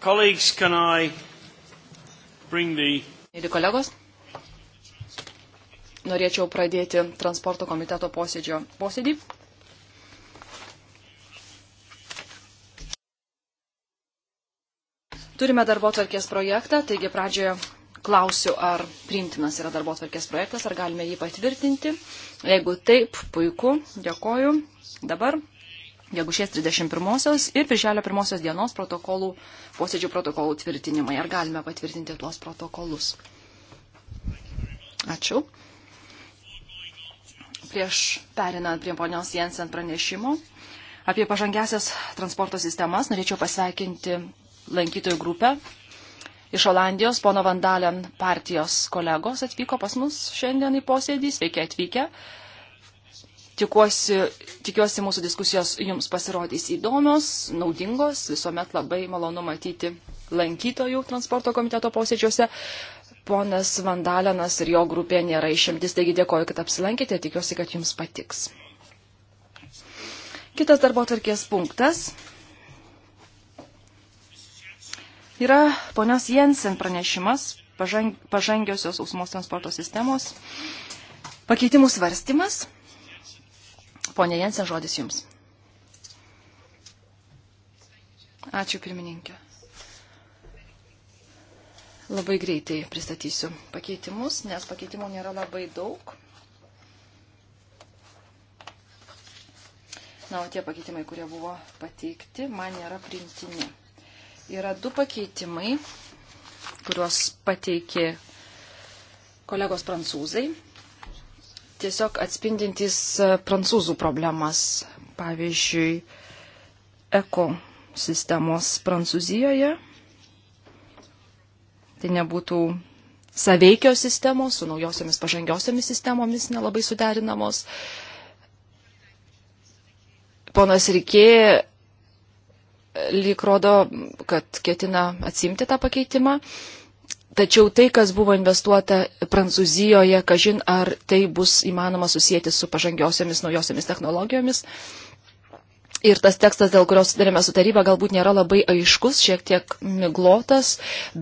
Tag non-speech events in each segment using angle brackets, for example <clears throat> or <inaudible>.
Colleagues, can I bring the... Mėly kolegos, norėčiau pradėti transporto komiteto posėdžio posėdį. Turime darbo tvarkės projektą, taigi pradžioje klausiu, ar priimtinas yra darbo tvarkės projektas, ar galime jį patvirtinti. Jeigu taip, puiku, dėkoju. Dabar gegužės 31 ir birželio 1 dienos protokolų, posėdžių protokolų tvirtinimai. Ar galime patvirtinti tuos protokolus? Ačiū. Prieš perinant prie ponios Jensen pranešimo apie pažangesias transporto sistemas, norėčiau pasveikinti lankytojų grupę. Iš Olandijos pono Vandalen partijos kolegos atvyko pas mus šiandien į posėdį. Sveiki atvykę. atvykę Tikiuosi, tikiuosi mūsų diskusijos jums pasirodys įdomios, naudingos, visuomet labai malonu matyti lankytojų transporto komiteto posėdžiuose. Ponas Vandalenas ir jo grupė nėra išimtis, taigi dėkoju, kad apsilankėte, tikiuosi, kad jums patiks. Kitas darbo tvarkės punktas yra ponios Jensen pranešimas pažang, pažangiosios ausmos transporto sistemos pakeitimų svarstymas. Pone Jensen, žodis jums. Ačiū pirmininkė. Labai greitai pristatysiu pakeitimus, nes pakeitimų nėra labai daug. Na, o tie pakeitimai, kurie buvo pateikti, man nėra priimtini. Yra du pakeitimai, kuriuos pateikė kolegos prancūzai tiesiog atspindintys e, prancūzų problemas, pavyzdžiui, eko sistemos Prancūzijoje. Tai nebūtų saveikio sistemos su naujosiamis pažangiosiomis sistemomis nelabai suderinamos. Ponas Rikė e, lyg rodo, kad ketina atsimti tą pakeitimą. Tačiau tai, kas buvo investuota Prancūzijoje, kažin ar tai bus įmanoma susijęti su pažangiosiamis naujosiamis technologijomis. Ir tas tekstas, dėl kurios sutarėme su taryba, galbūt nėra labai aiškus, šiek tiek miglotas,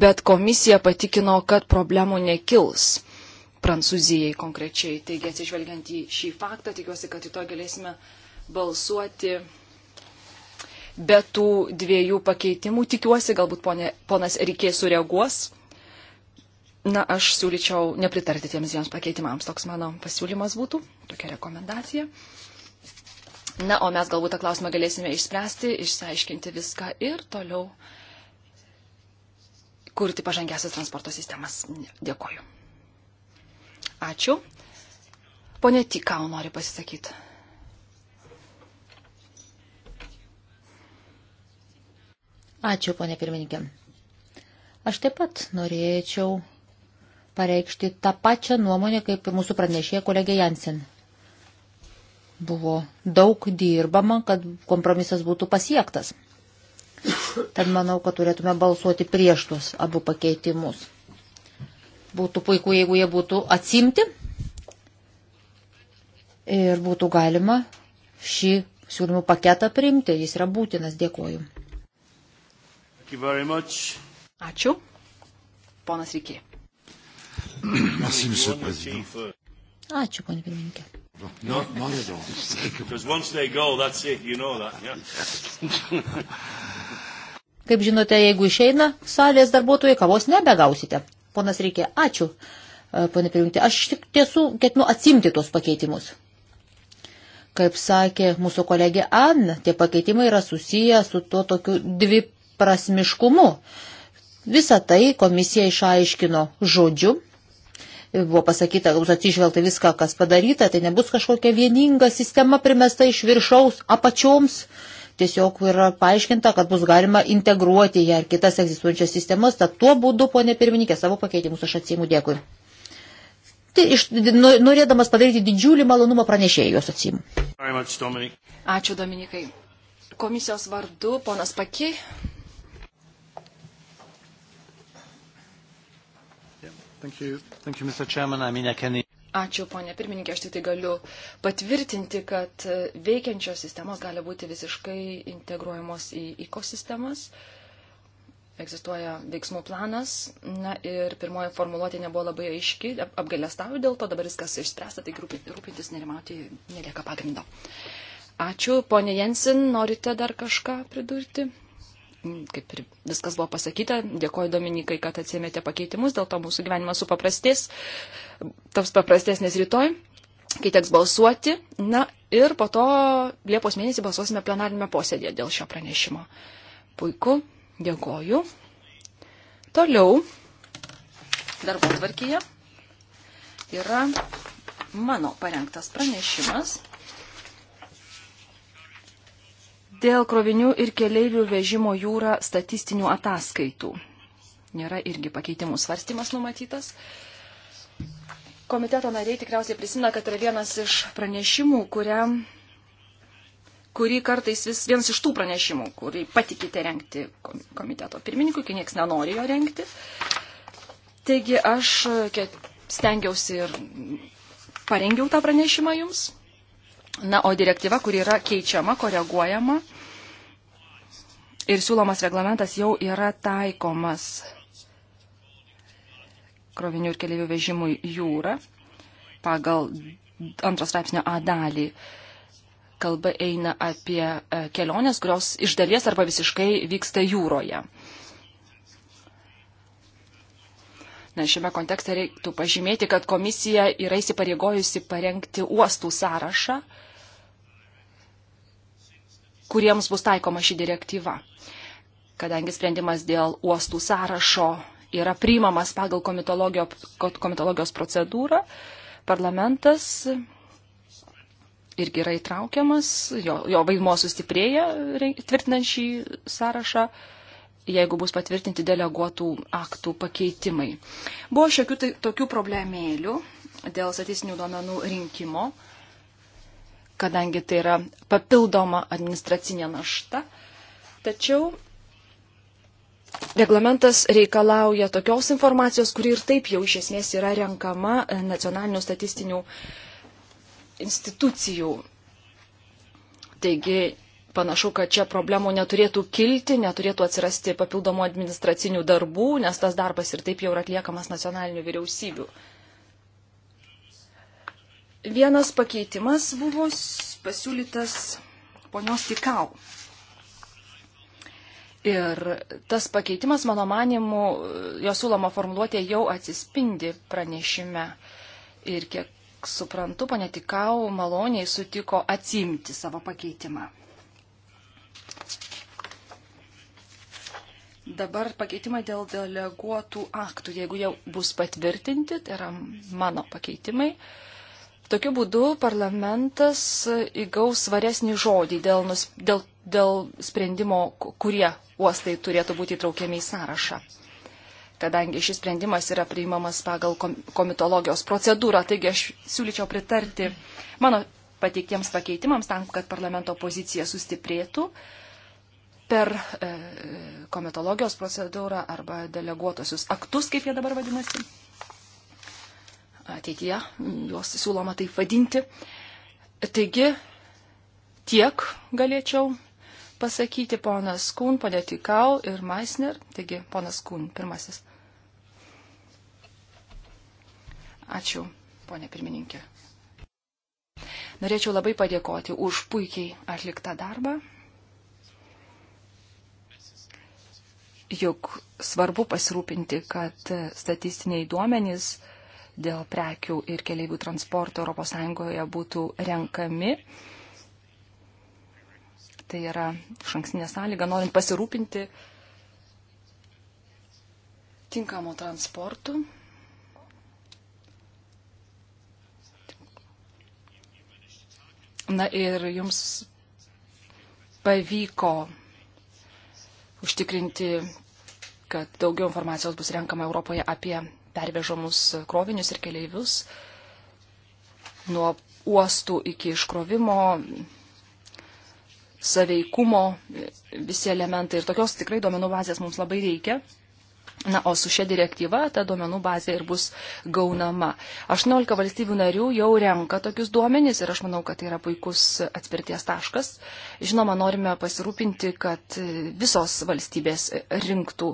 bet komisija patikino, kad problemų nekils Prancūzijai konkrečiai. Taigi, atsižvelgiant į šį faktą, tikiuosi, kad rytoj galėsime balsuoti be tų dviejų pakeitimų. Tikiuosi, galbūt ponė, ponas Rikė sureaguos Na, aš siūlyčiau nepritarti tiems dviems pakeitimams. Toks mano pasiūlymas būtų, tokia rekomendacija. Na, o mes galbūt tą klausimą galėsime išspręsti, išsiaiškinti viską ir toliau kurti pažangiasias transporto sistemas. Dėkoju. Ačiū. Pone Tikau nori pasisakyti. Ačiū, ponė pirmininkė. Aš taip pat norėčiau pareikšti tą pačią nuomonę, kaip ir mūsų pranešėja kolegė Jansen. Buvo daug dirbama, kad kompromisas būtų pasiektas. Tad manau, kad turėtume balsuoti prieš tuos abu pakeitimus. Būtų puiku, jeigu jie būtų atsimti ir būtų galima šį siūlymų paketą priimti. Jis yra būtinas. Dėkuoju. Ačiū. Ponas Rikė. Merci, monsieur le président. Uh, ačiū, ponė pirmininkė. No, no, no. Kaip žinote, jeigu išeina salės darbuotojai, kavos nebegausite. Ponas reikia, ačiū, e, ponė pirmininkė. Aš tik tiesų ketinu atsimti tuos pakeitimus. Kaip sakė mūsų kolegė Anna, tie pakeitimai yra susiję su tuo tokiu dviprasmiškumu. Visą tai komisija išaiškino žodžiu buvo pasakyta, kad bus atsižvelgta viską, kas padaryta, tai nebus kažkokia vieninga sistema primesta iš viršaus apačioms. Tiesiog yra paaiškinta, kad bus galima integruoti ją ir kitas egzistuojančias sistemas, tad tuo būdu, ponė pirmininkė, savo pakeitimus aš atsimu dėkui. Tai iš, norėdamas padaryti didžiulį malonumą pranešėjai juos atsimu. Much, Dominic. Ačiū Dominikai. Komisijos vardu, ponas Paki, Thank you. Thank you, Mr. Chairman. I mean, I can... Ačiū, ponė pirmininkė, aš tik tai galiu patvirtinti, kad veikiančios sistemos gali būti visiškai integruojamos į ekosistemas. Egzistuoja veiksmų planas. Na ir pirmoji formuluotė nebuvo labai aiški, apgalėstauju dėl to, dabar viskas išspręsta, tai rūpintis nerimauti nelieka pagrindo. Ačiū, ponė Jensin, norite dar kažką pridurti? kaip ir viskas buvo pasakyta, dėkoju Dominikai, kad atsėmėte pakeitimus, dėl to mūsų gyvenimas supaprastės, taps paprastesnis rytoj, kai teks balsuoti. Na ir po to Liepos mėnesį balsuosime plenarinėme posėdėje dėl šio pranešimo. Puiku, dėkoju. Toliau darbo tvarkyje yra mano parengtas pranešimas. Dėl krovinių ir keleivių vežimo jūra statistinių ataskaitų. Nėra irgi pakeitimų svarstymas numatytas. Komiteto nariai tikriausiai prisimena, kad yra vienas iš pranešimų, kuriam kurį kartais vis vienas iš tų pranešimų, kurį patikite renkti komiteto pirmininkui, kai nieks nenori jo renkti. Taigi aš stengiausi ir parengiau tą pranešimą jums. Na, o direktyva, kur yra keičiama, koreguojama ir siūlomas reglamentas jau yra taikomas krovinių ir keliaivių vežimui jūra pagal antros straipsnio A dalį. Kalba eina apie e, keliones, kurios iš dalies arba visiškai vyksta jūroje. Na, šiame kontekste reiktų pažymėti, kad komisija yra įsipareigojusi parengti uostų sąrašą, uh, kuriems bus taikoma ši direktyva, kadangi sprendimas dėl uostų sąrašo yra priimamas pagal komitologijos procedūrą, parlamentas irgi yra įtraukiamas, jo, jo vaidmo sustiprėja tvirtinant šį sąrašą, jeigu bus patvirtinti deleguotų aktų pakeitimai. Buvo šiokių tai, tokių problemėlių dėl statistinių duomenų rinkimo. Uh, kadangi tai yra papildoma administracinė našta. Tačiau reglamentas reikalauja tokios informacijos, kuri ir taip jau iš esmės yra renkama nacionalinių statistinių institucijų. Taigi panašu, kad čia problemų neturėtų kilti, neturėtų atsirasti papildomų administracinių darbų, nes tas darbas ir taip jau yra atliekamas nacionalinių vyriausybių. Vienas pakeitimas buvo pasiūlytas ponios Tikau. Ir tas pakeitimas, mano manimu, jo siūloma formuluotė jau atsispindi pranešime. Ir kiek suprantu, ponė Tikau maloniai sutiko atsimti savo pakeitimą. Dabar pakeitimai dėl deleguotų aktų, jeigu jau bus patvirtinti, tai yra mano pakeitimai, uh, Tokiu būdu parlamentas įgaus svaresnį žodį dėl, nus, dėl, dėl sprendimo, kurie uostai turėtų būti įtraukiami į sąrašą. Kadangi šis sprendimas yra priimamas pagal komitologijos procedūrą, taigi aš siūlyčiau pritarti mano pateiktiems pakeitimams tam, kad parlamento pozicija sustiprėtų per e, komitologijos procedūrą arba deleguotosius aktus, kaip jie dabar vadinasi ateityje juos siūloma taip vadinti. Taigi tiek galėčiau pasakyti ponas Kūn, ponė Tikau ir Maisner. Taigi ponas Kūn, pirmasis. Ačiū, ponė pirmininkė. Norėčiau labai padėkoti už puikiai atliktą darbą. Juk svarbu pasirūpinti, kad statistiniai duomenys uh, dėl prekių ir keliaivių transporto ES būtų renkami. Tai yra šankstinė sąlyga, norint pasirūpinti tinkamu transportu. Na ir jums pavyko užtikrinti kad daugiau informacijos bus renkama Europoje apie pervežamus krovinius ir keleivius nuo uostų iki iškrovimo, saveikumo, visi elementai. Ir tokios tikrai duomenų bazės mums labai reikia. Na, o su šia direktyva ta duomenų bazė ir bus gaunama. 18 valstybių narių jau renka tokius duomenys ir aš manau, kad tai yra puikus atspirties taškas. Žinoma, norime pasirūpinti, kad visos valstybės rinktų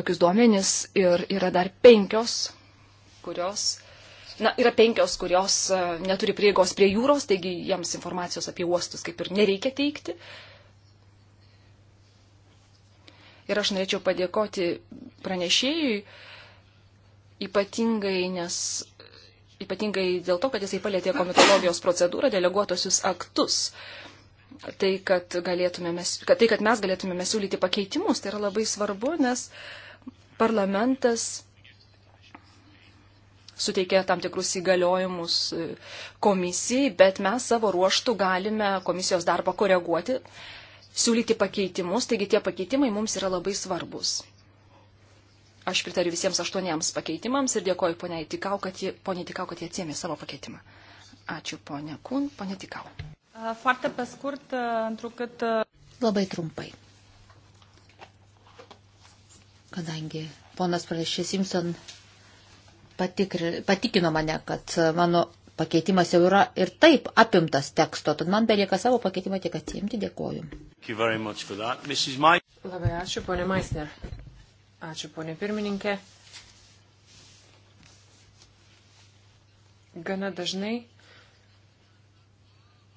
tokius duomenys ir yra dar penkios, kurios. Na, yra penkios, kurios e, neturi prieigos prie jūros, taigi jiems informacijos apie uostus kaip ir nereikia teikti. Uh, Ir aš norėčiau padėkoti pranešėjui ypatingai, nes ypatingai dėl to, kad jisai palėtė komitologijos procedūrą, deleguotosius aktus. Tai kad, kad, tai, kad mes galėtumėme siūlyti pakeitimus, tai yra labai svarbu, nes parlamentas suteikia tam tikrus įgaliojimus komisijai, bet mes savo ruoštų galime komisijos darbą koreguoti siūlyti pakeitimus, taigi tie pakeitimai mums yra labai svarbus. Aš pritariu visiems aštuoniems pakeitimams ir dėkoju poniai Tikau, kad jie, poniai Tikau, kad jie atsėmė savo pakeitimą. Ačiū ponia Kun, ponia Tikau. Foarte pe scurt, întrucât... Labai trumpai. Kadangi ponas pranešės Simpson patikri, patikino mane, kad mano pakeitimas jau yra ir taip apimtas teksto, tad man belieka savo pakeitimą tik atsiimti. Dėkoju. Labai ačiū, ponė Maisner. Ačiū, ponė pirmininkė. Gana dažnai,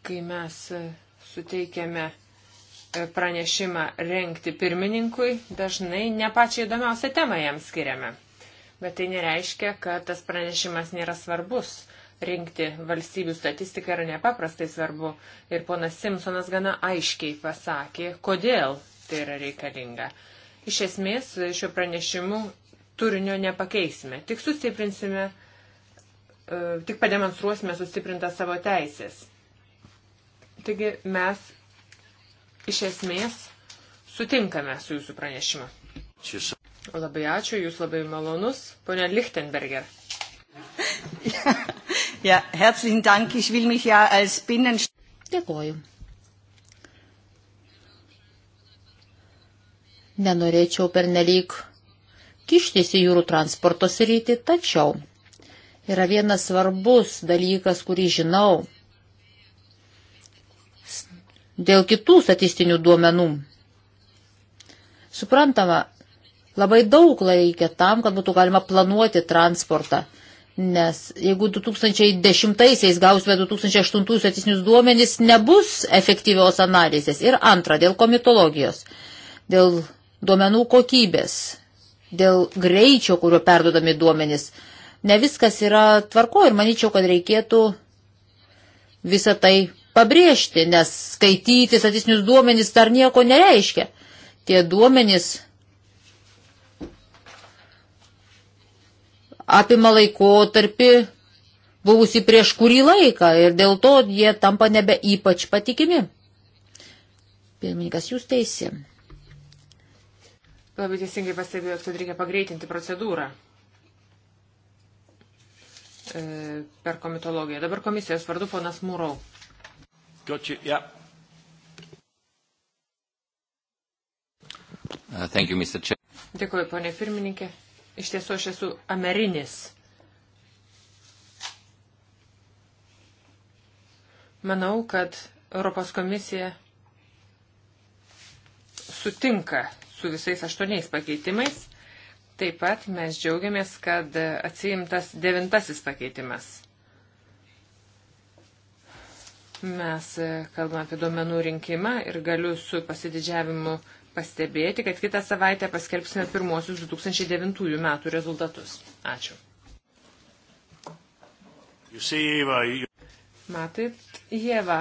kai mes suteikiame pranešimą renkti pirmininkui, dažnai ne pačią įdomiausią temą jam skiriame. Bet tai nereiškia, kad tas pranešimas nėra svarbus rinkti valstybių statistiką yra nepaprastai svarbu. Ir ponas Simpsonas gana aiškiai pasakė, kodėl tai yra reikalinga. Iš esmės, šiuo pranešimu turinio nepakeisime, tik sustiprinsime, e, tik pademonstruosime sustiprintą savo teisės. Taigi mes iš esmės sutinkame su jūsų pranešimu. Labai ačiū, jūs labai malonus, ponia Lichtenberger. <laughs> Ja, herzlichen Dank. Ich will mich ja als Binnen... Dėkoju. Nenorėčiau pernelyg kištis į jūrų transporto sritį, tačiau yra vienas svarbus dalykas, kurį žinau dėl kitų statistinių duomenų. Suprantama, labai daug reikia tam, kad būtų galima planuoti transportą Nes jeigu 2010-aisiais gausime 2008-ųjų statistinius duomenys, nebus efektyvios analizės. Ir antra, dėl komitologijos, dėl duomenų kokybės, dėl greičio, kurio perdodami duomenys. Ne viskas yra tvarko ir manyčiau, kad reikėtų visą tai pabrėžti, nes skaityti statistinius duomenys dar nieko nereiškia. Tie duomenys apima laikotarpį buvusi prieš kurį laiką ir dėl to jie tampa nebe ypač patikimi. Pirmininkas, jūs teisi. Labai teisingai pastebėjot, kad reikia pagreitinti procedūrą e, per komitologiją. Dabar komisijos vardu ponas Mūrau. Gotcha, yeah. uh, you, Dėkuoju, ponė pirmininkė. Iš tiesų aš esu amerinis. Manau, kad Europos komisija sutinka su visais aštuoniais pakeitimais. Taip pat mes džiaugiamės, kad atsiimtas devintasis pakeitimas. Mes e, kalbame apie duomenų rinkimą ir galiu su pasididžiavimu pastebėti, kad kitą savaitę paskelbsime pirmosius 2009 metų rezultatus. Ačiū. Matai, Jėva,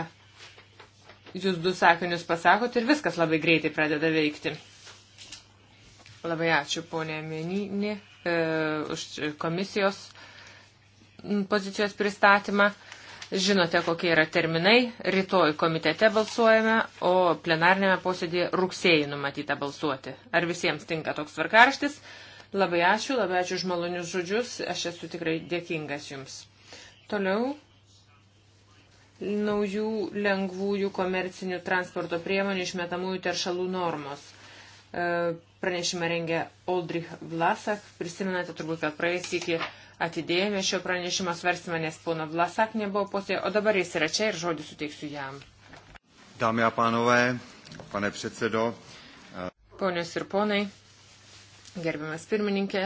jūs du sakinius pasakot ir viskas labai greitai pradeda veikti. Labai ačiū, ponė Meninė, e, už komisijos pozicijos pristatymą. Žinote, kokie yra terminai. Rytoj komitete balsuojame, o plenarnėme posėdėje rugsėjai numatyta balsuoti. Ar visiems tinka toks tvarkarštis? Labai ačiū, labai ačiū už malonius žodžius. Aš esu tikrai dėkingas jums. Toliau. Naujų lengvųjų komercinių transporto priemonių išmetamųjų teršalų normos e, pranešimą rengia Oldrich Vlasak. Prisimenate turbūt, kad praeis iki atidėjome šio pranešimo svarstymą, nes pono Vlasak nebuvo posėdė, o dabar jis yra čia ir žodį suteiksiu jam. Dámy a pánové, pane předsedo. Ponios ir ponai, gerbiamas pirmininkė,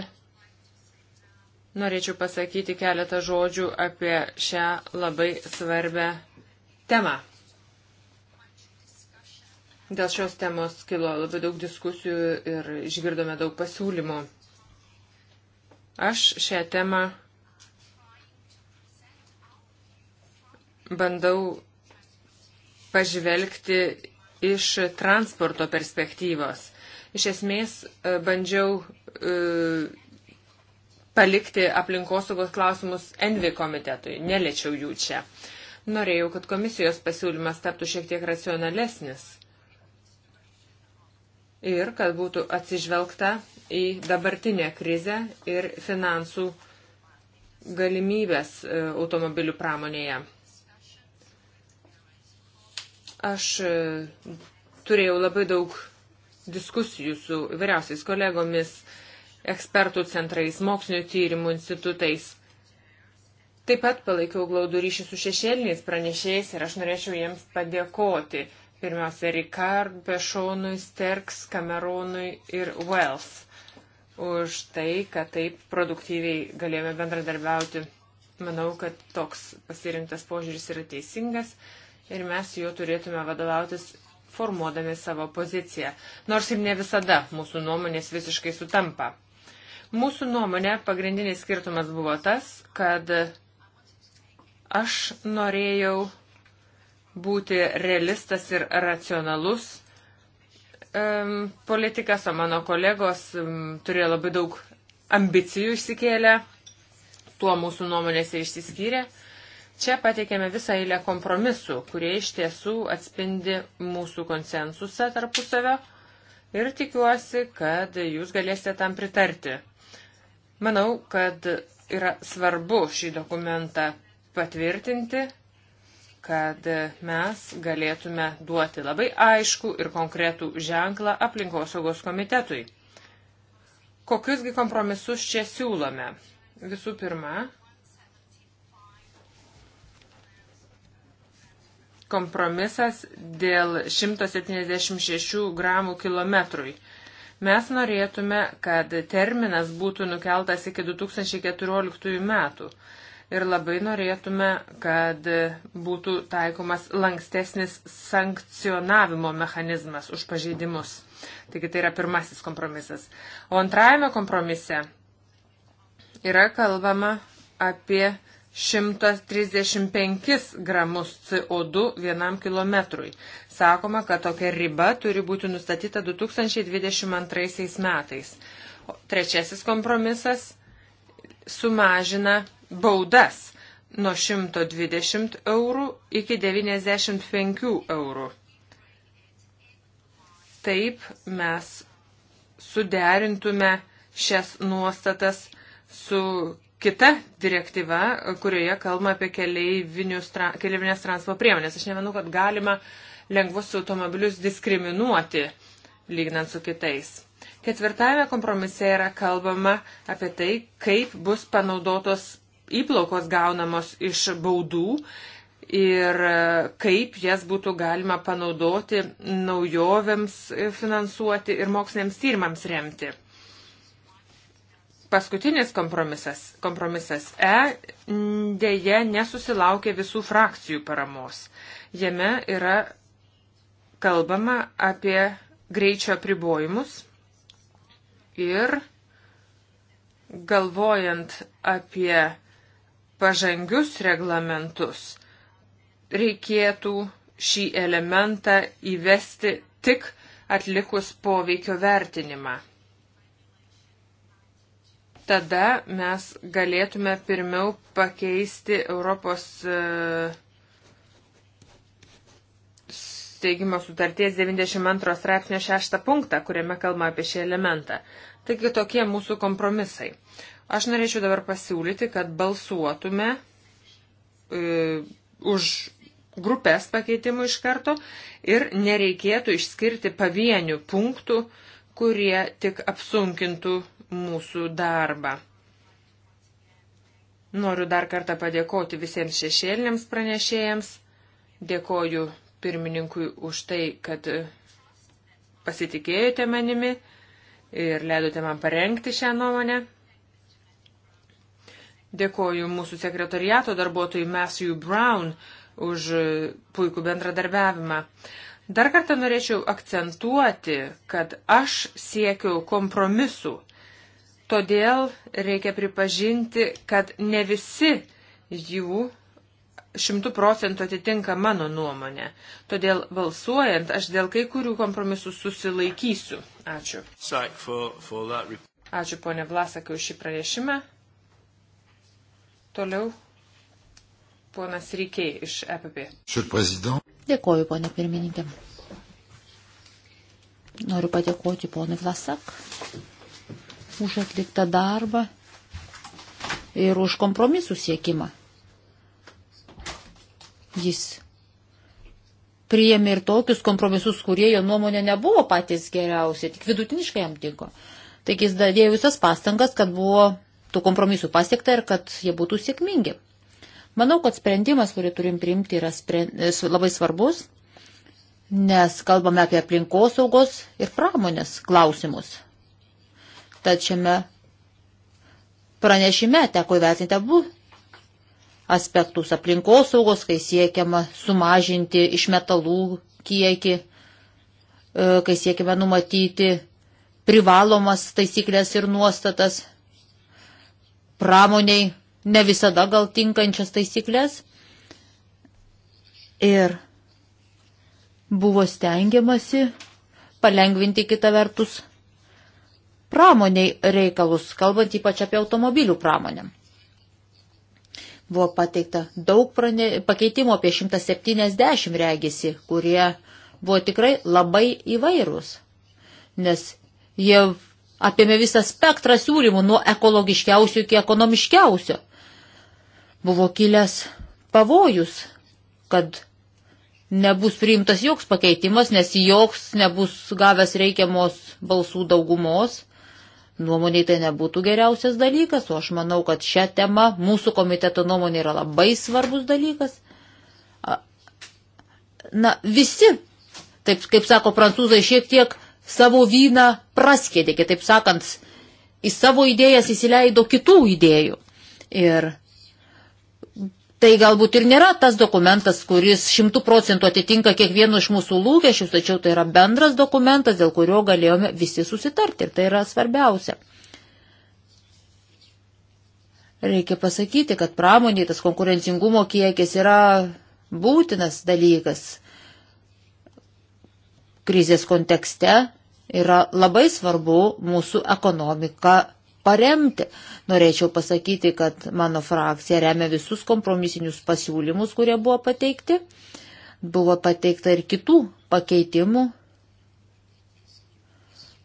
norėčiau pasakyti keletą žodžių apie šią labai svarbę temą. Dėl šios temos kilo labai daug diskusijų ir išgirdome daug pasiūlymų. Aš šią temą bandau pažvelgti iš transporto perspektyvos. Iš esmės e, bandžiau e, palikti aplinkosaugos klausimus Envi komitetui, neliečiau jų čia. Norėjau, kad komisijos pasiūlymas taptų šiek tiek racionalesnis ir kad būtų atsižvelgta į dabartinę krizę ir finansų galimybės e, automobilių pramonėje. Aš e, turėjau labai daug diskusijų su vyriausiais kolegomis, ekspertų centrais, mokslinio tyrimų institutais. Taip pat palaikiau glaudų ryšį su šešėliniais pranešėjais ir aš norėčiau jiems padėkoti. Pirmiausia, Ricard, Bešonui, Sterks, Kamerūnui ir Wells už tai, kad taip produktyviai galėjome bendradarbiauti. Manau, kad toks pasirinktas požiūris yra teisingas ir mes juo turėtume vadovautis formuodami savo poziciją, nors ir ne visada mūsų nuomonės visiškai sutampa. Mūsų nuomonė pagrindinis skirtumas buvo tas, kad aš norėjau būti realistas ir racionalus um, politikas, o mano kolegos um, turėjo labai daug ambicijų išsikėlę, tuo mūsų nuomonėse išsiskyrė. Čia pateikėme visą eilę kompromisų, kurie iš tiesų atspindi mūsų konsensusą tarpusavio ir tikiuosi, kad jūs galėsite tam pritarti. Manau, kad yra svarbu šį dokumentą patvirtinti kad mes galėtume duoti labai aišku ir konkretų ženklą aplinkosaugos komitetui. Kokiusgi kompromisus čia siūlome? Visų pirma, kompromisas dėl 176 gramų kilometrui. Mes norėtume, kad terminas būtų nukeltas iki 2014 metų ir labai norėtume, kad būtų taikomas lankstesnis sankcionavimo mechanizmas už pažeidimus. Taigi tai yra pirmasis kompromisas. O antrajame kompromise yra kalbama apie 135 gramus CO2 vienam kilometrui. Sakoma, kad tokia riba turi būti nustatyta 2022 metais. O trečiasis kompromisas sumažina baudas nuo 120 eurų iki 95 eurų. Taip mes suderintume šias nuostatas su kita direktyva, kurioje kalbama apie keleivinės transporto priemonės. Aš nemanau, kad galima lengvus automobilius diskriminuoti lyginant su kitais. Ketvirtame kompromise yra kalbama apie tai, kaip bus panaudotos įplaukos gaunamos iš baudų ir e, kaip jas būtų galima panaudoti naujovėms e, finansuoti ir moksliniams tyrimams remti. Paskutinis kompromisas, kompromisas E, dėje nesusilaukė visų frakcijų paramos. Jame yra kalbama apie greičio pribojimus ir galvojant apie pažangius reglamentus, reikėtų šį elementą įvesti tik atlikus poveikio vertinimą. Tada mes galėtume pirmiau pakeisti Europos e, steigimo sutarties 92 straipsnio 6 punktą, kuriame kalba apie šį elementą. Taigi tokie mūsų kompromisai. Aš norėčiau dabar pasiūlyti, kad balsuotume e, už grupės pakeitimų iš karto ir nereikėtų išskirti pavienių punktų, kurie tik apsunkintų mūsų darbą. Noriu dar kartą padėkoti visiems šešėliniams pranešėjams. Dėkoju pirmininkui už tai, kad pasitikėjote manimi ir leidote man parengti šią nuomonę. Dėkoju mūsų sekretariato darbuotojui Matthew Brown už puikų bendradarbiavimą. Dar kartą norėčiau akcentuoti, kad aš siekiu kompromisų. Todėl reikia pripažinti, kad ne visi jų šimtų procentų atitinka mano nuomonę. Todėl balsuojant aš dėl kai kurių kompromisų susilaikysiu. Ačiū. Ačiū ponė Vlasakai už šį pranešimą. Toliau ponas Rykiai iš EPP. Dėkoju, ponė pirmininkė. Noriu padėkoti ponui Vlasak už atliktą darbą ir už kompromisų siekimą. Jis priėmė ir tokius kompromisus, kurie jo nuomonė nebuvo patys geriausi, tik vidutiniškai jam tiko. Taigi jis dadėjo visas pastangas, kad buvo tų kompromisų pasiekta ir kad jie būtų sėkmingi. Manau, kad sprendimas, kurį turim priimti, yra spren... E, labai svarbus, nes kalbame apie aplinkosaugos ir pramonės klausimus. Tad šiame pranešime teko įvertinti abu aspektus aplinkosaugos, kai siekiama sumažinti iš metalų kiekį, e, kai siekiama numatyti privalomas taisyklės ir nuostatas pramoniai ne visada gal tinkančias taisyklės. Ir buvo stengiamasi palengvinti kitą vertus pramoniai reikalus, kalbant ypač apie automobilių pramonę. Buvo pateikta daug prane, pakeitimų apie 170 regisi, kurie buvo tikrai labai įvairūs, nes jie apėmė visą spektrą siūlymų nuo ekologiškiausio iki ekonomiškiausio. Buvo kilęs pavojus, kad nebus priimtas joks pakeitimas, nes joks nebus gavęs reikiamos balsų daugumos. Nuomoniai tai nebūtų geriausias dalykas, o aš manau, kad šią temą mūsų komiteto nuomonė yra labai svarbus dalykas. Na, visi, taip kaip sako prancūzai, šiek tiek savo vyną praskėdė, kitaip sakant, į savo idėjas įsileido kitų idėjų. Ir tai galbūt ir nėra tas dokumentas, kuris šimtų procentų atitinka kiekvieno iš mūsų lūkesčius, tačiau tai yra bendras dokumentas, dėl kurio galėjome visi susitarti ir tai yra svarbiausia. Reikia pasakyti, kad pramoniai tas konkurencingumo kiekis yra būtinas dalykas krizės kontekste yra labai svarbu mūsų ekonomiką paremti. Norėčiau pasakyti, kad mano frakcija remia visus kompromisinius pasiūlymus, kurie buvo pateikti. Buvo pateikta ir kitų pakeitimų,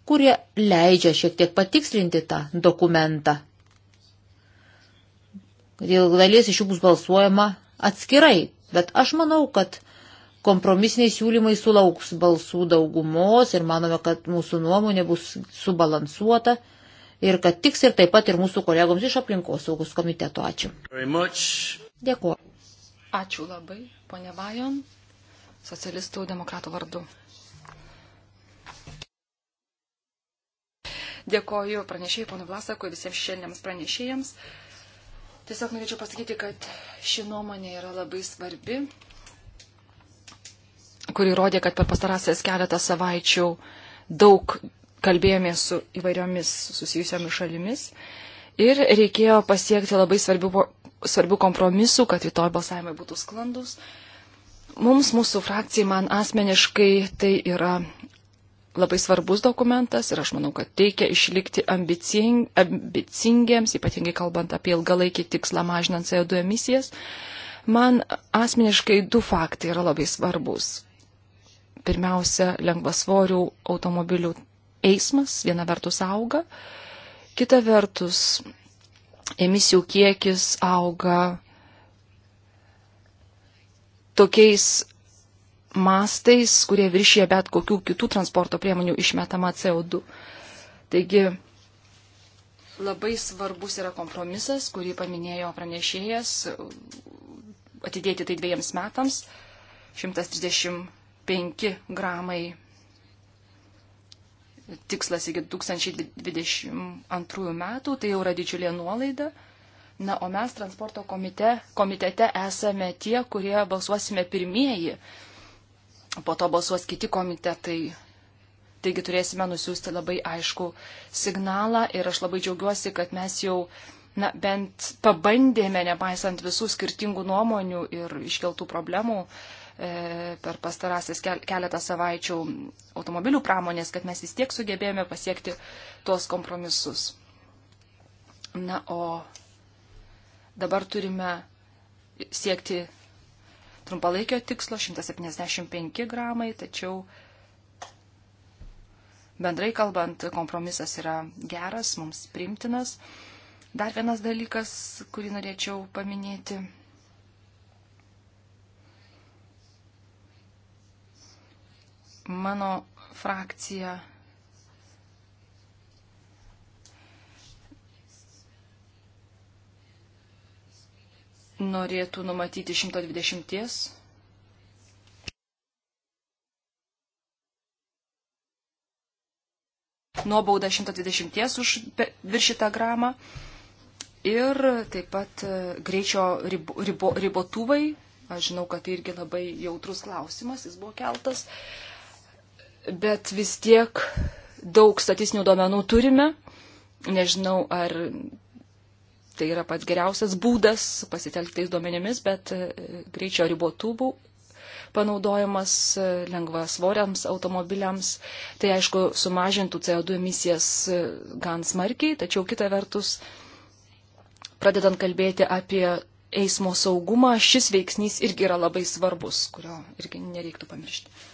kurie leidžia šiek tiek patikslinti tą dokumentą. Dėl dalies iš jų bus balsuojama atskirai, bet aš manau, kad kompromisiniai siūlymai sulauks balsų daugumos ir manome, kad mūsų nuomonė bus subalansuota ir kad tiks ir taip pat ir mūsų kolegoms iš aplinkos saugus komiteto. Ačiū. Dėkuoju. Ačiū labai, ponė Vajon, socialistų demokratų vardu. Dėkoju pranešėjai, ponui Vlasakui, visiems šiandienams pranešėjams. Tiesiog norėčiau pasakyti, kad ši nuomonė yra labai svarbi kuri rodė, kad per pastarąsias keletą savaičių daug kalbėjome su įvairiomis susijusiamis šalimis ir reikėjo pasiekti labai svarbių, svarbių kompromisų, kad rytoj balsavimai būtų sklandus. Mums, mūsų frakcijai, man asmeniškai tai yra labai svarbus dokumentas ir aš manau, kad reikia išlikti ambicing, ambicingiems, ypatingai kalbant apie ilgalaikį tikslą mažinant CO2 emisijas. Man asmeniškai du faktai yra labai svarbus pirmiausia, lengvasvorių automobilių eismas viena vertus auga, kita vertus emisijų kiekis auga tokiais mastais, kurie viršyje bet kokių kitų transporto priemonių išmetama CO2. Taigi labai svarbus yra kompromisas, kurį paminėjo pranešėjas, atidėti tai dviejams metams, 130 5 gramai. Tikslas iki 2022 metų, tai jau yra didžiulė nuolaida. Na, o mes transporto komite, komitete esame tie, kurie balsuosime pirmieji, po to balsuos kiti komitetai. Taigi turėsime nusiųsti labai aišku signalą ir aš labai džiaugiuosi, kad mes jau na, bent pabandėme, nepaisant visų skirtingų nuomonių ir iškeltų problemų, uh, E, per pastarąsias keletą savaičių automobilių pramonės, kad mes vis tiek sugebėjome pasiekti tuos kompromisus. Na, o dabar turime siekti trumpalaikio tikslo 175 gramai, tačiau bendrai kalbant, kompromisas yra geras, mums primtinas. Dar vienas dalykas, kurį norėčiau paminėti Mano frakcija norėtų numatyti 120 nuobaudą 120 už viršitą gramą ir taip pat e, greičio ribo, ribo, ribotuvai. Aš žinau, kad tai irgi labai jautrus klausimas, jis buvo keltas. Uh, bet vis tiek daug statistinių duomenų turime. Nežinau, ar tai yra pats geriausias būdas pasitelktais duomenimis, bet e, greičio ribotuvų panaudojimas e, lengvasvoriams automobiliams, tai aišku sumažintų CO2 emisijas e, gan smarkiai, tačiau kita vertus, pradedant kalbėti apie eismo saugumą, šis veiksnys irgi yra labai svarbus, kurio irgi nereiktų pamiršti.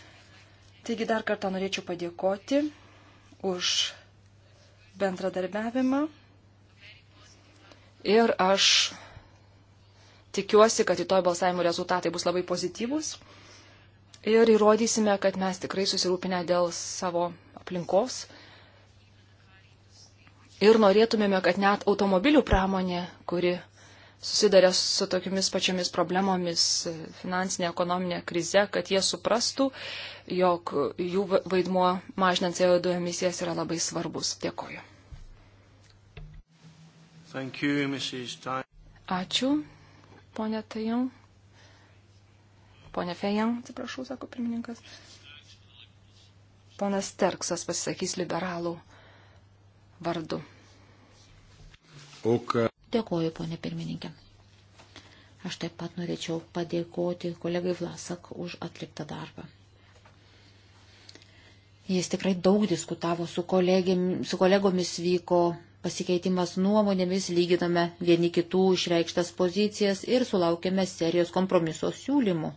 Taigi dar kartą norėčiau padėkoti už bendradarbiavimą ir aš tikiuosi, kad rytoj balsavimo rezultatai bus labai pozityvūs ir įrodysime, kad mes tikrai susirūpinę dėl savo aplinkos. Ir norėtumėme, kad net automobilių pramonė, kuri susidarė su tokiamis pačiamis problemomis e, finansinė, ekonominė krize, kad jie suprastų, jog jų vaidmuo mažinant CO2 emisijas yra labai svarbus. Dėkoju. You, Ačiū, ponė Tajam. Ponė Fejam, atsiprašau, sako pirmininkas. Ponas Terksas pasisakys liberalų vardu. Auka. Dėkoju, ponė pirmininkė. Aš taip pat norėčiau padėkoti kolegai Vlasak už atliktą darbą. Jis tikrai daug diskutavo su, kolegim, su kolegomis, vyko pasikeitimas nuomonėmis, lyginame vieni kitų išreikštas pozicijas ir sulaukėme serijos kompromiso siūlymų,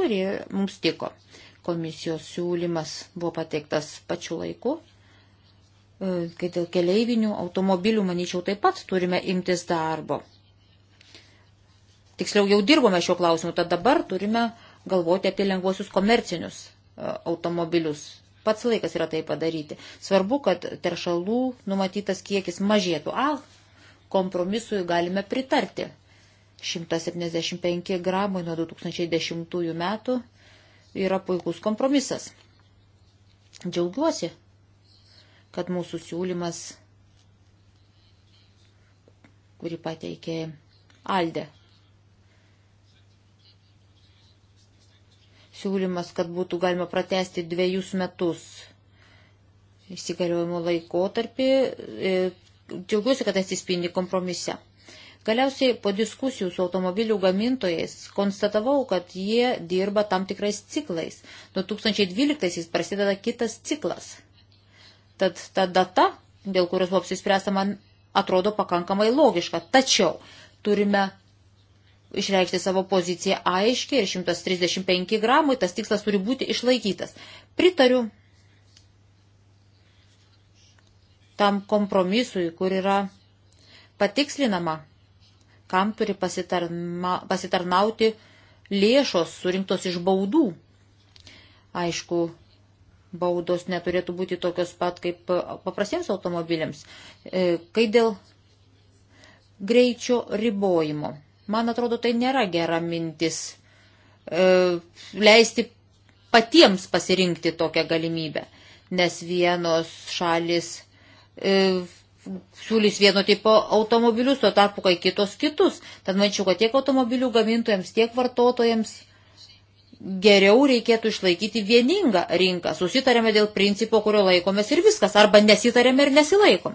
kurie mums tiko. Komisijos siūlymas buvo pateiktas pačiu laiku E, kai dėl keleivinių automobilių, manyčiau, taip pat turime imtis darbo. Tiksliau, jau dirbome šiuo klausimu, tad dabar turime galvoti apie lengvuosius komercinius e, automobilius. Pats laikas yra tai padaryti. Svarbu, kad teršalų numatytas kiekis mažėtų. A, kompromisui galime pritarti. 175 gramai nuo 2010 metų yra puikus kompromisas. Džiaugiuosi, kad mūsų siūlymas, kurį pateikė Alde, siūlymas, kad būtų galima pratesti dviejus metus įsigaliojimo laikotarpį, e, džiaugiuosi, kad atsispindi kompromise. Galiausiai po diskusijų su automobilių gamintojais konstatavau, kad jie dirba tam tikrais ciklais. Nuo 2012 prasideda kitas ciklas. Tad ta data, dėl kurios buvo apsispręsta, man atrodo pakankamai logiška. Tačiau turime išreikšti savo poziciją aiškiai ir 135 gramai tas tikslas turi būti išlaikytas. Pritariu tam kompromisui, kur yra patikslinama, kam turi pasitarma, pasitarnauti lėšos surinktos iš baudų. Aišku, baudos neturėtų būti tokios pat kaip paprastiems automobiliams. E, kai dėl greičio ribojimo, man atrodo, tai nėra gera mintis e, leisti patiems pasirinkti tokią galimybę, nes vienos šalis e, siūlys vieno tipo automobilius, tuo tarpu kai kitos kitus. Tad mačiau, kad tiek automobilių gamintojams, tiek vartotojams geriau reikėtų išlaikyti vieningą rinką. Susitarėme dėl principo, kurio laikomės ir viskas, arba nesitarėme ir nesilaikom.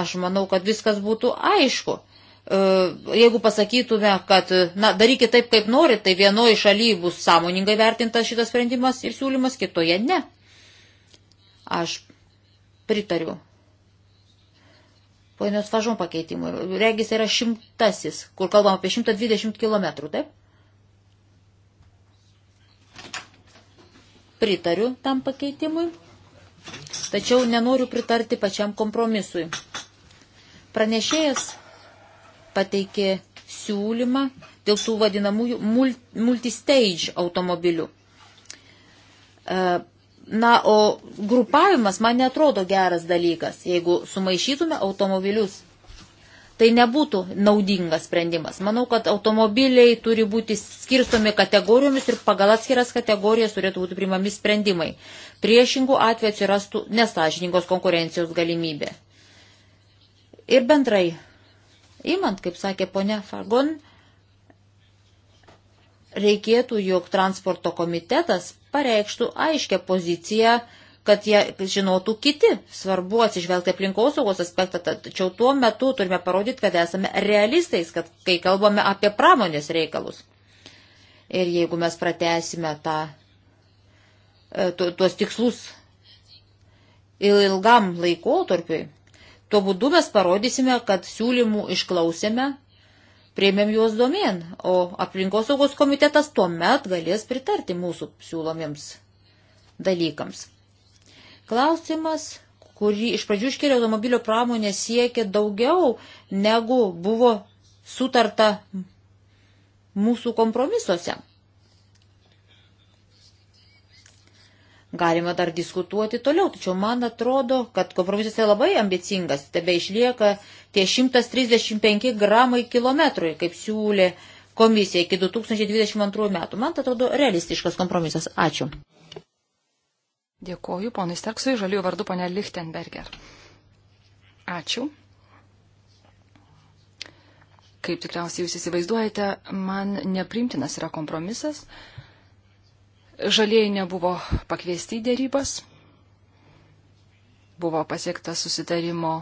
Aš manau, kad viskas būtų aišku. E, jeigu pasakytume, kad na, darykit taip, kaip norit, tai vienoje šalyje bus sąmoningai vertintas šitas sprendimas ir siūlymas, kitoje ne. Aš pritariu. Ponios Fažon pakeitimui. Regis yra šimtasis, kur kalbam apie 120 km, taip? pritariu tam pakeitimui, tačiau nenoriu pritarti pačiam kompromisui. Pranešėjas pateikė siūlymą dėl tų vadinamųjų multistage automobilių. E, na, o grupavimas man netrodo geras dalykas. Jeigu sumaišytume automobilius tai nebūtų naudingas sprendimas. Manau, kad automobiliai turi būti skirstomi kategorijomis ir pagal atskiras kategorijas turėtų būti primami sprendimai. Priešingų atveju atsirastų nesažiningos konkurencijos galimybė. Ir bendrai, imant, kaip sakė ponia Fargon, reikėtų, jog transporto komitetas pareikštų aiškę poziciją, kad jie žinotų kiti. Svarbu atsižvelgti aplinkosaugos aspektą, tačiau tuo metu turime parodyti, kad esame realistais, kad kai kalbame apie pramonės reikalus. Ir jeigu mes pratesime tą, e, tu, tuos tikslus ilgam laikotarpiui, tuo būdu mes parodysime, kad siūlymų išklausėme, prieimėm juos domėn, o aplinkosaugos komitetas tuomet galės pritarti mūsų siūlomiems dalykams. Klausimas, kurį iš pradžių iškėlė automobilio pramonė siekia daugiau negu buvo sutarta mūsų kompromisuose. Galima dar diskutuoti toliau, tačiau man atrodo, kad kompromisas yra labai ambicingas, tebe išlieka tie 135 gramai kilometrui, kaip siūlė komisija iki 2022 metų. Man atrodo realistiškas kompromisas. Ačiū. Dėkoju ponai Sterksui, žaliųjų vardu ponė Lichtenberger. Ačiū. Kaip tikriausiai jūs įsivaizduojate, man neprimtinas yra kompromisas. Žalieji nebuvo pakviesti į dėrybas. Buvo pasiektas susitarimo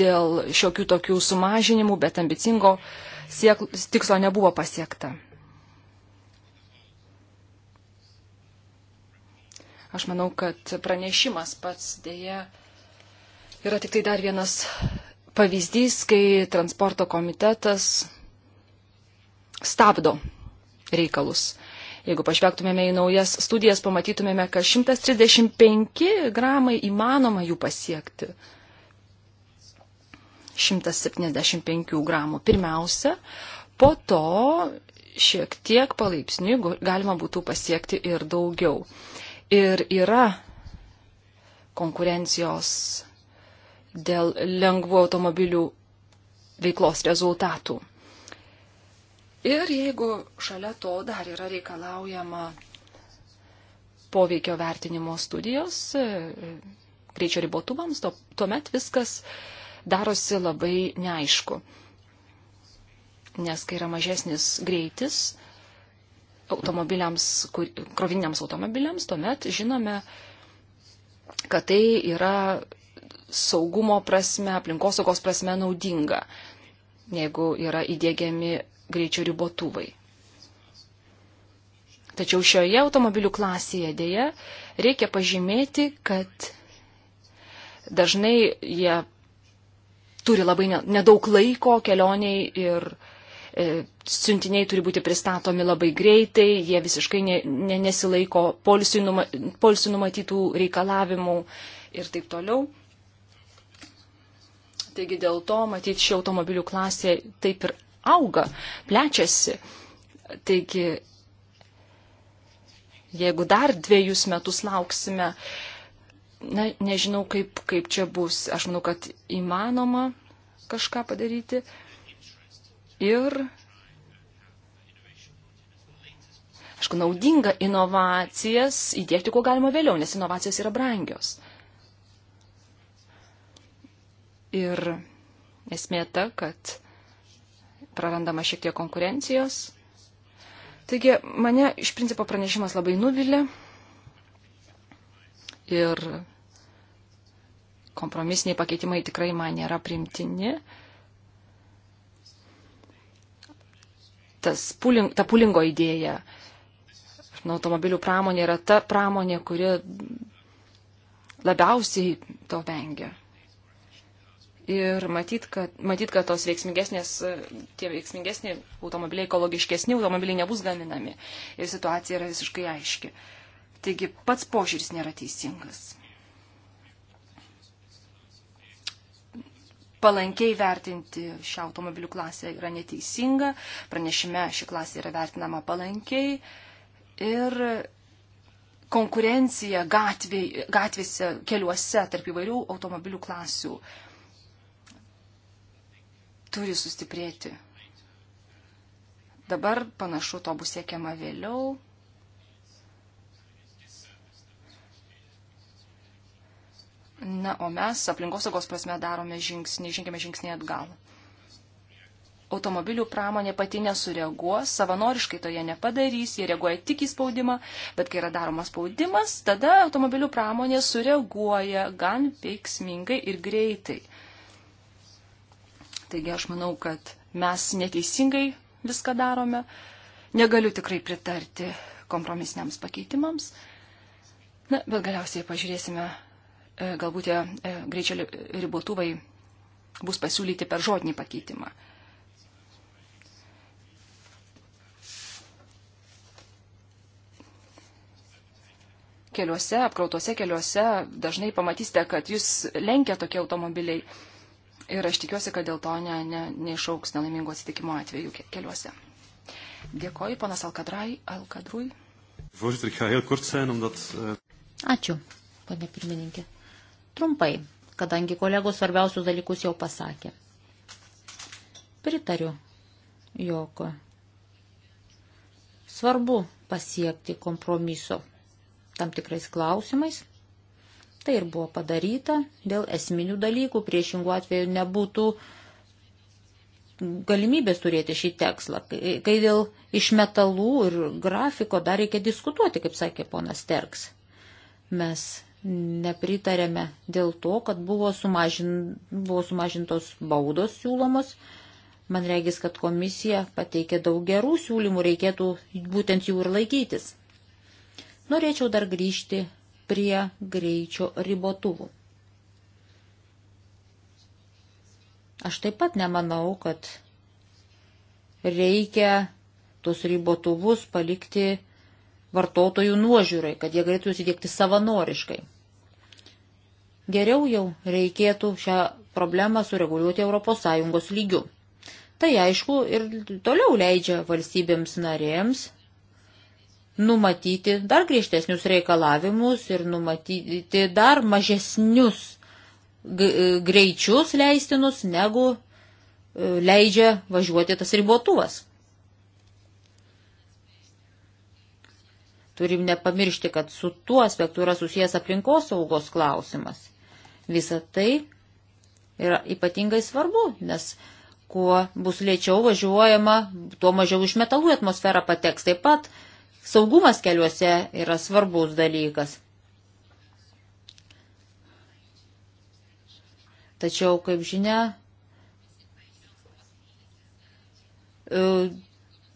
dėl šiokių tokių sumažinimų, bet ambicingo siek, tikslo nebuvo pasiekta. Aš manau, kad pranešimas pats dėja yra tik tai dar vienas pavyzdys, kai transporto komitetas stabdo reikalus. Jeigu pažvelgtumėme į naujas studijas, pamatytumėme, kad 135 gramai įmanoma jų pasiekti. 175 gramų pirmiausia, po to šiek tiek palaipsniui galima būtų pasiekti ir daugiau ir yra konkurencijos dėl lengvų automobilių veiklos rezultatų. Ir jeigu šalia to dar yra reikalaujama poveikio vertinimo studijos e, greičio ribotumams, tuomet viskas darosi labai neaišku. Nes kai yra mažesnis greitis, automobiliams, kroviniams automobiliams, tuomet žinome, kad tai yra saugumo prasme, aplinkosaugos prasme naudinga, jeigu yra įdėgiami greičio ribotuvai. Tačiau šioje automobilių klasėje dėje reikia pažymėti, kad dažnai jie turi labai nedaug laiko kelioniai ir uh, E, siuntiniai turi būti pristatomi labai greitai, jie visiškai ne, ne, nesilaiko polisių numa, numatytų reikalavimų ir taip toliau. Taigi dėl to, matyt, ši automobilių klasė taip ir auga, plečiasi. Taigi, jeigu dar dviejus metus lauksime, na, nežinau, kaip, kaip čia bus. Aš manau, kad įmanoma kažką padaryti ir, aišku, naudinga inovacijas įdėkti kuo galima vėliau, nes inovacijos yra brangios. Ir esmė ta, kad prarandama šiek tiek konkurencijos. Taigi mane iš principo pranešimas labai nuvilė ir kompromisiniai pakeitimai tikrai man nėra primtini. tas puling, ta pulingo idėja. Nu, automobilių pramonė yra ta pramonė, kuri labiausiai to vengia. Ir matyt, kad, matyt, kad tos veiksmingesnės, tie veiksmingesni automobiliai, ekologiškesni automobiliai nebus gaminami. Ir situacija yra visiškai aiški. Taigi pats požiūris nėra teisingas. palankiai vertinti šią automobilių klasę yra neteisinga. Pranešime ši klasė yra vertinama palankiai. Ir konkurencija gatvė, gatvėse, keliuose tarp įvairių automobilių klasių turi sustiprėti. Dabar panašu to bus siekiama vėliau. Na, o mes aplinkosaugos prasme darome žingsnį, žengėme žingsnį atgal. Automobilių pramonė pati nesureaguos, savanoriškai to jie nepadarys, jie reaguoja tik į spaudimą, bet kai yra daromas spaudimas, tada automobilių pramonė sureaguoja gan veiksmingai ir greitai. Taigi aš manau, kad mes neteisingai viską darome. Negaliu tikrai pritarti kompromisiniams pakeitimams. Na, bet galiausiai pažiūrėsime, E, galbūt tie e, greičio ribotuvai bus pasiūlyti per žodinį pakeitimą. Keliuose, apkrautuose keliuose dažnai pamatysite, kad jūs lenkia tokie automobiliai. Ir aš tikiuosi, kad dėl to ne, ne, neišauks nelaimingo atsitikimo atveju keliuose. Dėkoju, panas Alkadrai, Alkadrui. Eh, Ačiū, ponė pirmininkė. Trumpai, kadangi kolegos svarbiausius dalykus jau pasakė. Pritariu, jog svarbu pasiekti kompromiso tam tikrais klausimais. Tai ir buvo padaryta dėl esminių dalykų, priešingų atveju nebūtų galimybės turėti šį tekslą. Kai dėl išmetalų ir grafiko dar reikia diskutuoti, kaip sakė ponas Terks. Mes nepritarėme dėl to, kad buvo, sumažin, buvo sumažintos baudos siūlomos. Man regis, kad komisija pateikė daug gerų siūlymų, reikėtų būtent jų ir laikytis. Norėčiau dar grįžti prie greičio ribotuvų. Aš taip pat nemanau, kad reikia tuos ribotuvus palikti vartotojų nuožiūrai, kad jie galėtų įsidėkti savanoriškai. Geriau jau reikėtų šią problemą sureguliuoti ES lygiu. Tai aišku ir toliau leidžia valstybėms narėms numatyti dar griežtesnius reikalavimus ir numatyti dar mažesnius greičius leistinus, negu e, leidžia važiuoti tas ribotuvas. Turim nepamiršti, kad su tuo aspektu yra susijęs aplinkosaugos klausimas. Visa tai yra ypatingai svarbu, nes kuo bus lėčiau važiuojama, tuo mažiau iš metalų atmosfera pateks. Taip pat saugumas keliuose yra svarbus dalykas. Tačiau, kaip žinia, e,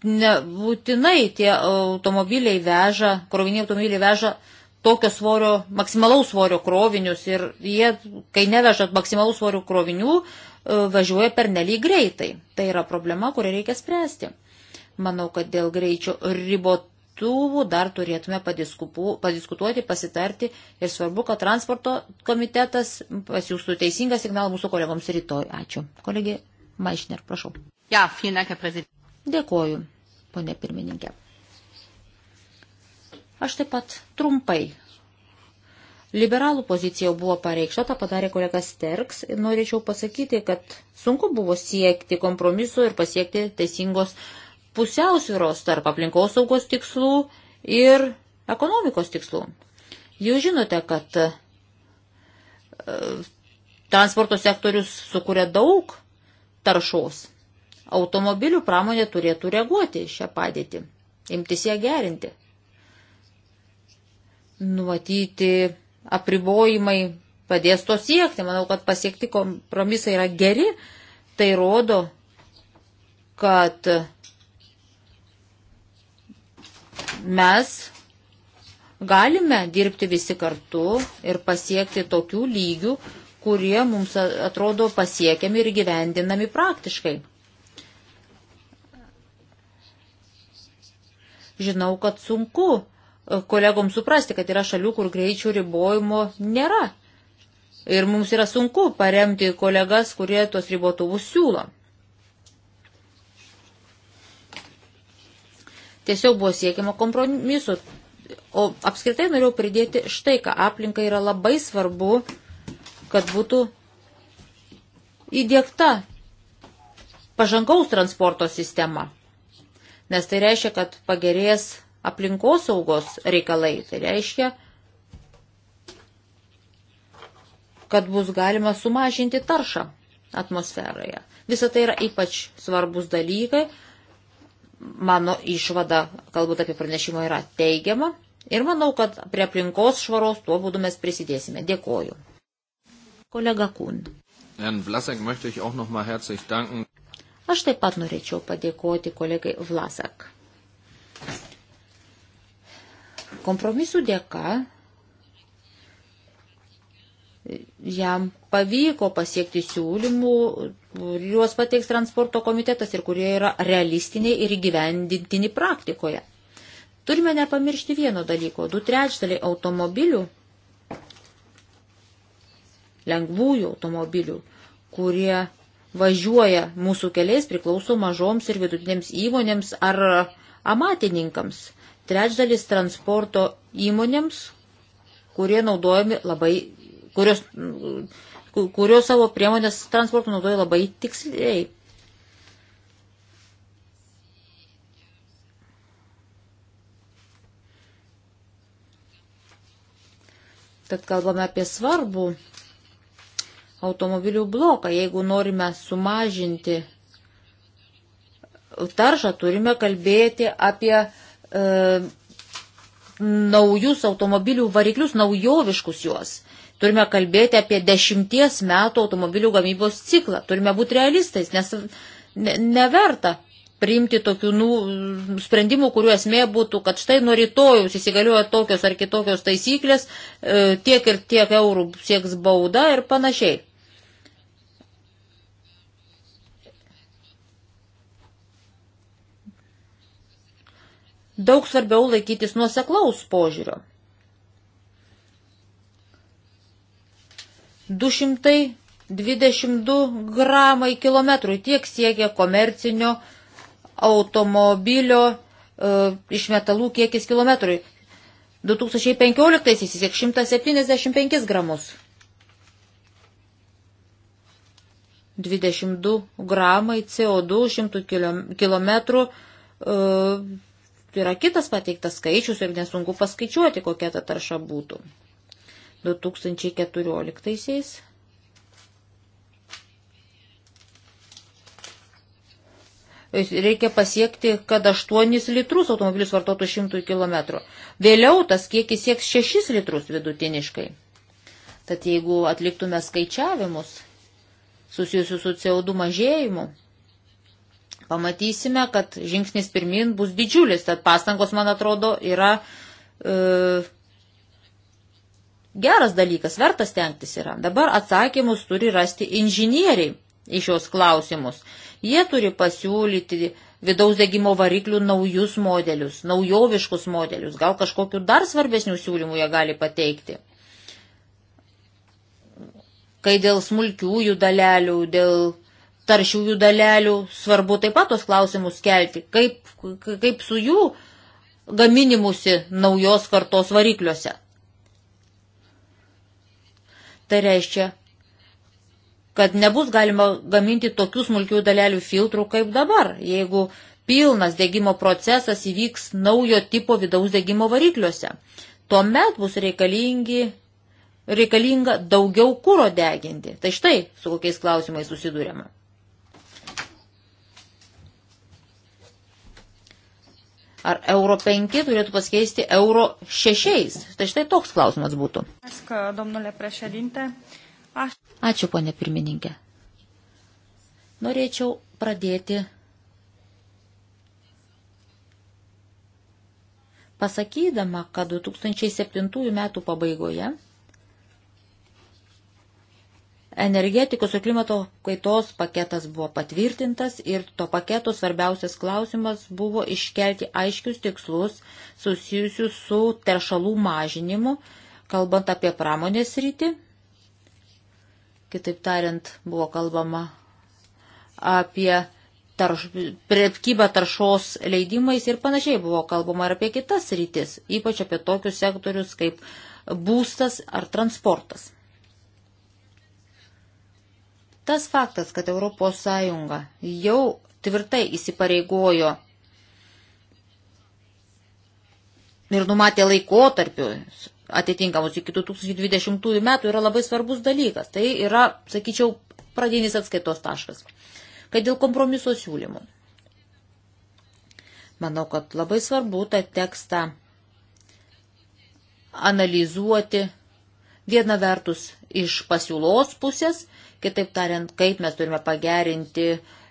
nebūtinai tie automobiliai veža, kroviniai automobiliai veža tokio svorio, maksimalaus svorio krovinius ir jie, kai neveža maksimalaus svorio krovinių, e, važiuoja per nelį greitai. Tai yra problema, kurią reikia spręsti. Manau, kad dėl greičio ribotuvų dar turėtume padiskutuoti, pasitarti ir svarbu, kad transporto komitetas pasiūstų teisingą signalą mūsų kolegoms rytoj. Ačiū. Kolegė Maišner, prašau. Ja, vielen Dank, Herr Präsident. Dėkoju, ponė pirmininkė. Aš taip pat trumpai. Liberalų pozicija jau buvo pareikšta, tą padarė kolegas Terks ir norėčiau pasakyti, kad sunku buvo siekti kompromiso ir pasiekti teisingos pusiausvyros tarp aplinkos saugos tikslų ir ekonomikos tikslų. Jūs žinote, kad e, transporto sektorius sukuria daug taršos. Automobilių pramonė turėtų reaguoti šią padėtį, imtis ją gerinti numatyti apribojimai padės to siekti. Manau, kad pasiekti kompromisai yra geri. Tai rodo, kad mes galime dirbti visi kartu ir pasiekti tokių lygių, kurie mums atrodo pasiekiami ir gyvendinami praktiškai. Žinau, kad sunku kolegom suprasti, kad yra šalių, kur greičių ribojimo nėra. Ir mums yra sunku paremti kolegas, kurie tuos ribotuvus siūlo. Tiesiog buvo siekiama kompromisu. O apskritai norėjau pridėti štai, ką aplinka yra labai svarbu, kad būtų įdėkta pažangaus transporto sistema. Nes tai reiškia, kad pagerės aplinkosaugos reikalai. Tai reiškia, kad bus galima sumažinti taršą atmosferoje. Visą tai yra ypač svarbus dalykai. Mano išvada, kalbant apie pranešimą, yra teigiama. Ir manau, kad prie aplinkos švaros tuo būdu mes prisidėsime. Dėkoju. Kolega Kun. Aš taip pat norėčiau padėkoti kolegai Vlasak Kompromisų dėka jam pavyko pasiekti siūlymų, juos pateiks transporto komitetas ir kurie yra realistiniai ir įgyvendintini praktikoje. Turime nepamiršti vieno dalyko. Du trečdaliai automobilių, lengvųjų automobilių, kurie važiuoja mūsų keliais priklauso mažoms ir vidutinėms įmonėms ar amatininkams trečdalis transporto įmonėms, kurie naudojami labai, kurios, kurios savo priemonės transporto naudoja labai tiksliai. Tad kalbame apie svarbų automobilių bloką. Jeigu norime sumažinti taršą, turime kalbėti apie e, naujus automobilių variklius, naujoviškus juos. Turime kalbėti apie dešimties metų automobilių gamybos ciklą. Turime būti realistais, nes ne, neverta priimti tokių nu, sprendimų, kurių esmė būtų, kad štai nuo rytojus įsigalioja tokios ar kitokios taisyklės, e, tiek ir tiek eurų sieks bauda ir panašiai. daug svarbiau laikytis nuoseklaus požiūrio. 222 gramai kilometrų tiek siekia komercinio automobilio e, iš metalų kiekis kilometrui. 2015 jis siek 175 gramus. 22 gramai CO2 100 km e, Tai yra kitas pateiktas skaičius ir nesunku paskaičiuoti, kokia ta tarša būtų. 2014-aisiais reikia pasiekti, kad 8 litrus automobilis vartotų 100 km. Vėliau tas kiekis sieks 6 litrus vidutiniškai. Tad jeigu atliktume skaičiavimus susijusius su CO2 mažėjimu, Pamatysime, kad žingsnis pirmin bus didžiulis, tad pastangos, man atrodo, yra e, geras dalykas, vertas tenktis yra. Dabar atsakymus turi rasti inžinieriai į šios klausimus. Jie turi pasiūlyti vidaus degimo variklių naujus modelius, naujoviškus modelius, gal kažkokiu dar svarbesnių siūlymų jie gali pateikti. Kai dėl smulkiųjų dalelių, dėl taršiųjų dalelių, svarbu taip pat tos klausimus kelti, kaip, kaip su jų gaminimusi naujos kartos varikliuose. Tai reiškia, kad nebus galima gaminti tokių smulkių dalelių filtrų kaip dabar, jeigu pilnas degimo procesas įvyks naujo tipo vidaus degimo varikliuose. Tuomet bus reikalingi, reikalinga daugiau kūro deginti. Tai štai su kokiais klausimais susidūrėme. Ar euro 5 turėtų pasikeisti euro 6? Tai štai toks klausimas būtų. Ačiū, ponė pirmininkė. Norėčiau pradėti pasakydama, kad 2007 metų pabaigoje Energetikos ir klimato kaitos paketas buvo patvirtintas ir to paketo svarbiausias klausimas buvo iškelti aiškius tikslus susijusius su teršalų mažinimu, kalbant apie pramonės rytį. Kitaip tariant, buvo kalbama apie tarš, prekybą taršos leidimais ir panašiai buvo kalbama ir apie kitas rytis, ypač apie tokius sektorius kaip būstas ar transportas. Tas faktas, kad ES jau tvirtai įsipareigojo ir numatė laikotarpių atitinkamus iki 2020 metų yra labai svarbus dalykas. Tai yra, sakyčiau, pradinis atskaitos taškas. Kad dėl kompromiso siūlymų. Manau, kad labai svarbu tą tekstą analizuoti viena vertus iš pasiūlos pusės Kitaip tariant, kaip mes turime pagerinti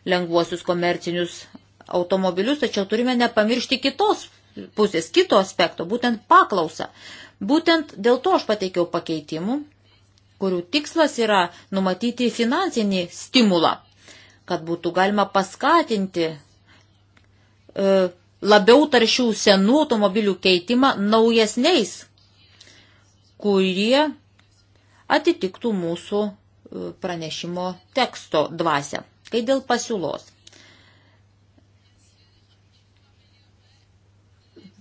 lengvuosius komercinius automobilius, tačiau turime nepamiršti kitos pusės, kito aspekto, būtent paklausą. Būtent dėl to aš pateikiau pakeitimų, kurių tikslas yra numatyti finansinį stimulą, kad būtų galima paskatinti e, labiau taršių senų automobilių keitimą naujesniais, kurie atitiktų mūsų pranešimo teksto dvasę. Kai dėl pasiūlos.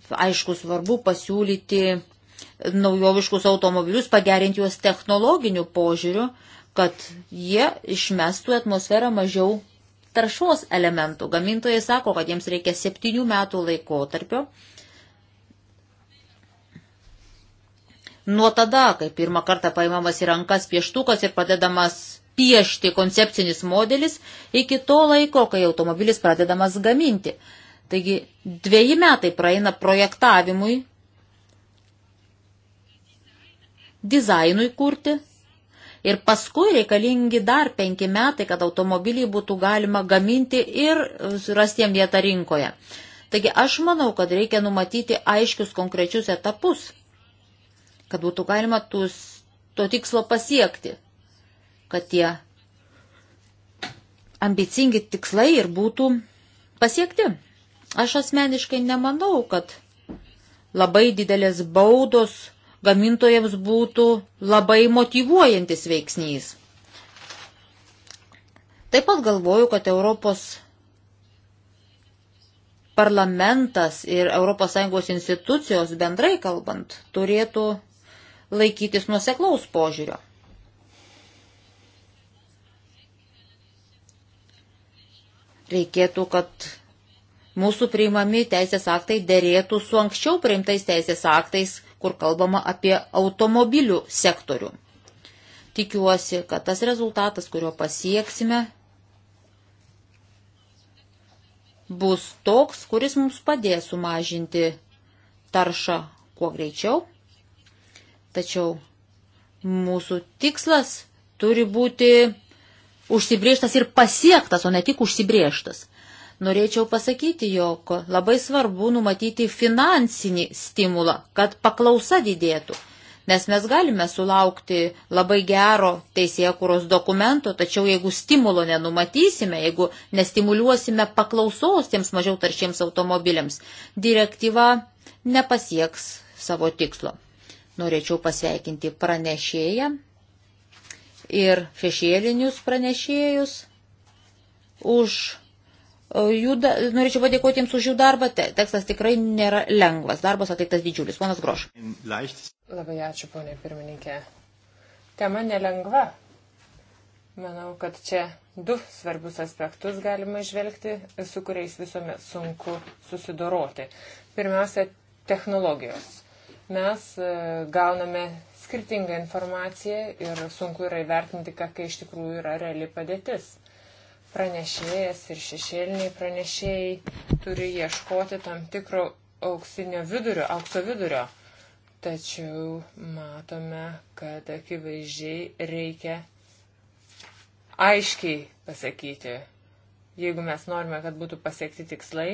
Aišku, svarbu pasiūlyti naujoviškus automobilius, pagerinti juos technologiniu požiūriu, kad jie išmestų atmosferą mažiau taršos elementų. Gamintojai sako, kad jiems reikia septynių metų laikotarpio, tarpio Nuo tada, kai pirmą kartą paimamas į rankas pieštukas ir pradedamas piešti koncepcinis modelis, iki to laiko, kai automobilis pradedamas gaminti. Taigi dviejai metai praeina projektavimui, dizainui kurti ir paskui reikalingi dar penki metai, kad automobilį būtų galima gaminti ir rasti jam vietą rinkoje. Taigi aš manau, kad reikia numatyti aiškius konkrečius etapus kad būtų galima tus, to tikslo pasiekti, kad tie ambicingi tikslai ir būtų pasiekti. Aš asmeniškai nemanau, kad labai didelės baudos gamintojams būtų labai motivuojantis veiksnys. Taip pat galvoju, kad Europos parlamentas ir ES institucijos bendrai kalbant turėtų laikytis nuoseklaus požiūrio. Reikėtų, kad mūsų priimami teisės aktai dėrėtų su anksčiau priimtais teisės aktais, kur kalbama apie automobilių sektorių. Tikiuosi, kad tas rezultatas, kurio pasieksime, bus toks, kuris mums padės sumažinti taršą kuo greičiau Tačiau mūsų tikslas turi būti užsibrieštas ir pasiektas, o ne tik užsibrieštas. Norėčiau pasakyti, jog labai svarbu numatyti finansinį stimulą, kad paklausa didėtų, nes mes galime sulaukti labai gero teisėkuros dokumento, tačiau jeigu stimulo nenumatysime, jeigu nestimuliuosime paklausos tiems mažiau taršiems automobiliams, direktyva nepasieks savo tikslo. Norėčiau pasveikinti pranešėją ir šešėlinius pranešėjus už e, jų, da, norėčiau padėkoti jums už jų darbą, tekstas tikrai nėra lengvas, darbas atliktas didžiulis. Ponas Groš. Labai ačiū, ponė pirmininkė. Tema nelengva. Manau, kad čia du svarbus aspektus galima išvelgti, su kuriais visuomet sunku susidoroti. Pirmiausia, technologijos mes e, gauname skirtingą informaciją ir sunku yra įvertinti, kokia iš tikrųjų yra reali padėtis. Pranešėjas ir šešėliniai pranešėjai turi ieškoti tam tikro auksinio vidurio, aukso vidurio. Tačiau matome, kad akivaizdžiai reikia aiškiai pasakyti, jeigu mes norime, kad būtų pasiekti tikslai,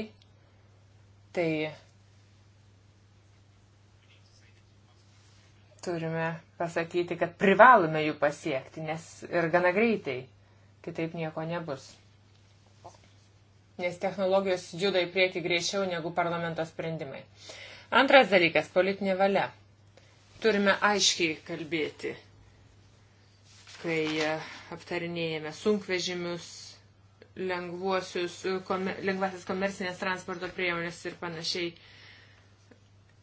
tai Turime pasakyti, kad privalome jų pasiekti, nes ir gana greitai, kitaip nieko nebus. Nes technologijos juda į priekį greičiau negu parlamento sprendimai. Antras dalykas - politinė valia. Turime aiškiai kalbėti, kai e, aptarinėjame sunkvežimius, lengvuosius, kom, lengvasis komersinės transporto priemonės ir panašiai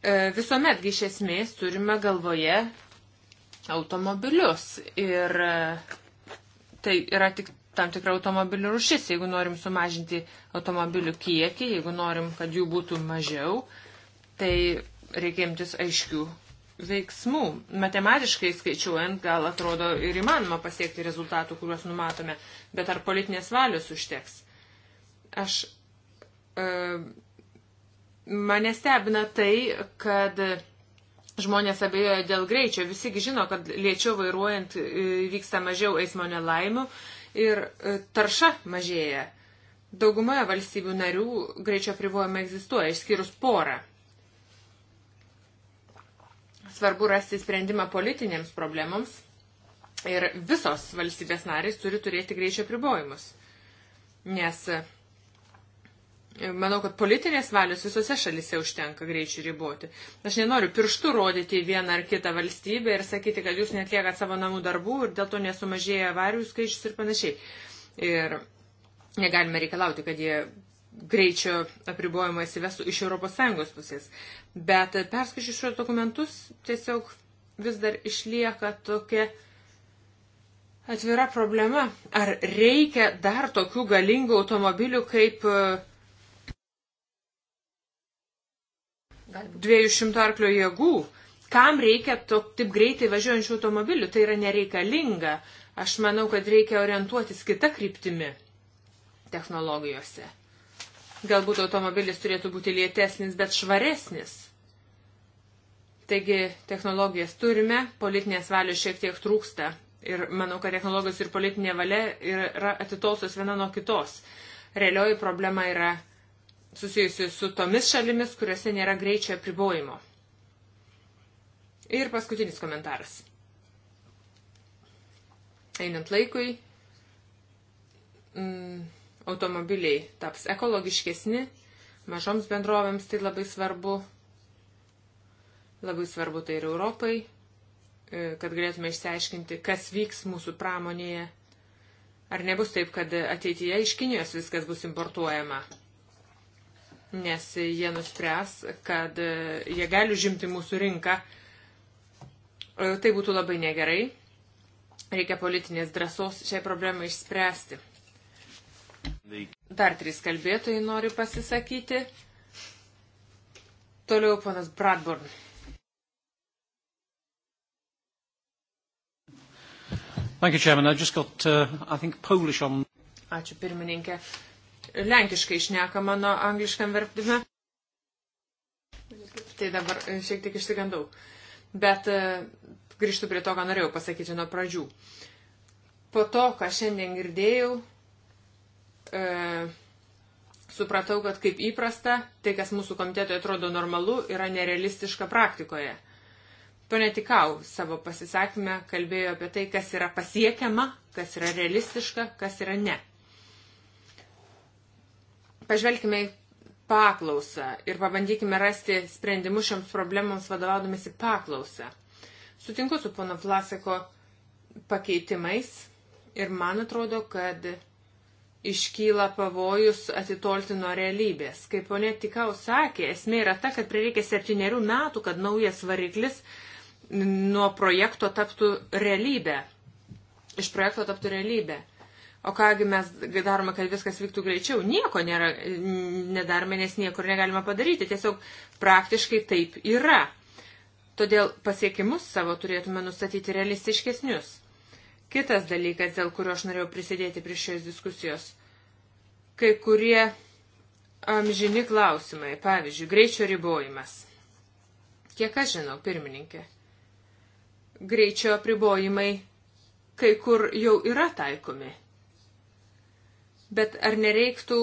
E, visuometgi iš esmės turime galvoje automobilius ir e, tai yra tik tam tikra automobilių rušis. Jeigu norim sumažinti automobilių kiekį, jeigu norim, kad jų būtų mažiau, tai reikėmtis aiškių veiksmų. Matematiškai skaičiuojant, gal atrodo ir įmanoma pasiekti rezultatų, kuriuos numatome, bet ar politinės valios užteks? Aš e, Mane stebina tai, kad žmonės abejoja dėl greičio. Visigi žino, kad lėčiau vairuojant e, vyksta mažiau eismo nelaimių ir e, tarša mažėja. Daugumoje valstybių narių greičio privojimai egzistuoja, išskyrus porą. Svarbu rasti sprendimą politinėms problemams ir visos valstybės narys turi turėti greičio pribojimus. Nes Manau, kad politinės valios visose šalise užtenka greičių riboti. Aš nenoriu pirštų rodyti į vieną ar kitą valstybę ir sakyti, kad jūs netliekat savo namų darbų ir dėl to nesumažėja avarijų skaičius ir panašiai. Ir negalime reikalauti, kad jie greičio apribojimą įsivestų iš ES pusės. Bet perskaičiu šios dokumentus tiesiog vis dar išlieka tokia atvira problema. Ar reikia dar tokių galingų automobilių kaip uh, 200 arklio jėgų. Kam reikia to, taip greitai važiuojančių automobilių? Tai yra nereikalinga. Aš manau, kad reikia orientuotis kitą kryptimį technologijose. Galbūt automobilis turėtų būti lėtesnis, bet švaresnis. Taigi technologijas turime, politinės valios šiek tiek trūksta. Ir manau, kad technologijos ir politinė valia yra atitolsios viena nuo kitos. Realioji problema yra susijusi su tomis šalimis, kuriuose nėra greičio apribojimo. Ir paskutinis komentaras. Einant laikui, mm, automobiliai taps ekologiškesni, mažoms bendrovėms tai labai svarbu, labai svarbu tai ir Europai, e, kad galėtume išsiaiškinti, kas vyks mūsų pramonėje. Ar nebus taip, kad ateityje iš Kinijos viskas bus importuojama? nes jie nuspręs, kad e, jie gali užimti mūsų rinką. E, tai būtų labai negerai. Reikia politinės drąsos šiai problemai išspręsti. Dar trys kalbėtojai nori pasisakyti. Toliau ponas Bradburn. Thank you, Chairman. I just got, uh, I think, Polish on. Ačiū pirmininkė. Uh, lenkiškai išneka mano angliškam vertime. Tai dabar šiek tiek išsigandau. Bet e, grįžtu prie to, ką norėjau pasakyti nuo pradžių. Po to, ką šiandien girdėjau, e, supratau, kad kaip įprasta, tai, kas mūsų komitetui atrodo normalu, yra nerealistiška praktikoje. Pane Tikau savo pasisakymę kalbėjo apie tai, kas yra pasiekiama, kas yra realistiška, kas yra ne. Pažvelkime į paklausą ir pabandykime rasti sprendimus šioms problemams vadovaudomėsi paklausą. Sutinku su pono Plaseko pakeitimais ir man atrodo, kad iškyla pavojus atitolti nuo realybės. Kaip ponė Tikau sakė, esmė yra ta, kad prireikia septyniarių metų, kad naujas variklis nuo projekto taptų realybę. Iš projekto taptų realybę. O kągi mes darome, kad viskas vyktų greičiau? Nieko nėra, nedarome, nes niekur negalima padaryti. Tiesiog praktiškai taip yra. Todėl pasiekimus savo turėtume nustatyti realistiškesnius. Kitas dalykas, dėl kurio aš norėjau prisidėti prie šios diskusijos. Kai kurie amžini klausimai, pavyzdžiui, greičio ribojimas. Kiek aš žinau, pirmininkė, greičio apribojimai kai kur jau yra taikomi Bet ar nereiktų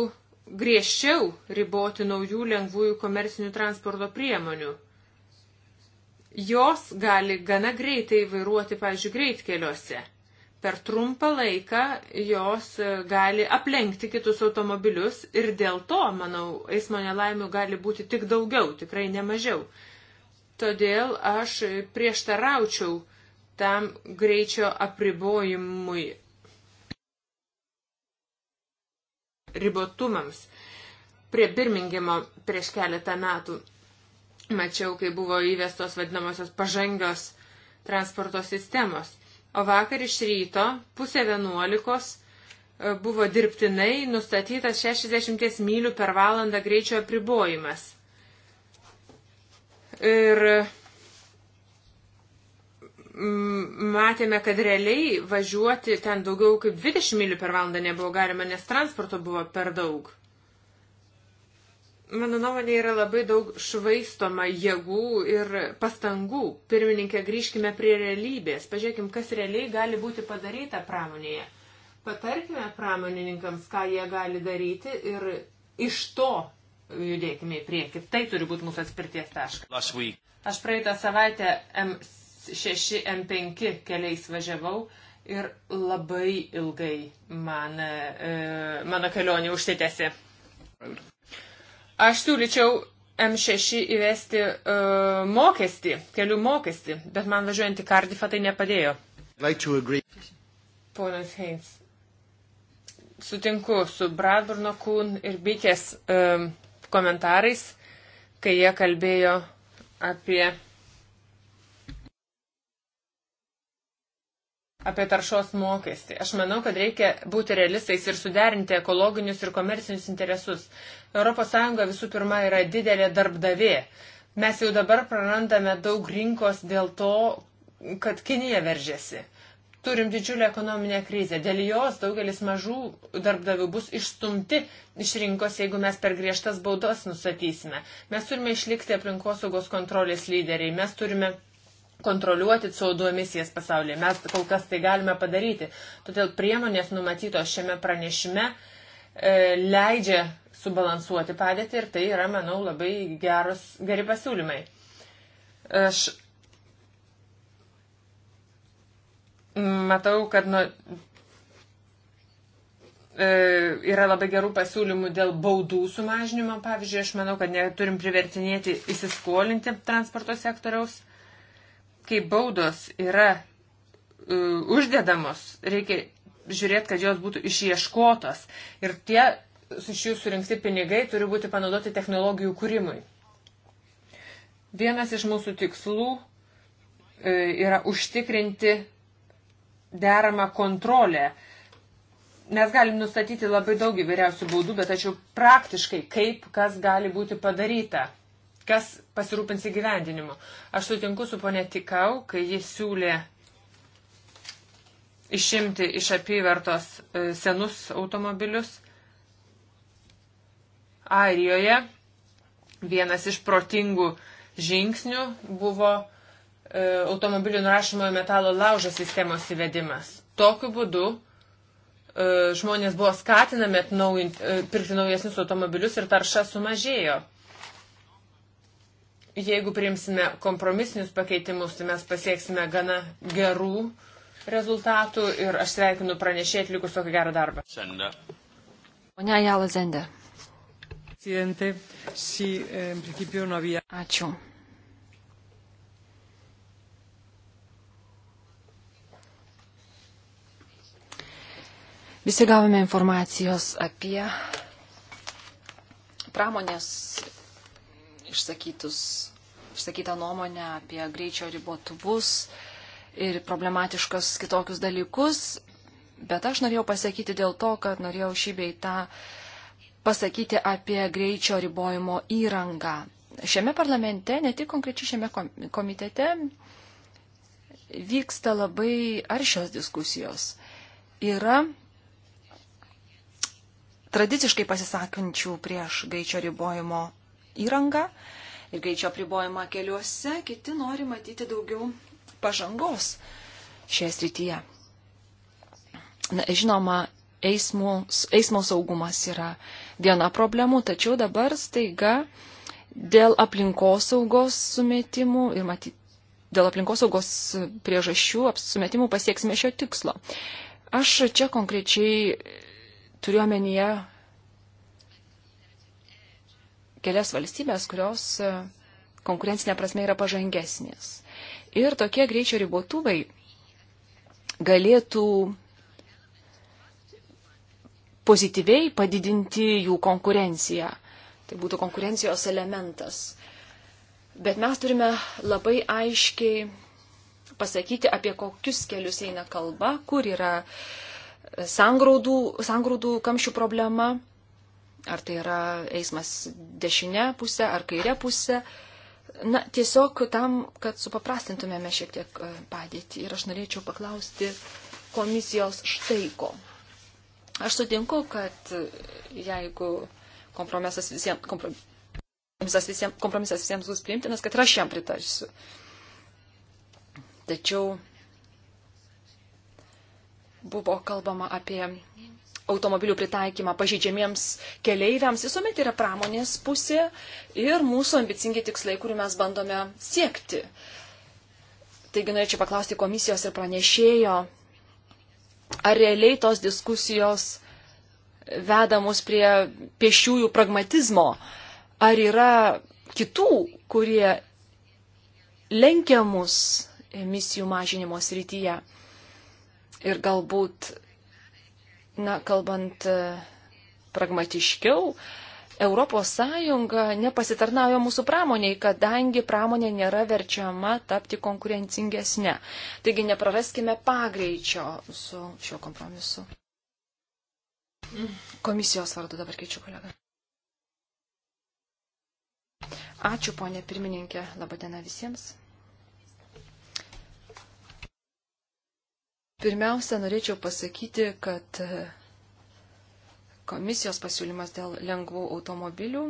griežčiau riboti naujų lengvųjų komercinių transporto priemonių? Jos gali gana greitai vairuoti, pavyzdžiui, greitkeliuose. Per trumpą laiką jos e, gali aplenkti kitus automobilius ir dėl to, manau, eismo nelaimių gali būti tik daugiau, tikrai nemažiau. Todėl aš prieštaraučiau tam greičio apribojimui ribotumams. Prie Birmingemo prieš keletą metų mačiau, kai buvo įvestos vadinamosios pažangios transporto sistemos. O vakar iš ryto pusė vienuolikos e, buvo dirbtinai nustatytas 60 mylių per valandą greičio apribojimas. Ir matėme, kad realiai važiuoti ten daugiau kaip 20 mylių per valandą nebuvo galima, nes transporto buvo per daug. Mano nuomonė yra labai daug švaistoma jėgų ir pastangų. Pirmininkė, grįžkime prie realybės. Pažiūrėkime, kas realiai gali būti padaryta pramonėje. Patarkime pramonininkams, ką jie gali daryti ir iš to judėkime į priekį. Tai turi būti mūsų atspirties taškas. Aš praeitą savaitę MC 6 M5 keliais važiavau ir labai ilgai man, e, mano kelionė užsitęsė. Aš siūlyčiau M6 įvesti e, mokestį, kelių mokestį, bet man važiuojant į Kardifą tai nepadėjo. Like Ponas Heins, sutinku su Bradburno Kūn ir Bitės e, komentarais, kai jie kalbėjo apie apie taršos mokestį. Aš manau, kad reikia būti realistais ir suderinti ekologinius ir komercinius interesus. ES visų pirma yra didelė darbdavė. Mes jau dabar prarandame daug rinkos dėl to, kad Kinija veržiasi. Turim didžiulę ekonominę krizę. Dėl jos daugelis mažų darbdavių bus išstumti iš rinkos, jeigu mes per griežtas baudas nustatysime. Mes turime išlikti aplinkosaugos kontrolės lyderiai. Mes turime kontroliuoti CO2 emisijas pasaulyje. Mes kol kas tai galime padaryti. Todėl priemonės numatytos šiame pranešime e, leidžia subalansuoti padėtį ir tai yra, manau, labai geros, geri pasiūlymai. Aš matau, kad nuo, e, yra labai gerų pasiūlymų dėl baudų sumažinimo. Pavyzdžiui, aš manau, kad neturim privertinėti įsiskolinti transporto sektoriaus. E, kai baudos yra uh, uždedamos, reikia žiūrėti, kad jos būtų išieškotos. Ir tie iš jų surinkti pinigai turi būti panaudoti technologijų kūrimui. Vienas iš mūsų tikslų uh, yra užtikrinti deramą kontrolę. Mes galim nustatyti labai daug įvairiausių baudų, bet tačiau praktiškai kaip kas gali būti padaryta kas pasirūpins įgyvendinimu. Aš sutinku su ponė Tikau, kai jis siūlė išimti iš apyvertos e, senus automobilius. Airijoje vienas iš protingų žingsnių buvo e, automobilių nurašymojo metalo laužo sistemos įvedimas. Tokiu būdu e, žmonės buvo skatinami atnaujinti, pirkti naujesnius automobilius ir tarša sumažėjo jeigu priimsime kompromisinius pakeitimus, tai mes pasieksime gana gerų rezultatų ir aš sveikinu pranešėjai atlikus tokį gerą darbą. Senda. Pone Jala Zende. Eh, Ačiū. Visi gavome informacijos apie pramonės išsakytus išsakytą nuomonę apie greičio ribotuvus ir problematiškas kitokius dalykus, bet aš norėjau pasakyti dėl to, kad norėjau šį beitą pasakyti apie greičio ribojimo įrangą. Šiame parlamente, ne tik konkrečiai šiame komitete, vyksta labai aršios diskusijos. Yra tradiciškai pasisakančių prieš greičio ribojimo įrangą, ir greičio pribojimą keliuose, kiti nori matyti daugiau pažangos šioje srityje. Na, žinoma, eismo, eismo saugumas yra viena problemų, tačiau dabar staiga dėl aplinkosaugos sumetimų ir matyti. Dėl aplinkosaugos priežasčių apsumetimų pasieksime šio tikslo. Aš čia konkrečiai turiu omenyje kelias valstybės, kurios e, konkurencinė prasme yra pažangesnės. Ir tokie greičio ribotuvai galėtų pozityviai padidinti jų konkurenciją. Tai būtų konkurencijos elementas. Bet mes turime labai aiškiai pasakyti, apie kokius kelius eina kalba, kur yra sangraudų, sangraudų kamščių problema Ar tai yra eismas dešinė pusė ar kairė pusė. Na, tiesiog tam, kad supaprastintumėme šiek tiek e, padėtį. Ir aš norėčiau paklausti komisijos štai ko. Aš sutinku, kad e, jeigu kompromisas visiems, kompromisas visiems, kompromisas visiems bus priimtinas, kad ir aš jam pritarsiu. Tačiau buvo kalbama apie automobilių pritaikymą pažydžiamiems keleiviams visuomet yra pramonės pusė ir mūsų ambicingi tikslai, kurių mes bandome siekti. Taigi norėčiau paklausti komisijos ir pranešėjo, ar realiai tos diskusijos veda mus prie pešiųjų pragmatizmo, ar yra kitų, kurie lenkia mus emisijų mažinimo srityje. Ir galbūt na, kalbant e, pragmatiškiau, ES nepasitarnauja mūsų pramoniai, kadangi pramonė nėra verčiama tapti konkurencingesnė. Taigi nepraraskime pagreičio su šiuo kompromisu. Komisijos vardu dabar keičiu kolegą. Ačiū, ponė pirmininkė. Labadiena visiems. Pirmiausia, norėčiau pasakyti, kad e, komisijos pasiūlymas dėl lengvų automobilių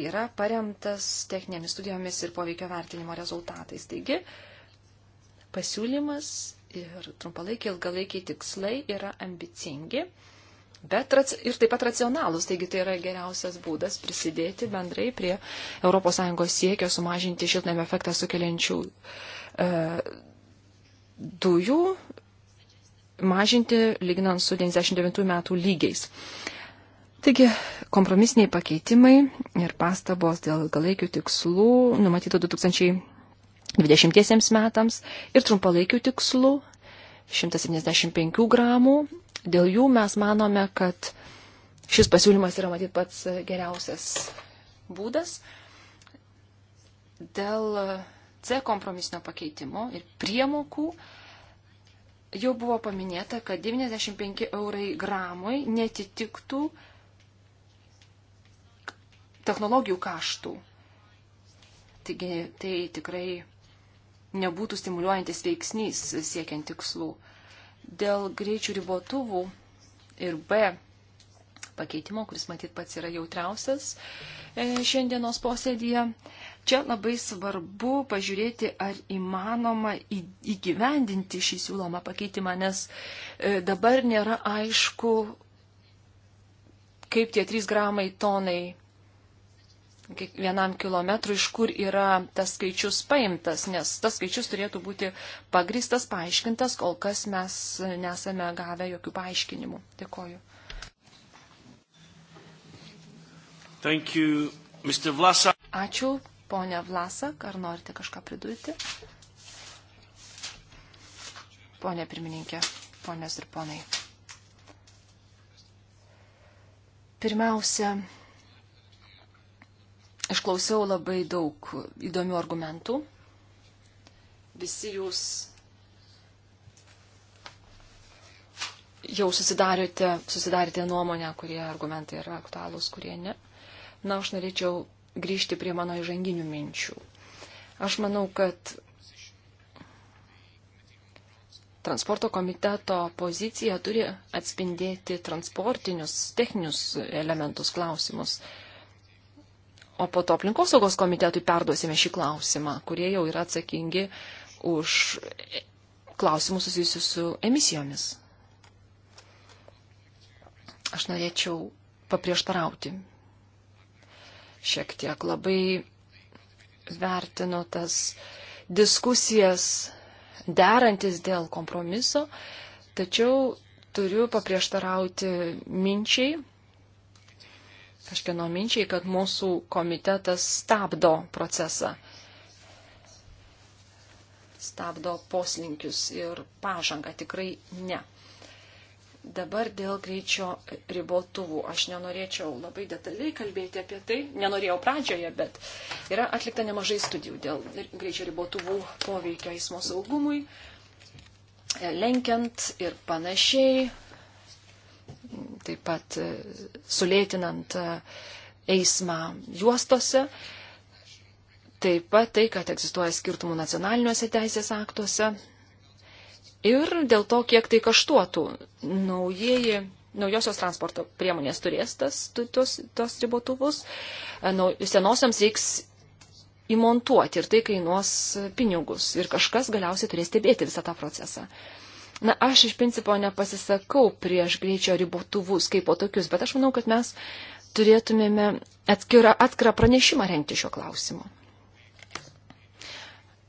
yra paremtas techninėmis studijomis ir poveikio vertinimo rezultatais. Taigi, pasiūlymas ir trumpalaikiai ilgalaikiai tikslai yra ambicingi, bet ir taip pat racionalūs. Taigi, tai yra geriausias būdas prisidėti bendrai prie ES siekio sumažinti šiltnamio efektą sukeliančių. E, dujų mažinti, lyginant su 99 metų lygiais. Taigi, kompromisiniai pakeitimai ir pastabos dėl galaikių tikslų numatytų 2020 metams ir trumpalaikių tikslų 175 gramų. Dėl jų mes manome, kad šis pasiūlymas yra matyt pats geriausias būdas. Dėl C kompromisinio pakeitimo ir priemokų Jau buvo paminėta, kad 95 eurai gramui netitiktų technologijų kaštų. Taigi tai tikrai nebūtų stimuliuojantis veiksnys siekiant tikslų. Dėl greičių ribotuvų ir B pakeitimo, kuris matyt pats yra jautriausias e, šiandienos posėdėje, Čia labai svarbu pažiūrėti, ar įmanoma įgyvendinti šį siūlomą pakeitimą, nes e, dabar nėra aišku, kaip tie 3 gramai tonai kiekvienam kilometrui, iš kur yra tas skaičius paimtas, nes tas skaičius turėtų būti pagristas, paaiškintas, kol kas mes nesame gavę jokių paaiškinimų. Dėkoju. Thank you, Ačiū, Pone Vlasak, ar norite kažką pridurti? Pone pirmininkė, ponės ir ponai. Pirmiausia, išklausiau labai daug įdomių argumentų. Visi jūs jau susidarėte, susidarėte nuomonę, kurie argumentai yra aktualūs, kurie ne. Na, aš norėčiau grįžti prie mano įžanginių minčių. Aš manau, kad transporto komiteto pozicija turi atspindėti transportinius, techninius elementus klausimus. O po to aplinkosaugos komitetui perduosime šį klausimą, kurie jau yra atsakingi už klausimus susijusius su emisijomis. Aš norėčiau paprieštarauti šiek tiek labai vertino tas diskusijas derantis dėl kompromiso, tačiau turiu paprieštarauti minčiai, kažkieno minčiai, kad mūsų komitetas stabdo procesą, stabdo poslinkius ir pažangą tikrai ne. Dabar dėl greičio ribotuvų. Aš nenorėčiau labai detaliai kalbėti apie tai, nenorėjau pradžioje, bet yra atlikta nemažai studijų dėl greičio ribotuvų poveikio eismo saugumui, lenkiant ir panašiai, taip pat e, sulėtinant e, eismą juostose. Taip pat tai, kad egzistuoja skirtumų nacionaliniuose teisės aktuose, ir dėl to, kiek tai kaštuotų. Naujieji, naujosios transporto priemonės turės tas, tos, tos ribotuvus, e, Nau, senosiams reiks įmontuoti ir tai kainuos pinigus ir kažkas galiausiai turės stebėti visą tą procesą. Na, aš iš principo nepasisakau prieš greičio ribotuvus kaip po tokius, bet aš manau, kad mes turėtumėme atskirą, atskirą pranešimą renkti šiuo klausimu.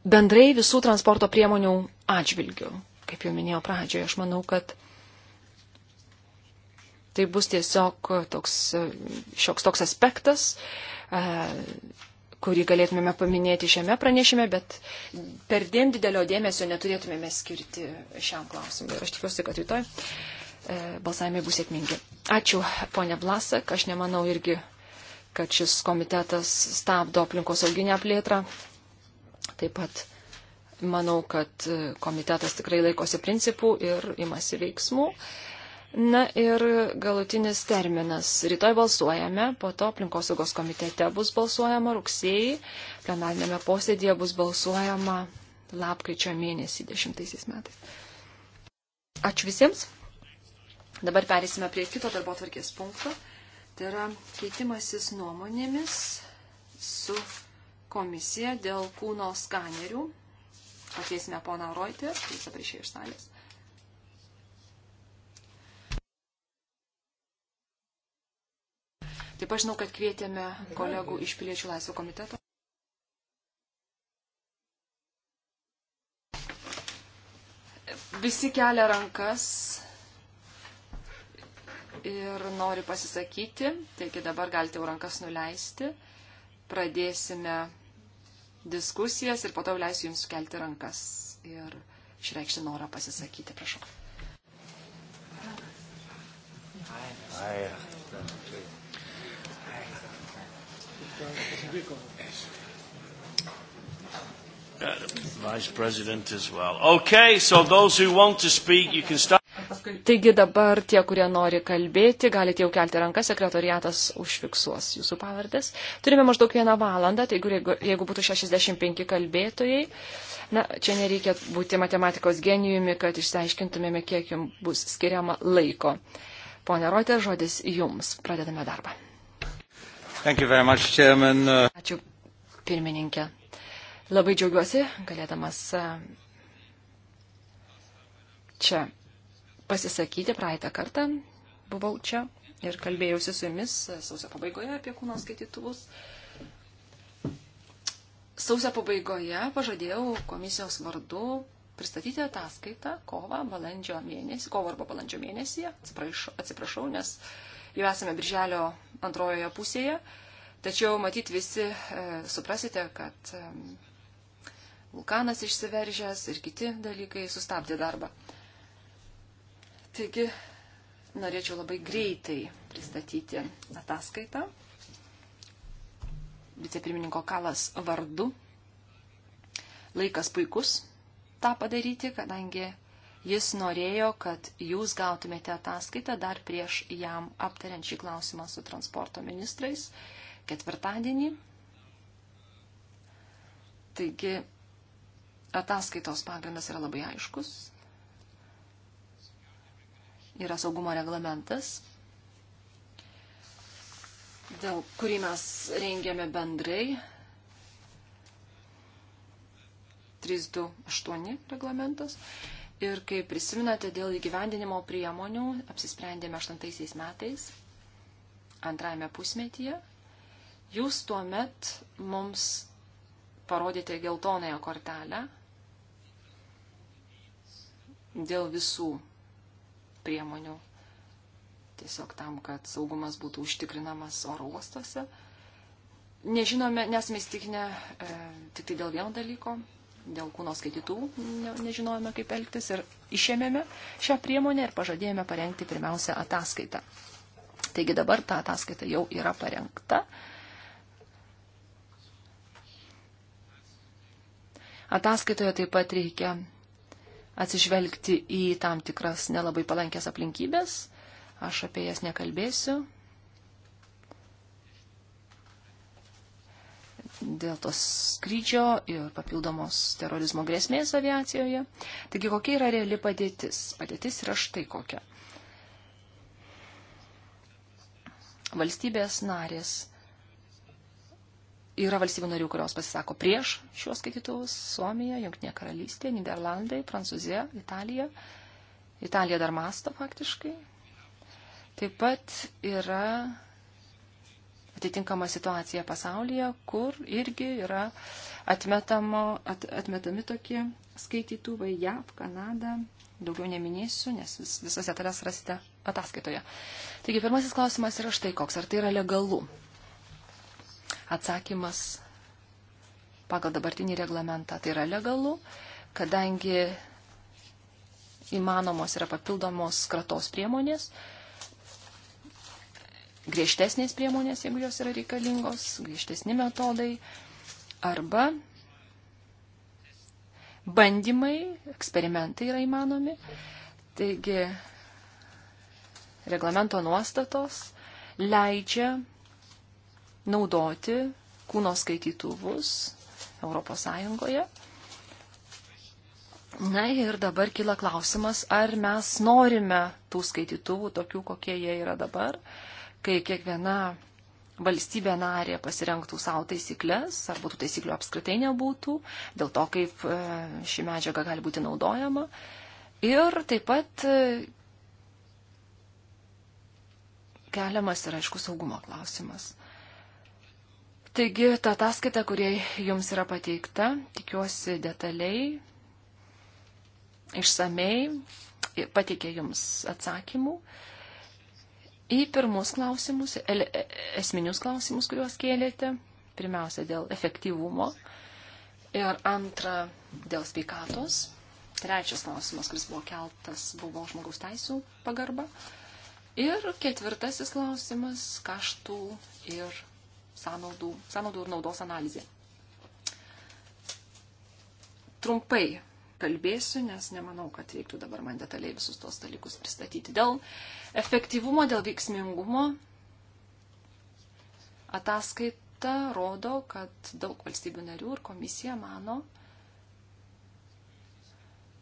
Bendrai visų transporto priemonių atžvilgių kaip jau minėjau pradžioje, aš manau, kad tai bus tiesiog toks, šioks toks aspektas, e, kurį galėtumėme paminėti šiame pranešime, bet per dėm didelio dėmesio neturėtumėme skirti šiam klausimui. Ir aš tikiuosi, kad rytoj e, balsavimai bus sėkmingi. Ačiū, ponė Blasak. Aš nemanau irgi, kad šis komitetas stabdo aplinkos auginę plėtrą. Taip pat Manau, kad komitetas tikrai laikosi principų ir imasi veiksmų. Na ir galutinis terminas. Rytoj balsuojame, po to aplinkosaugos komitete bus balsuojama rugsėjai, plenarinėme posėdėje bus balsuojama lapkričio mėnesį 10 metais. Ačiū visiems. Dabar perėsime prie kito darbo tvarkės punkto. Tai yra keitimasis nuomonėmis su komisija dėl kūno skanerių Pakviesime poną Roitį, jis dabar išėjo iš salės. Taip aš žinau, kad kvietėme kolegų iš Piliečių laisvo komiteto. Visi kelia rankas ir nori pasisakyti, taigi dabar galite jau rankas nuleisti. Pradėsime diskusijas ir po to leisiu Jums kelti rankas ir išreikšti norą pasisakyti, prašau. Vice President as well. Okay, so those who want to speak, you can start. Taigi dabar tie, kurie nori kalbėti, galite jau kelti rankas, sekretoriatas užfiksuos jūsų pavardės. Turime maždaug vieną valandą, tai jeigu, jeigu būtų 65 kalbėtojai, na, čia nereikia būti matematikos genijumi, kad išsiaiškintumėme, kiek jums bus skiriama laiko. Pone Rotė, žodis jums. Pradedame darbą. Much, chairman. Ačiū, pirmininkė. Labai džiaugiuosi, galėdamas čia pasisakyti praeitą kartą. Buvau čia ir kalbėjausi su jumis sausio pabaigoje apie kūno skaitytuvus. Sausio pabaigoje pažadėjau komisijos vardu pristatyti ataskaitą kovą, balandžio mėnesį, kovo arba balandžio mėnesį, atsiprašau, atsiprašau, nes jau esame birželio antrojoje pusėje, tačiau matyt visi e, suprasite, kad e, vulkanas išsiveržęs ir kiti dalykai sustabdė darbą. E, Taigi, norėčiau labai greitai pristatyti ataskaitą vicepirmininko Kalas vardu. Laikas puikus tą padaryti, kadangi jis norėjo, kad jūs gautumėte ataskaitą dar prieš jam aptariant šį klausimą su transporto ministrais ketvirtadienį. Taigi ataskaitos pagrindas yra labai aiškus yra saugumo reglamentas, dėl kurį mes rengėme bendrai 328 reglamentas. Ir kaip prisiminate, dėl įgyvendinimo priemonių apsisprendėme 8 metais, antrajame pusmetyje. Jūs tuo met mums parodėte geltonąją kortelę dėl visų priemonių tiesiog tam, kad saugumas būtų užtikrinamas oro uostuose. Nežinome, nesame įstikinę e, tik tai dėl vieno dalyko, dėl kūno skaitytų ne, nežinojome, kaip elgtis ir išėmėme šią priemonę ir pažadėjome parengti pirmiausia ataskaitą. Taigi dabar ta ataskaita jau yra parengta. Ataskaitoje taip pat reikia atsižvelgti į tam tikras nelabai palankės aplinkybės. Aš apie jas nekalbėsiu. Dėl tos skrydžio ir papildomos terorizmo grėsmės aviacijoje. Taigi kokia yra reali padėtis? Padėtis yra štai kokia. Valstybės narės Yra valstybių narių, kurios pasisako prieš šiuos skaitytuvus - Suomija, Junktinė karalystė, Niderlandai, Prancūzija, Italija. Italija dar masto faktiškai. Taip pat yra atitinkama situacija pasaulyje, kur irgi yra atmetamo, at, atmetami tokie skaitytuvai JAV, Kanada. Daugiau neminėsiu, nes vis, visas detalės rasite ataskaitoje. Taigi, pirmasis klausimas yra štai koks. Ar tai yra legalu? Atsakymas pagal dabartinį reglamentą tai yra legalu, kadangi įmanomos yra papildomos kratos priemonės, griežtesnės priemonės, jeigu jos yra reikalingos, griežtesni metodai arba bandymai, eksperimentai yra įmanomi. Taigi, reglamento nuostatos leidžia naudoti kūno skaitytuvus ES. Na ir dabar kyla klausimas, ar mes norime tų skaitytuvų tokių, kokie jie yra dabar, kai kiekviena valstybė narė pasirenktų savo taisyklės, arba tų taisyklių apskritai nebūtų, dėl to, kaip e, ši medžiaga gali būti naudojama. Ir taip pat e, keliamas ir aišku saugumo klausimas. Taigi, ta ataskaita, kurie jums yra pateikta, tikiuosi detaliai, išsamei, pateikė jums atsakymų į pirmus klausimus, e, esminius klausimus, kuriuos kėlėte. Pirmiausia, dėl efektyvumo. Ir antra, dėl sveikatos. Trečias klausimas, kuris buvo keltas, buvo žmogaus teisų pagarba. Ir ketvirtasis klausimas - kaštų ir sąnaudų, sąnaudų ir naudos analizė. Trumpai kalbėsiu, nes nemanau, kad reiktų dabar man detaliai visus tos dalykus pristatyti. Dėl efektyvumo, dėl veiksmingumo ataskaita rodo, kad daug valstybių narių ir komisija mano,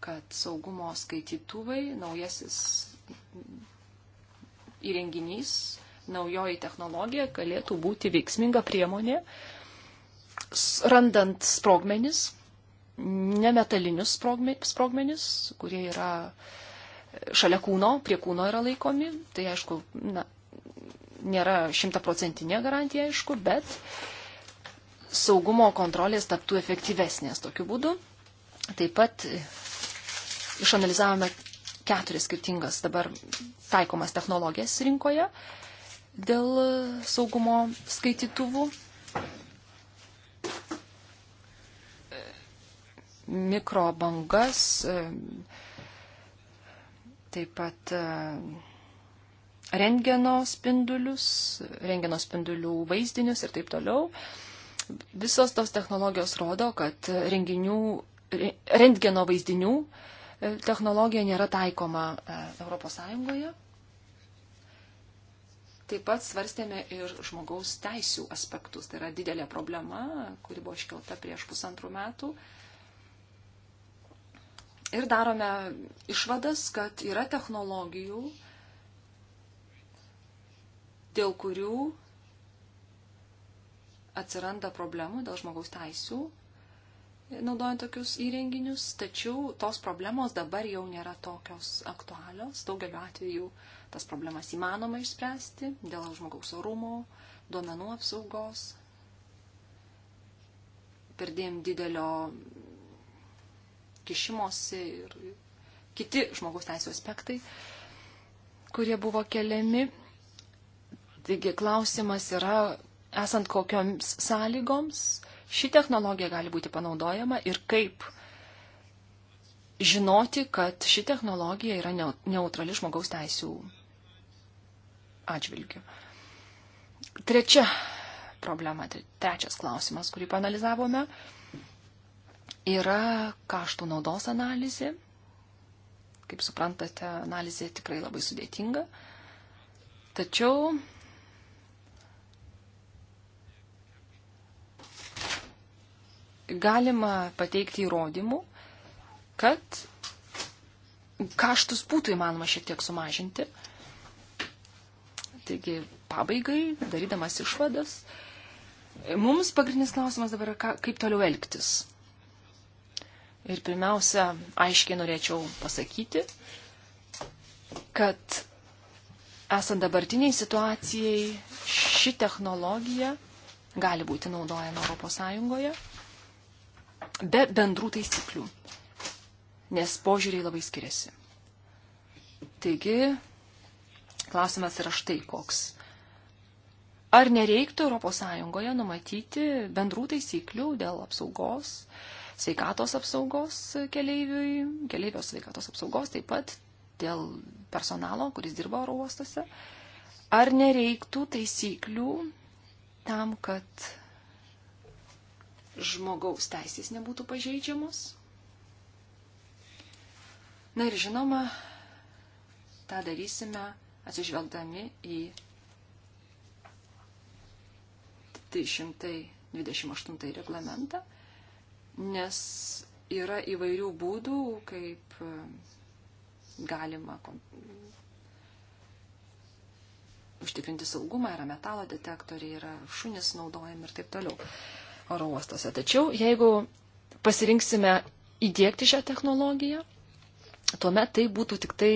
kad saugumo skaitytuvai, naujasis įrenginys naujoji technologija galėtų būti veiksminga priemonė, randant sprogmenis, nemetalinius sprogmenis, kurie yra e, šalia kūno, prie kūno yra laikomi. Tai aišku, na, nėra šimtaprocentinė garantija, aišku, bet saugumo kontrolės taptų efektyvesnės tokiu būdu. Taip pat e, išanalizavome keturias skirtingas dabar taikomas technologijas rinkoje dėl saugumo skaitytuvų. Mikrobangas, taip pat e, rengeno spindulius, rengeno spindulių vaizdinius ir taip toliau. Visos tos technologijos rodo, kad renginių, rengeno vaizdinių e, technologija nėra taikoma ES Taip pat svarstėme ir žmogaus teisų aspektus. Tai yra didelė problema, kuri buvo iškelta prieš pusantrų metų. Ir darome išvadas, kad yra technologijų, dėl kurių atsiranda problemų dėl žmogaus teisų, naudojant tokius įrenginius, tačiau tos problemos dabar jau nėra tokios aktualios. Daugeliu atveju uh, tas problemas įmanoma išspręsti dėl žmogaus orumo, duomenų apsaugos, perdėm didelio kišimosi ir kiti žmogaus teisų aspektai, kurie buvo keliami. Taigi klausimas yra, esant kokioms sąlygoms ši technologija gali būti panaudojama ir kaip žinoti, kad ši technologija yra neutrali žmogaus teisų atžvilgių. Trečia problema, tai trečias klausimas, kurį panalizavome, yra kaštų naudos analizė. Kaip suprantate, analizė tikrai labai sudėtinga. Tačiau galima pateikti įrodymų, kad kaštus būtų įmanoma šiek tiek sumažinti. Taigi, pabaigai, darydamas išvadas, mums pagrindinis klausimas dabar yra, kaip toliau elgtis. Ir pirmiausia, aiškiai norėčiau pasakyti, kad esant dabartiniai situacijai ši technologija gali būti naudojama ES be bendrų taisyklių, nes požiūriai labai skiriasi. Taigi, klausimas yra štai koks. Ar nereiktų ES numatyti bendrų taisyklių dėl apsaugos, sveikatos apsaugos keleiviui, keleivio sveikatos apsaugos taip pat dėl personalo, kuris dirba oro uostose? Ar nereiktų taisyklių tam, kad žmogaus teisės nebūtų pažeidžiamos? Na ir žinoma, tą darysime atsižvelgdami į 328 reglamentą, nes yra įvairių būdų, kaip e, galima užtikrinti saugumą, yra metalo detektoriai, yra šunis naudojami ir taip toliau oro uostose. Tačiau jeigu pasirinksime įdėkti šią technologiją, tuomet tai būtų tik tai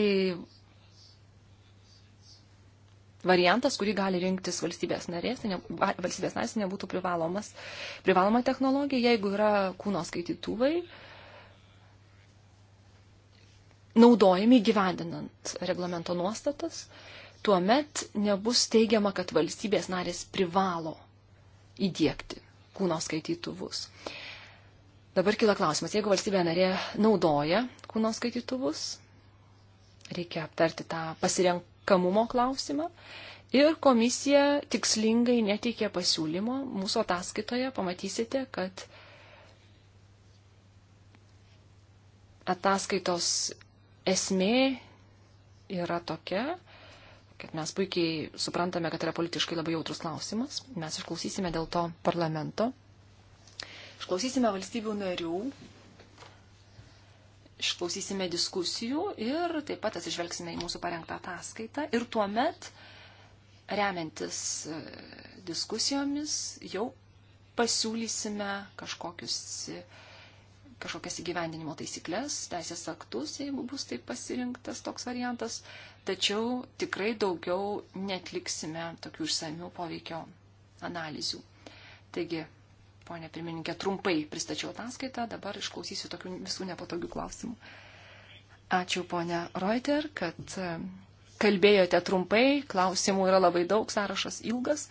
variantas, kurį gali rinktis valstybės narės, tai ne, valstybės narės nebūtų privalomas, privaloma technologija, jeigu yra kūno skaitytuvai naudojami gyvendinant reglamento nuostatas, tuomet nebus teigiama, kad valstybės narės privalo įdėkti kūno skaitytuvus. Dabar kila klausimas, jeigu valstybė narė naudoja kūno skaitytuvus, reikia aptarti tą pasirenk, tinkamumo klausimą. Ir komisija tikslingai neteikė pasiūlymo. Mūsų ataskaitoje pamatysite, kad ataskaitos esmė yra tokia, kad mes puikiai suprantame, kad yra politiškai labai jautrus klausimas. Mes išklausysime dėl to parlamento. Išklausysime valstybių narių išklausysime diskusijų ir taip pat atsižvelgsime į mūsų parengtą ataskaitą. Ir tuomet, remiantis e, diskusijomis, jau pasiūlysime kažkokius, e, kažkokias įgyvendinimo taisyklės, teisės aktus, jeigu bus taip pasirinktas toks variantas. Tačiau tikrai daugiau netliksime tokių išsamių poveikio analizių. Taigi, ponė pirmininkė, trumpai pristačiau ataskaitą, dabar išklausysiu tokių visų nepatogių klausimų. Ačiū ponė Reuter, kad e, kalbėjote trumpai, klausimų yra labai daug, sąrašas ilgas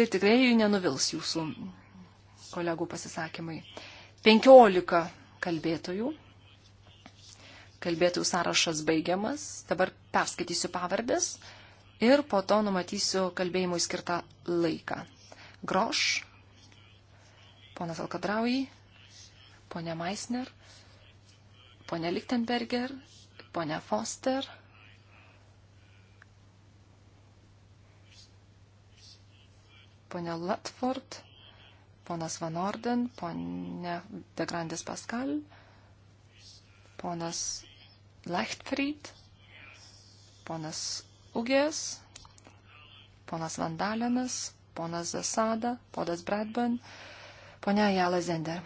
ir tikrai nenuvils jūsų kolegų pasisakymai. 15 kalbėtojų. Kalbėtojų sąrašas baigiamas. Dabar perskaitysiu pavardės ir po to numatysiu kalbėjimui skirtą laiką. Groš, ponas Alkadraujai, ponė Meisner, ponė Lichtenberger, ponė Foster. Pone Latford, ponas Van Orden, ponė De Grandis Pascal, ponas Leichtfried, ponas Ugės, ponas Vandalinas, ponas Zasada, ponas Bradburn, Pone Jala Zender.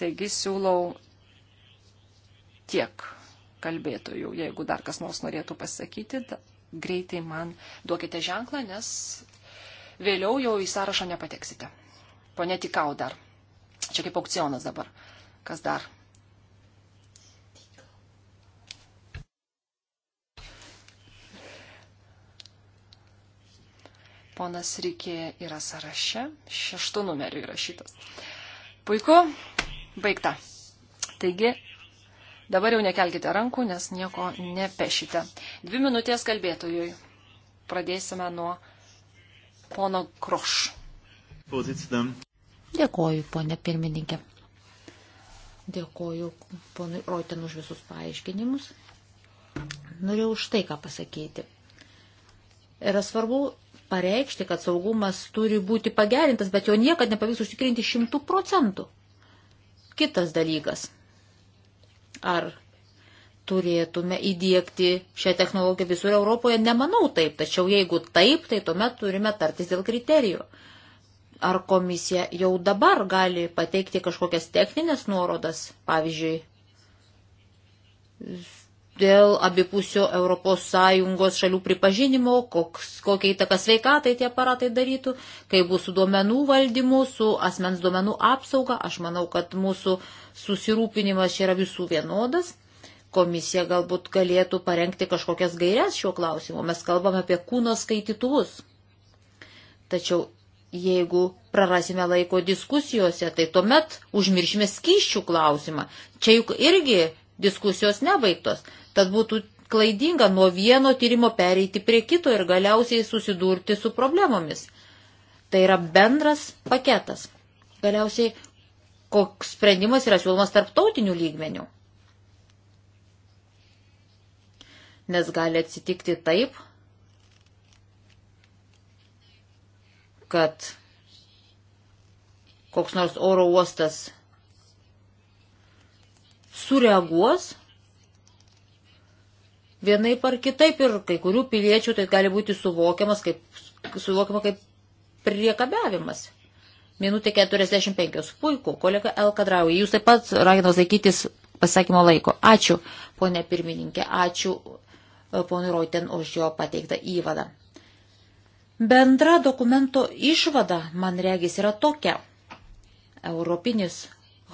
Taigi siūlau tiek kalbėtojų, jeigu dar kas nors norėtų pasakyti, da, greitai man duokite ženklą, nes vėliau jau į sąrašą nepateksite. Pone Tikau dar. Čia kaip aukcionas dabar. Kas dar? Ponas Rikė yra sąraše, šeštų numerių įrašytas. Puiku, baigta. Taigi, dabar jau nekelkite rankų, nes nieko nepešite. Dvi minutės kalbėtojui. Pradėsime nuo pono Kroš. Pozicinam. Dėkoju, ponė pirmininkė. Dėkoju ponui Roten už visus paaiškinimus. Norėjau už tai ką pasakyti. Yra svarbu pareikšti, kad saugumas turi būti pagerintas, bet jo niekad nepavyks užtikrinti šimtų procentų. Kitas dalykas. Ar turėtume įdėkti šią technologiją visur Europoje? Nemanau taip, tačiau jeigu taip, tai tuomet turime tartis dėl kriterijų. Ar komisija jau dabar gali pateikti kažkokias techninės nuorodas, pavyzdžiui, dėl abipusio ES šalių pripažinimo, koks, kokia įtaka sveikatai tie aparatai darytų, kaip bus su duomenų valdymu, su asmens duomenų apsauga. Aš manau, kad mūsų susirūpinimas čia yra visų vienodas. Komisija galbūt galėtų parengti kažkokias gairias šiuo klausimu. Mes kalbame apie kūno skaitytuvus. Tačiau jeigu prarasime laiko diskusijose, tai tuomet užmiršime skyščių klausimą. Čia juk irgi diskusijos nebaigtos. Tad būtų klaidinga nuo vieno tyrimo pereiti prie kito ir galiausiai susidurti su problemomis. Tai yra bendras paketas. Galiausiai, koks sprendimas yra siūlomas tarptautinių lygmenių. Nes gali atsitikti taip, kad koks nors oro uostas sureaguos vienaip ar kitaip ir kai kurių piliečių tai gali būti suvokiamas kaip, suvokiama kaip priekabiavimas. Minutė 45. Puiku, kolega El Kadraui, jūs taip pat ragino laikytis pasakymo laiko. Ačiū, ponė pirmininkė, ačiū e, ponui Roiten už jo pateiktą įvadą. Bendra dokumento išvada, man regis, yra tokia. Europinis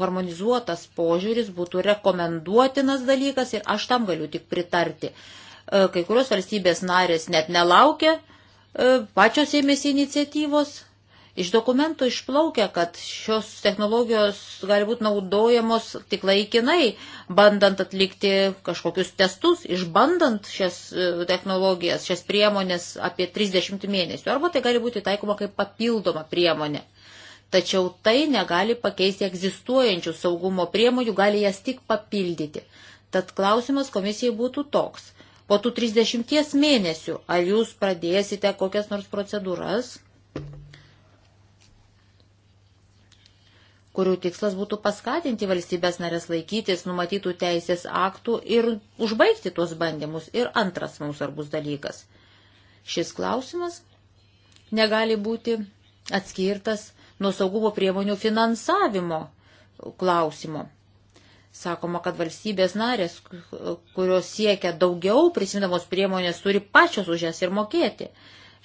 harmonizuotas požiūris būtų rekomenduotinas dalykas ir aš tam galiu tik pritarti. E, kai kurios valstybės narės net nelaukia, e, pačios ėmėsi iniciatyvos. Iš dokumentų išplaukia, kad šios technologijos gali būti naudojamos tik laikinai, bandant atlikti kažkokius testus, išbandant šias e, technologijas, šias priemonės apie 30 mėnesių, arba tai gali būti taikoma kaip papildoma priemonė. Tačiau tai negali pakeisti egzistuojančių saugumo priemonių, gali jas tik papildyti. Tad klausimas komisijai būtų toks. Po tų 30 mėnesių, ar jūs pradėsite kokias nors procedūras, kurių tikslas būtų paskatinti valstybės narės laikytis numatytų teisės aktų ir užbaigti tuos bandymus. Ir antras mums svarbus dalykas. Šis klausimas negali būti atskirtas nuo saugumo priemonių finansavimo klausimo. Sakoma, kad valstybės narės, kurios siekia daugiau prisimdamos priemonės, turi pačios už jas ir mokėti.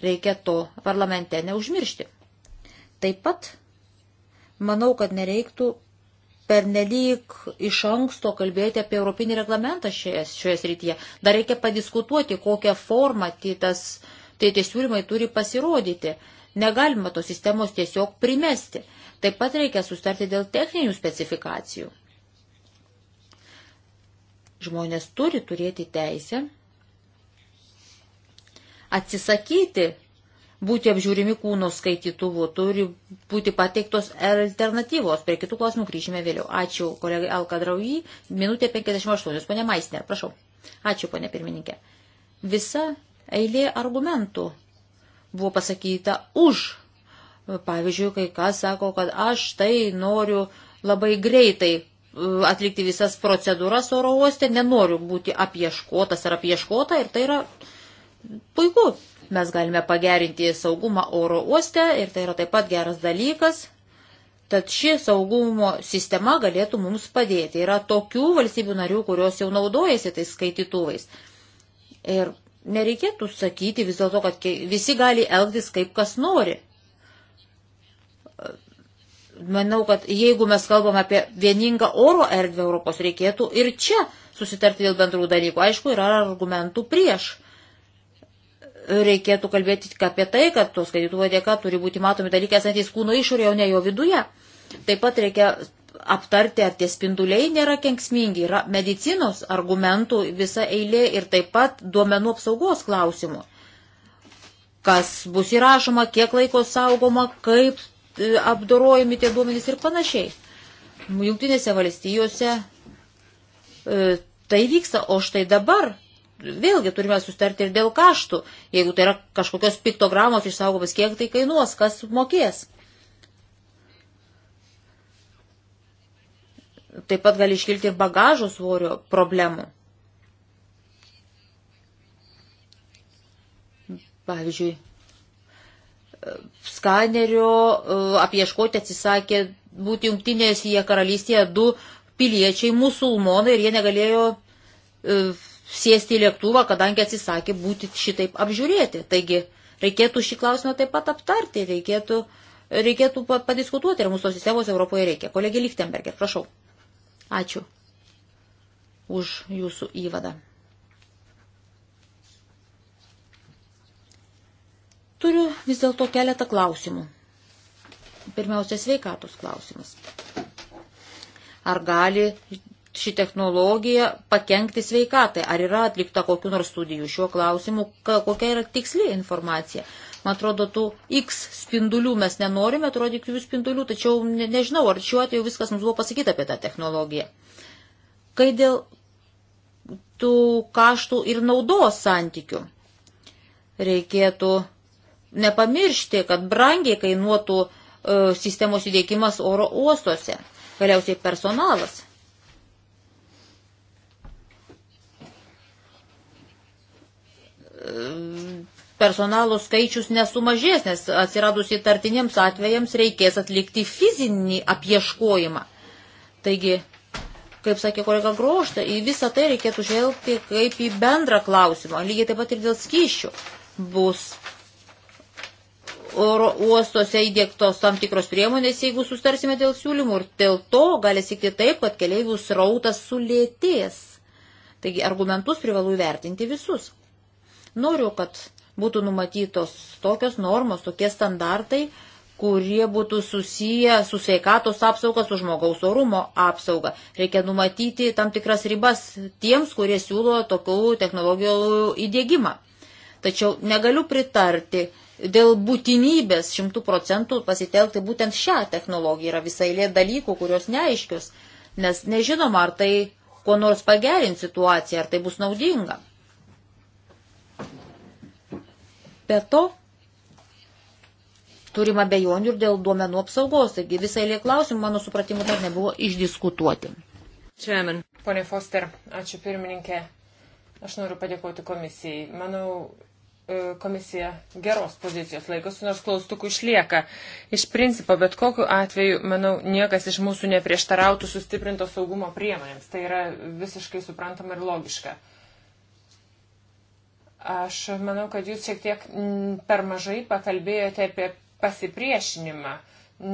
Reikia to parlamente neužmiršti. Taip pat manau, kad nereiktų pernelyg iš anksto kalbėti apie europinį reglamentą šioje, šioje srityje. Dar reikia padiskutuoti, kokią formą tai tas, tai tie siūlymai turi pasirodyti. Negalima tos sistemos tiesiog primesti. Taip pat reikia sustarti dėl techninių specifikacijų. Žmonės turi turėti teisę atsisakyti būti apžiūrimi kūno skaitytuvų, turi būti pateiktos alternatyvos. Prie kitų klausimų grįžime vėliau. Ačiū kolegai Alkadraujį. Minutė 58. Pone Maisner, prašau. Ačiū, pone pirmininkė. Visa eilė argumentų buvo pasakyta už. Pavyzdžiui, kai kas sako, kad aš tai noriu labai greitai e, atlikti visas procedūras oro uoste, nenoriu būti apieškotas ar apieškota ir tai yra puiku. Mes galime pagerinti saugumą oro uoste ir tai yra taip pat geras dalykas. Tad ši saugumo sistema galėtų mums padėti. Yra tokių valstybių narių, kurios jau naudojasi tais skaitytuvais. Ir Nereikėtų sakyti vis dėlto, kad visi gali elgtis kaip kas nori. Manau, kad jeigu mes kalbam apie vieningą oro erdvę Europos, reikėtų ir čia susitarti dėl bendrų dalykų. Aišku, yra argumentų prieš reikėtų kalbėti apie tai, kad to skaitytuvo dėka turi būti matomi dalykai esantys kūno išorėje, o ne jo viduje. Taip pat reikia aptarti, ar tie spinduliai nėra kenksmingi. Yra medicinos argumentų visa eilė ir taip pat duomenų apsaugos klausimų. Kas bus įrašoma, kiek laiko saugoma, kaip e, apdorojami tie duomenys ir panašiai. Jungtinėse valstijose e, tai vyksta, o štai dabar vėlgi turime sustarti ir dėl kaštų. Jeigu tai yra kažkokios piktogramos išsaugomas, kiek tai kainuos, kas mokės. Taip pat gali iškilti ir bagažo svorio problemų. Pavyzdžiui, skanerio e, apieškoti atsisakė būti jungtinėje karalystėje du piliečiai musulmonai ir jie negalėjo e, sėsti į lėktuvą, kadangi atsisakė būti šitaip apžiūrėti. Taigi reikėtų šį klausimą taip pat aptarti, reikėtų, reikėtų padiskutuoti, ar mūsų sistemos Europoje reikia. Kolegė Lichtenberger, prašau. Ačiū už jūsų įvadą. Turiu vis dėlto keletą klausimų. Pirmiausia, sveikatos klausimas. Ar gali ši technologija pakengti sveikatai? Ar yra atlikta kokiu nors studijų šiuo klausimu? Kokia yra tiksli informacija? Man atrodo, tų X spindulių mes nenorime, atrodykių spindulių, tačiau ne, nežinau, ar šiuo atveju viskas mums buvo pasakyta apie tą technologiją. Kai dėl tų kaštų ir naudos santykių reikėtų nepamiršti, kad brangiai kainuotų e, sistemos įdėkimas oro uostuose, galiausiai personalas personalo skaičius nesumažės, nes atsiradus įtartiniems atvejams reikės atlikti fizinį apieškojimą. Taigi, kaip sakė kolega Groštė, į visą tai reikėtų žvelgti kaip į bendrą klausimą. Lygiai taip pat ir dėl skyšių bus oro uostuose įdėktos tam tikros priemonės, jeigu sustarsime dėl siūlymų. Ir dėl to gali sikti taip, kad keliaivių srautas sulėtės. Taigi argumentus privalu įvertinti visus. Noriu, kad būtų numatytos tokios normos, tokie standartai, kurie būtų susiję su sveikatos apsauga, su žmogaus orumo apsauga. Reikia numatyti tam tikras ribas tiems, kurie siūlo tokių technologijų įdėgymą. Tačiau negaliu pritarti dėl būtinybės šimtų procentų pasitelkti būtent šią technologiją. Yra visai lė dalykų, kurios neaiškios, nes nežinoma, ar tai kuo nors pagerins situaciją, ar tai bus naudinga. Be to, turim abejonių ir dėl duomenų apsaugos, taigi visai lie klausimų, mano supratimu, dar nebuvo išdiskutuoti. Chairman. Pone Foster, ačiū pirmininkė. Aš noriu padėkoti komisijai. Manau, e, komisija geros pozicijos laikosi, nors klaustukų išlieka. Iš principo, bet kokiu atveju, manau, niekas iš mūsų neprieštarautų sustiprinto saugumo priemonėms. Tai yra visiškai suprantama ir logiška. Uh, Aš manau, kad jūs šiek tiek per mažai pakalbėjote apie pasipriešinimą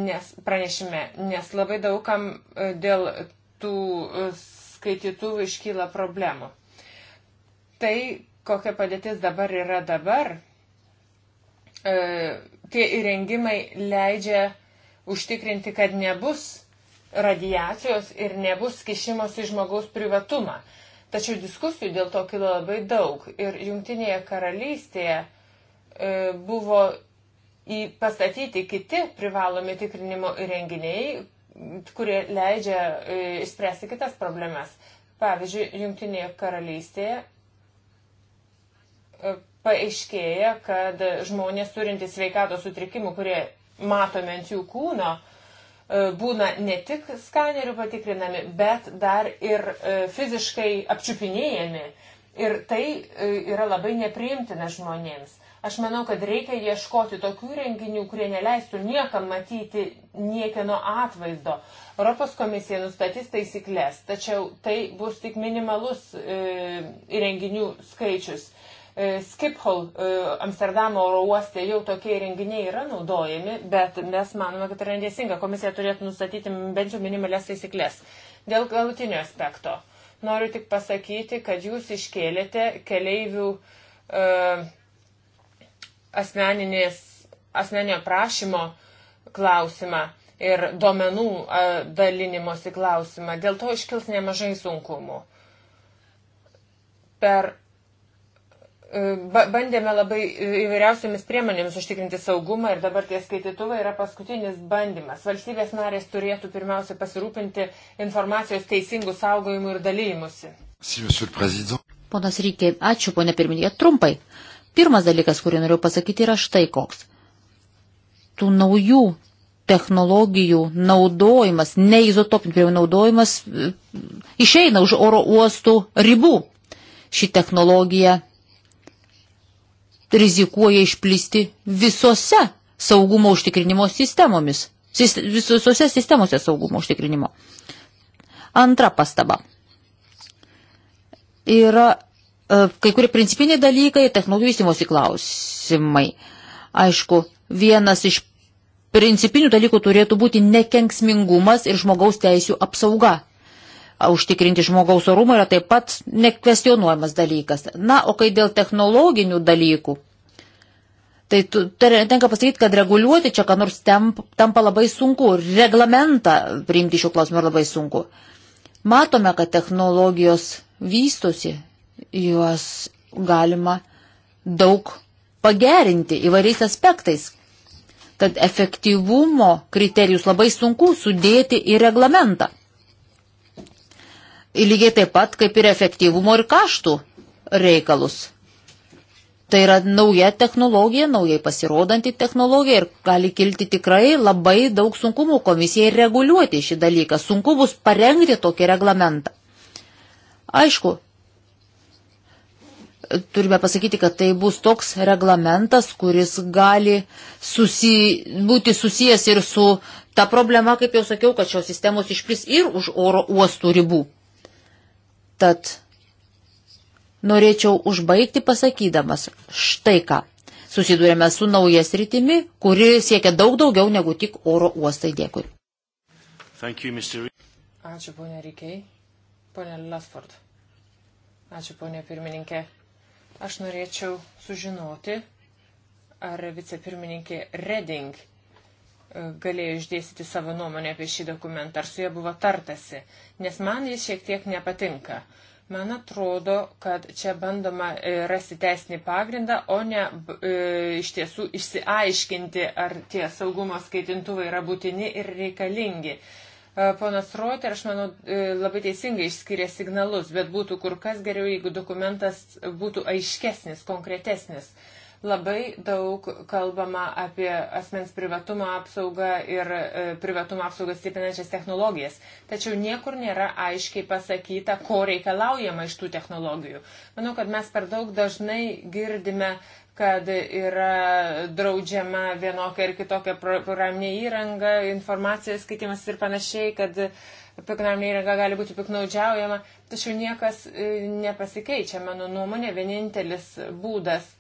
nes, pranešime, nes labai daugam e, dėl tų e, skaitytuvų iškyla problemų. Tai, kokia padėtis dabar yra dabar, e, tie įrengimai leidžia užtikrinti, kad nebus radiacijos ir nebus kišimos į žmogaus privatumą. Tačiau diskusijų dėl to kilo labai daug ir Junktinėje karalystėje e, buvo į pastatyti kiti privalomi tikrinimo įrenginiai, kurie leidžia e, išspręsti kitas problemas. Pavyzdžiui, Junktinėje karalystėje e, paaiškėja, kad žmonės turintys sveikatos sutrikimų, kurie matome ant jų kūno, e, E, būna ne tik skaneriu patikrinami, bet dar ir e, fiziškai apčiupinėjami. Ir tai e, yra labai nepriimtina žmonėms. Aš manau, kad reikia ieškoti tokių renginių, kurie neleistų niekam matyti niekieno atvaizdo. Europos komisija nustatys taisyklės, tačiau tai bus tik minimalus e, renginių skaičius. E, Skiphol e, Amsterdamo oro uoste jau tokie renginiai yra naudojami, bet mes manome, kad tai yra neteisinga. Komisija turėtų nustatyti bent jau minimalias taisyklės. Dėl galutinio aspekto. Noriu tik pasakyti, kad jūs iškėlėte keleivių uh, asmeninės, asmeninio prašymo klausimą ir duomenų uh, dalinimosi klausimą. Dėl to iškils nemažai sunkumų. Per bandėme labai įvairiausiamis priemonėmis užtikrinti saugumą ir dabar tie skaitytuvai yra paskutinis bandymas. Valstybės narės turėtų pirmiausia pasirūpinti informacijos teisingų saugojimų ir dalymusi. Ponas Rykė, ačiū, ponė pirmininkė, trumpai. Pirmas dalykas, kurį noriu pasakyti, yra štai koks. Tų naujų technologijų naudojimas, neizotopinių priemonių naudojimas e, išeina už oro uostų ribų. Ši technologija rizikuoja išplisti visose saugumo užtikrinimo sistemomis, visose sistemose saugumo užtikrinimo. Antra pastaba. Yra e, kai kurie principiniai dalykai, technologijų įsimosi klausimai. Aišku, vienas iš principinių dalykų turėtų būti nekenksmingumas ir žmogaus teisų apsauga užtikrinti žmogaus orumą yra taip pat nekvestionuojamas dalykas. Na, o kai dėl technologinių dalykų, tai tu, tai tenka pasakyti, kad reguliuoti čia, ką nors temp, tampa labai sunku, reglamentą priimti šių klausimų labai sunku. Matome, kad technologijos vystosi, juos galima daug pagerinti įvairiais aspektais. Tad efektyvumo kriterijus labai sunku sudėti į reglamentą lygiai taip pat kaip ir efektyvumo ir kaštų reikalus. Tai yra nauja technologija, naujai pasirodanti technologija ir gali kilti tikrai labai daug sunkumų komisijai reguliuoti šį dalyką. Sunku bus parengti tokį reglamentą. Aišku, turime pasakyti, kad tai bus toks reglamentas, kuris gali susi, būti susijęs ir su ta problema, kaip jau sakiau, kad šios sistemos išplis ir už oro uostų ribų. Tad norėčiau užbaigti pasakydamas štai ką. Susidūrėme su nauja sritimi, kuri siekia daug daugiau negu tik oro uostai. Dėkui. Thank you, Mr. Ačiū, ponė Rykiai. Pone Lasford. Ačiū, ponė pirmininkė. Aš norėčiau sužinoti, ar vicepirmininkė Reding galėjo išdėstyti savo nuomonę apie šį dokumentą, ar su jie buvo tartasi, nes man jis šiek tiek nepatinka. Man atrodo, kad čia bandoma e, rasti teisinį pagrindą, o ne e, iš tiesų išsiaiškinti, ar tie saugumo skaitintuvai yra būtini ir reikalingi. E, ponas Roter, aš manau, e, labai teisingai išskiria signalus, bet būtų kur kas geriau, jeigu dokumentas būtų aiškesnis, konkretesnis. E, Labai daug kalbama apie asmens privatumo apsaugą ir e, privatumo apsaugą stiprinančias technologijas. Tačiau niekur nėra aiškiai pasakyta, ko reikalaujama iš tų technologijų. Manau, kad mes per daug dažnai girdime kad yra draudžiama vienokia ir kitokia programinė įranga, informacijos skaitimas ir panašiai, kad programinė įranga gali būti piknaudžiaujama, tačiau niekas e, nepasikeičia, mano nuomonė, vienintelis būdas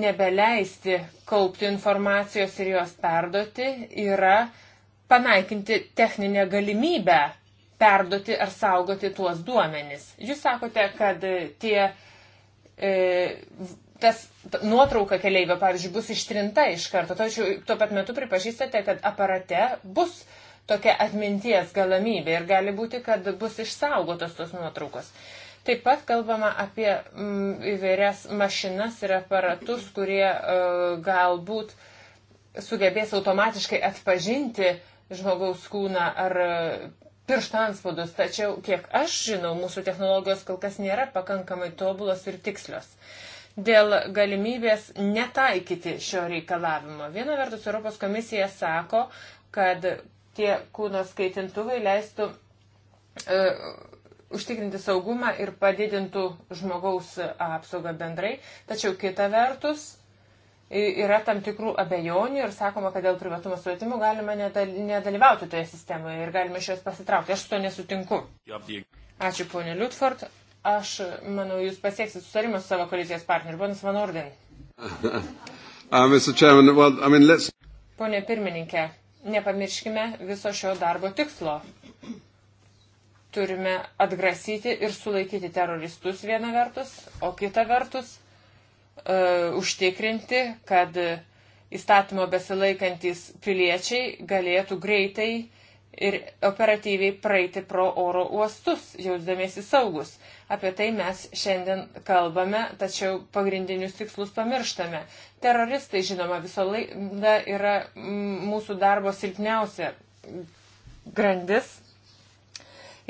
nebeleisti kaupti informacijos ir jos perduoti yra panaikinti techninę galimybę perduoti ar saugoti tuos duomenis. Jūs sakote, kad tie, e, tas nuotrauka keleivio, pavyzdžiui, bus ištrinta iš karto, tačiau tuo pat metu pripažįstate, kad aparate bus tokia atminties galimybė ir gali būti, kad bus išsaugotos tos nuotraukos. E, Taip pat kalbama apie mm, įvairias mašinas ir aparatus, kurie uh, galbūt sugebės automatiškai atpažinti žmogaus kūną ar e, piršto anspaudus, tačiau, kiek aš žinau, mūsų technologijos kol kas nėra pakankamai tobulos ir tikslios. Dėl galimybės netaikyti šio reikalavimo. Viena vertus, Europos komisija sako, kad tie kūno skaitintuvai leistų uh, užtikrinti saugumą ir padidintų žmogaus apsaugą bendrai. Tačiau kita vertus yra tam tikrų abejonių ir sakoma, kad dėl privatumo suvetimų galima nedalyvauti toje sistemoje ir galime iš jos pasitraukti. Aš su to nesutinku. Ačiū, ponė Liutford. Aš manau, jūs pasieksit sutarimą su savo koalicijos partneriu, ponas Van Orden. <laughs> Uh, Pone pirmininkė, nepamirškime viso šio darbo tikslo turime atgrasyti ir sulaikyti teroristus viena vertus, o kita vertus e, užtikrinti, kad įstatymo besilaikantis piliečiai galėtų greitai ir operatyviai praeiti pro oro uostus, jausdamiesi saugus. Apie tai mes šiandien kalbame, tačiau pagrindinius tikslus pamirštame. Teroristai, žinoma, visą laiką yra mūsų darbo silpniausia grandis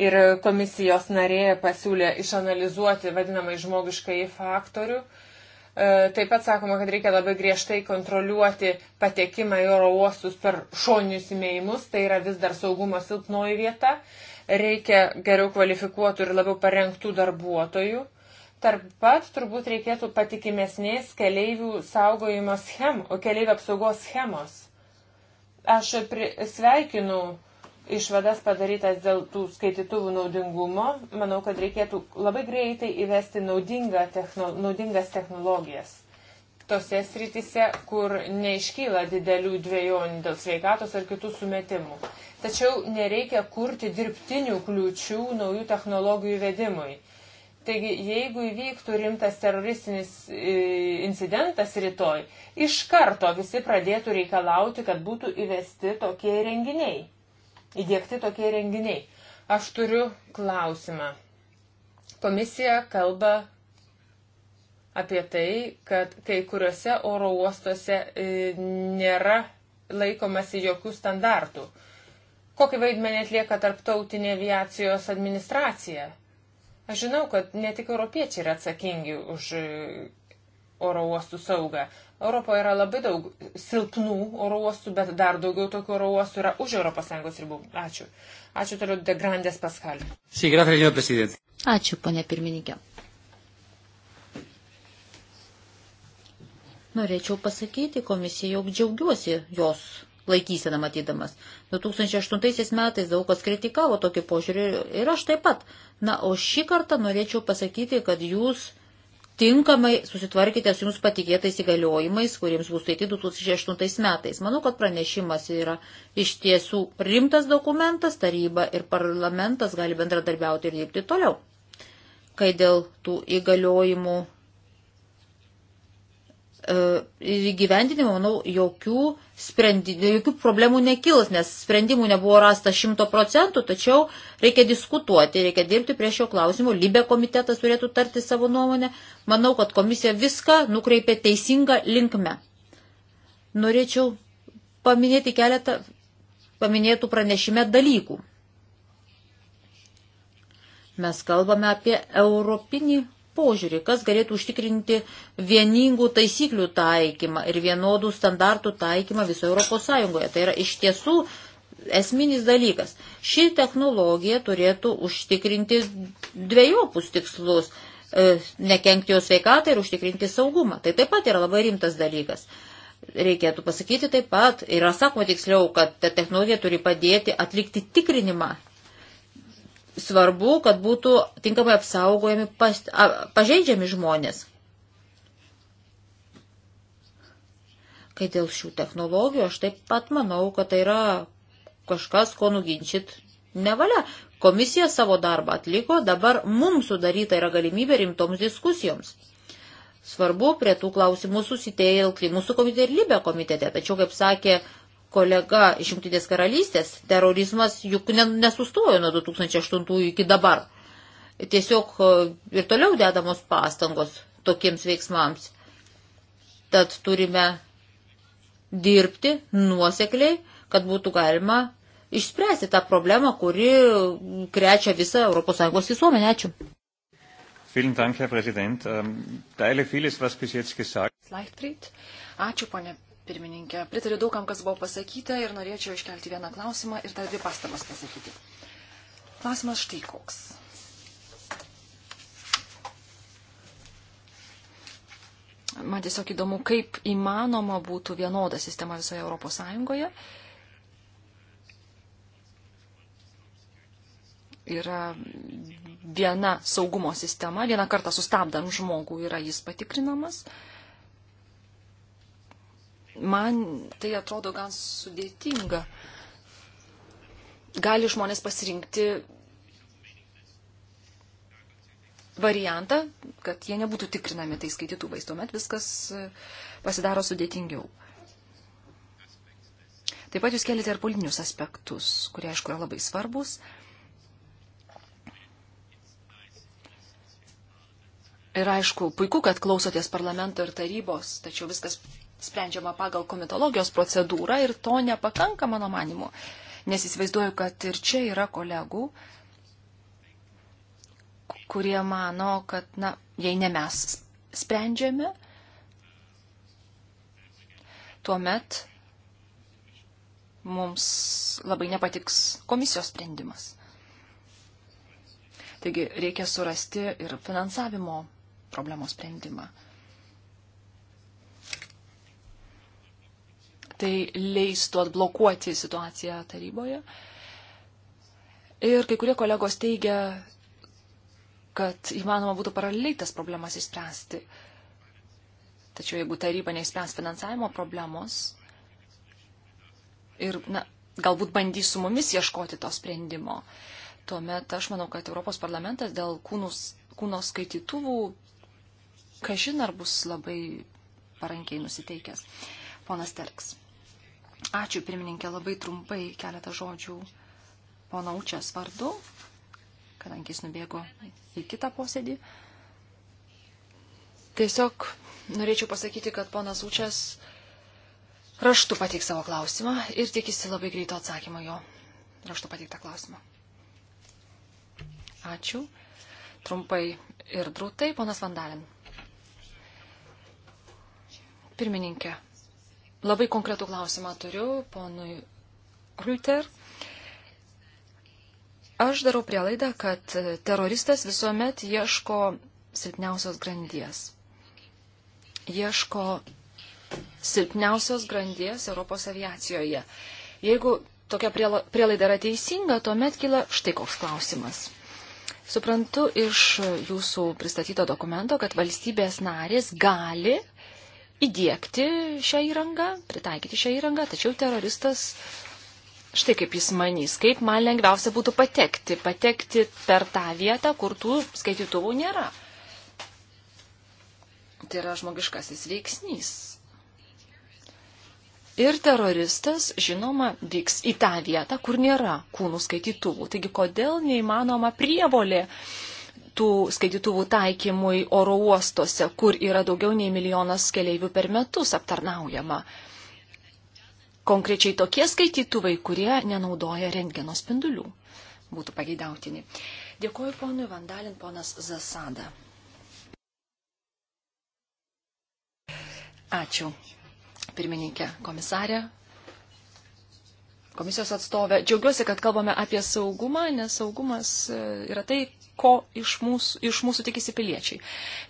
ir komisijos narė pasiūlė išanalizuoti vadinamai žmogiškai faktorių. E, taip pat sakoma, kad reikia labai griežtai kontroliuoti patekimą į oro uostus per šoninius įmėjimus, tai yra vis dar saugumo silpnoji vieta, reikia geriau kvalifikuotų ir labiau parengtų darbuotojų. Tarp pat turbūt reikėtų patikimesnės keleivių saugojimo schemos, keleivių apsaugos schemos. Aš pri, sveikinu uh, išvadas padarytas dėl tų skaitytuvų naudingumo, manau, kad reikėtų labai greitai įvesti naudingą techno, naudingas technologijas. Tose sritise, kur neiškyla didelių dviejonių dėl sveikatos ar kitų sumetimų. Tačiau nereikia kurti dirbtinių kliūčių naujų technologijų vedimui. Taigi, jeigu įvyktų rimtas teroristinis e, incidentas rytoj, iš karto visi pradėtų reikalauti, kad būtų įvesti tokie renginiai įdėkti tokie renginiai. Aš turiu klausimą. Komisija kalba apie tai, kad kai kuriuose oro uostuose e, nėra laikomasi jokių standartų. Kokį vaidmenį atlieka tarptautinė aviacijos administracija? Aš žinau, kad ne tik europiečiai yra atsakingi už e, oro uostų saugą. Europoje yra labai daug silpnų oro uostų, bet dar daugiau tokių oro uostų yra už ES ribų. Ačiū. Ačiū toliau De Grandes Pascal. Sí, gracias, señor presidente. Ačiū, ponė pirmininkė. Norėčiau pasakyti komisijai, jog džiaugiuosi jos laikyseną matydamas. 2008 metais daug kas kritikavo tokį požiūrį ir aš taip pat. Na, o šį kartą norėčiau pasakyti, kad jūs tinkamai susitvarkite su jums patikėtais įgaliojimais, kuriems bus teikti 2008 metais. Manau, kad pranešimas yra iš tiesų rimtas dokumentas, taryba ir parlamentas gali bendradarbiauti ir dirbti toliau. Kai dėl tų įgaliojimų E, ir įgyvendinimo, manau, jokių, sprendi, jokių problemų nekilas, nes sprendimų nebuvo rasta šimto procentų, tačiau reikia diskutuoti, reikia dirbti prie šio klausimo, Libė komitetas turėtų tarti savo nuomonę. Manau, kad komisija viską nukreipė teisingą linkmę. Norėčiau paminėti keletą paminėtų pranešime dalykų. Mes kalbame apie europinį požiūrį, kas galėtų užtikrinti vieningų taisyklių taikymą ir vienodų standartų taikymą viso Europos Sąjungoje. Tai yra iš tiesų esminis dalykas. Ši technologija turėtų užtikrinti dviejopus tikslus e, nekenkti jos sveikatą ir užtikrinti saugumą. Tai taip pat yra labai rimtas dalykas. Reikėtų pasakyti taip pat, yra sakoma tiksliau, kad ta technologija turi padėti atlikti tikrinimą svarbu, kad būtų tinkamai apsaugojami pas, a, pažeidžiami žmonės. Kai dėl šių technologijų, aš taip pat manau, kad tai yra kažkas, ko nuginčyt nevalia. Komisija savo darbą atliko, dabar mums sudaryta yra galimybė rimtoms diskusijoms. Svarbu prie tų klausimų susitėlti mūsų komitete ir Libė komitete. Tačiau, kaip sakė kolega iš Junktinės karalystės, terorizmas juk nesustojo nuo 2008 iki dabar. Tiesiog e, ir toliau dedamos pastangos tokiems veiksmams. Tad turime dirbti nuosekliai, kad būtų galima išspręsti tą problemą, kuri krečia visą ES visuomenę. Ačiū. Vielen Dank, Herr Präsident. Teile ähm, vieles, was bis jetzt gesagt. Leichtfried. Ačiū, ponė pirmininkė. Pritariu daugam, kas buvo pasakyta ir norėčiau iškelti vieną klausimą ir dar dvi pastabas pasakyti. Klausimas štai koks. Man tiesiog įdomu, kaip įmanoma būtų vienoda sistema visoje Europos Sąjungoje. Yra viena saugumo sistema, vieną kartą sustabdant žmogų yra jis patikrinamas. Uh, man tai atrodo gan sudėtinga. Gali žmonės pasirinkti variantą, kad jie nebūtų tikrinami tai skaitytuvais, tuomet viskas e, pasidaro sudėtingiau. Taip pat jūs keliate ir politinius aspektus, kurie, aišku, yra labai svarbus. Ir aišku, puiku, kad klausotės parlamento ir tarybos, tačiau viskas sprendžiama pagal komitologijos procedūrą ir to nepakanka, mano manimu. Nes įsivaizduoju, kad ir čia yra kolegų, kurie mano, kad, na, jei ne mes sprendžiame, tuomet mums labai nepatiks komisijos sprendimas. Taigi reikia surasti ir finansavimo problemos sprendimą. tai leistų atblokuoti situaciją taryboje. Ir kai kurie kolegos teigia, kad įmanoma būtų paraleliai tas problemas išspręsti. Tačiau jeigu taryba neįspręs finansavimo problemos ir na, galbūt bandys su mumis ieškoti to sprendimo, tuomet aš manau, kad Europos parlamentas dėl kūnus, kūno skaitytuvų, kažin ar bus labai parankiai nusiteikęs. Ponas Terks. Ačiū, pirmininkė, labai trumpai keletą žodžių pono Učias vardu, kadangi jis nubėgo į kitą posėdį. Tiesiog norėčiau pasakyti, kad ponas Učias raštu pateiks savo klausimą ir tikisi labai greito atsakymo jo raštu pateiktą klausimą. Ačiū. Trumpai ir drūtai, ponas Vandalin. Pirmininkė, Labai konkretų klausimą turiu ponui Reuter. Aš darau prielaidą, kad teroristas visuomet ieško silpniausios grandies. Ieško silpniausios grandies Europos aviacijoje. Jeigu tokia prielaida yra teisinga, tuomet kyla štai koks klausimas. Suprantu iš jūsų pristatyto dokumento, kad valstybės narės gali įdėkti šią įrangą, pritaikyti šią įrangą, tačiau teroristas, štai kaip jis manys, kaip man lengviausia būtų patekti, patekti per tą vietą, kur tų skaitytuvų nėra. Tai yra žmogiškasis veiksnys. Ir teroristas, žinoma, vyks į tą vietą, kur nėra kūnų skaitytuvų. Taigi, kodėl neįmanoma prievolė uh, tų skaitytuvų taikymui oro uostuose, kur yra daugiau nei milijonas keleivių per metus aptarnaujama. Konkrečiai tokie skaitytuvai, kurie nenaudoja rentgeno spindulių, būtų pageidautini. Dėkuoju ponui Vandalin, ponas Zasada. Ačiū, pirmininkė komisarė, komisijos atstovė. Džiaugiuosi, kad kalbame apie saugumą, nes saugumas e, yra tai, ko iš mūsų, iš mūsų tikisi piliečiai.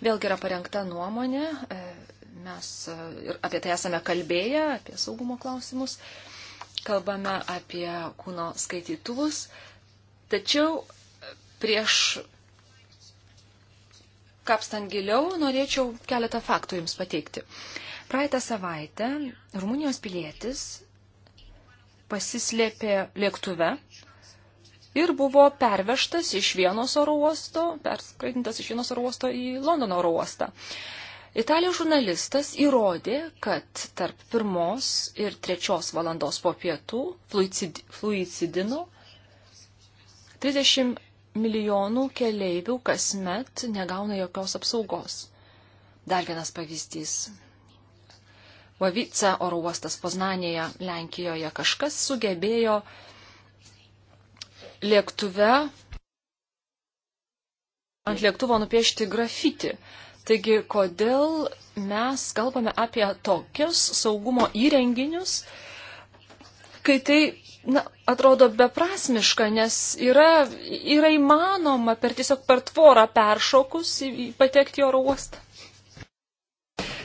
Vėlgi yra parengta nuomonė, e, mes e, apie tai esame kalbėję, apie saugumo klausimus, kalbame apie kūno skaitytuvus, tačiau e, prieš kapstant giliau norėčiau keletą faktų Jums pateikti. Praeitą savaitę Rumunijos pilietis pasislėpė lėktuve ir buvo pervežtas iš vienos oro uosto, perskraidintas iš vienos oro uosto į Londono oro uostą. Italijos žurnalistas įrodė, kad tarp pirmos ir trečios valandos po pietų fluicidino 30 milijonų keleivių kasmet negauna jokios apsaugos. Dar vienas pavyzdys. Vavica oro uostas Poznanėje, Lenkijoje kažkas sugebėjo uh, lėktuve ant lėktuvo nupiešti grafiti. Taigi, kodėl mes kalbame apie tokius saugumo įrenginius, kai tai na, atrodo beprasmiška, nes yra, yra įmanoma per tiesiog per tvorą peršokus patekti į oro uostą.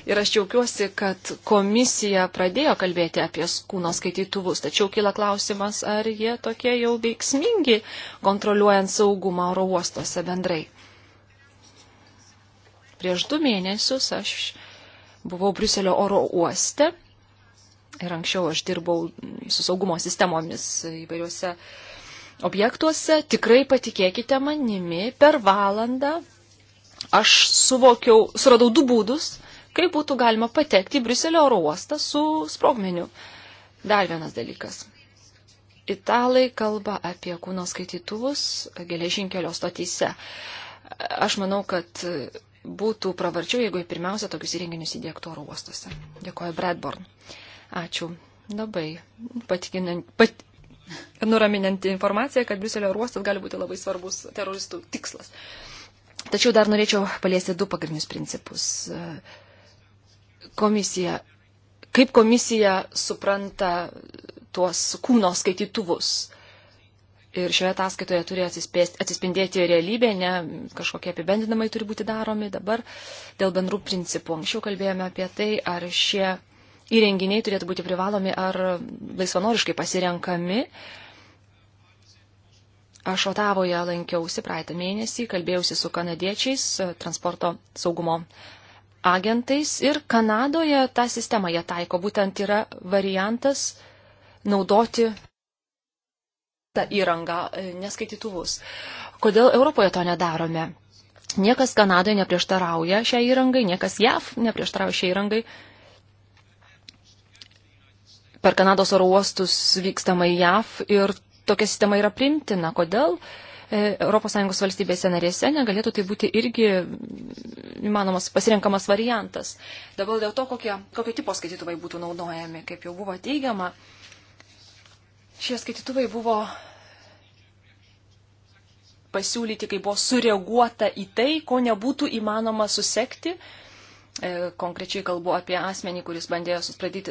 Ir aš džiaugiuosi, kad komisija pradėjo kalbėti apie kūno skaitytuvus, tačiau kyla klausimas, ar jie tokie jau veiksmingi kontroliuojant saugumą oro uostuose bendrai. Prieš du mėnesius aš buvau Briuselio oro uoste ir anksčiau aš dirbau su saugumo sistemomis įvairiuose objektuose. Tikrai patikėkite manimi, per valandą aš suvokiau, suradau du būdus, kaip būtų galima patekti į Briuselio oro uostą su sprogmeniu. Dar vienas dalykas. Italai kalba apie kūno skaitytuvus geležinkelio stotyse. Aš manau, kad būtų pravarčiau, jeigu pirmiausia tokius įrenginius įdėktų oro uostuose. Dėkoju, Bradborn. Ačiū. Labai patikinant, pat, nuraminanti informacija, kad Briuselio uostas gali būti labai svarbus teroristų tikslas. Tačiau dar norėčiau paliesti du pagrindinius principus. Uh, komisija, kaip komisija supranta tuos kūno skaitytuvus. Ir šioje ataskaitoje turi atsispindėti realybė, ne kažkokie apibendinamai turi būti daromi dabar dėl bendrų principų. Anksčiau kalbėjome apie tai, ar šie įrenginiai turėtų būti privalomi ar laisvanoriškai pasirenkami. Aš Otavoje lankiausi praeitą mėnesį, kalbėjausi su kanadiečiais transporto saugumo agentais ir Kanadoje tą sistemą jie taiko. Būtent yra variantas naudoti tą įrangą, e, neskaitytuvus. Kodėl Europoje to nedarome? Niekas Kanadoje neprieštarauja šią įrangai, niekas JAV neprieštarauja šią įrangai. Per Kanados oro uostus vykstama į JAV ir tokia sistema yra primtina. Kodėl? Uh, ES valstybėse narėse, negalėtų tai būti irgi įmanomas pasirenkamas variantas. Dabar dėl to, kokie, kokio tipo skaitytuvai būtų naudojami, kaip jau buvo teigiama, šie skaitytuvai buvo pasiūlyti, kai buvo sureaguota į tai, ko nebūtų įmanoma susekti. E, konkrečiai kalbu apie asmenį, kuris bandėjo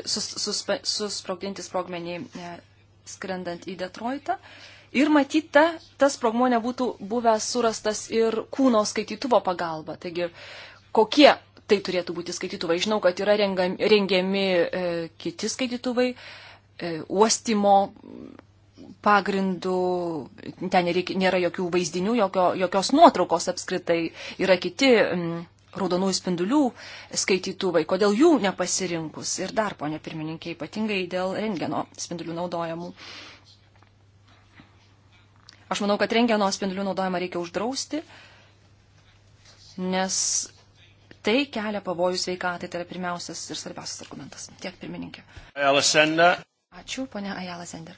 susprogdinti sprogmenį e, skrendant į Detroitą. E, Ir matyta, tas sprogmuo nebūtų buvęs surastas ir kūno skaitytuvo pagalba. Taigi, kokie tai turėtų būti skaitytuvai? Žinau, kad yra rengami, rengiami e, kiti skaitytuvai, e, uostimo pagrindų, ten nereikia, nėra jokių vaizdinių, jokio, jokios nuotraukos apskritai, yra kiti m, raudonųjų spindulių skaitytuvai, kodėl jų nepasirinkus ir dar, ponė pirmininkė, ypatingai dėl rengeno spindulių naudojamų. E, Aš manau, kad rengeno spindulių naudojimą reikia uždrausti, nes tai kelia pavojus veikatai, tai yra pirmiausias ir svarbiausias argumentas. Tiek pirmininkė. Ayala Sender. Ačiū, ponia Ayala Sender.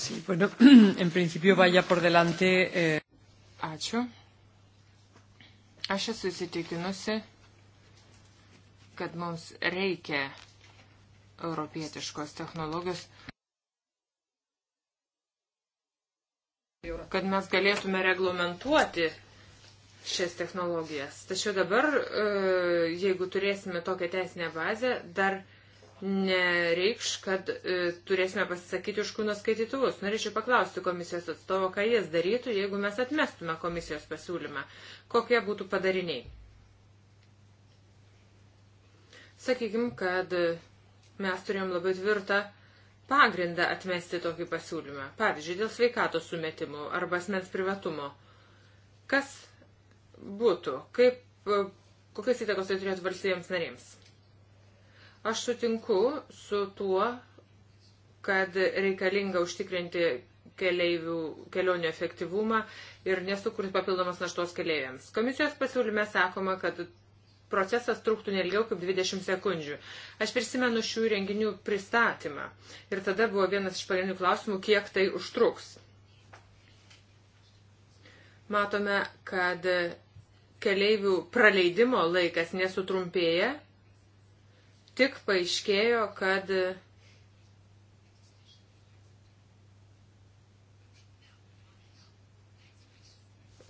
Sí, bueno, <clears throat> en principio vaya por delante. Eh... Ačiū. Aš esu įsitikinusi, kad mums reikia europietiškos technologijos. kad mes galėtume reglamentuoti šias technologijas. Tačiau dabar, e, jeigu turėsime tokią teisinę bazę, dar nereikš, kad e, turėsime pasisakyti už kūno skaitytuvus. Norėčiau paklausti komisijos atstovo, ką jis darytų, jeigu mes atmestume komisijos pasiūlymą. Kokie būtų padariniai? Sakykime, kad mes turėjom labai tvirtą uh, pagrindą atmesti tokį pasiūlymą. Pavyzdžiui, dėl sveikatos sumetimų arba asmens privatumo. Kas būtų? Kaip, kokias įtakos tai turėtų valstybėms narėms? Aš sutinku su tuo, kad reikalinga užtikrinti keleivių kelionių efektyvumą ir nesukurs papildomas naštos keleiviams. Komisijos pasiūlyme sakoma, kad procesas truktų nelgiau kaip 20 sekundžių. Aš prisimenu šių renginių pristatymą ir tada buvo vienas iš pagrindinių klausimų, kiek tai užtruks. Matome, kad keleivių praleidimo laikas nesutrumpėja, tik paaiškėjo, kad uh,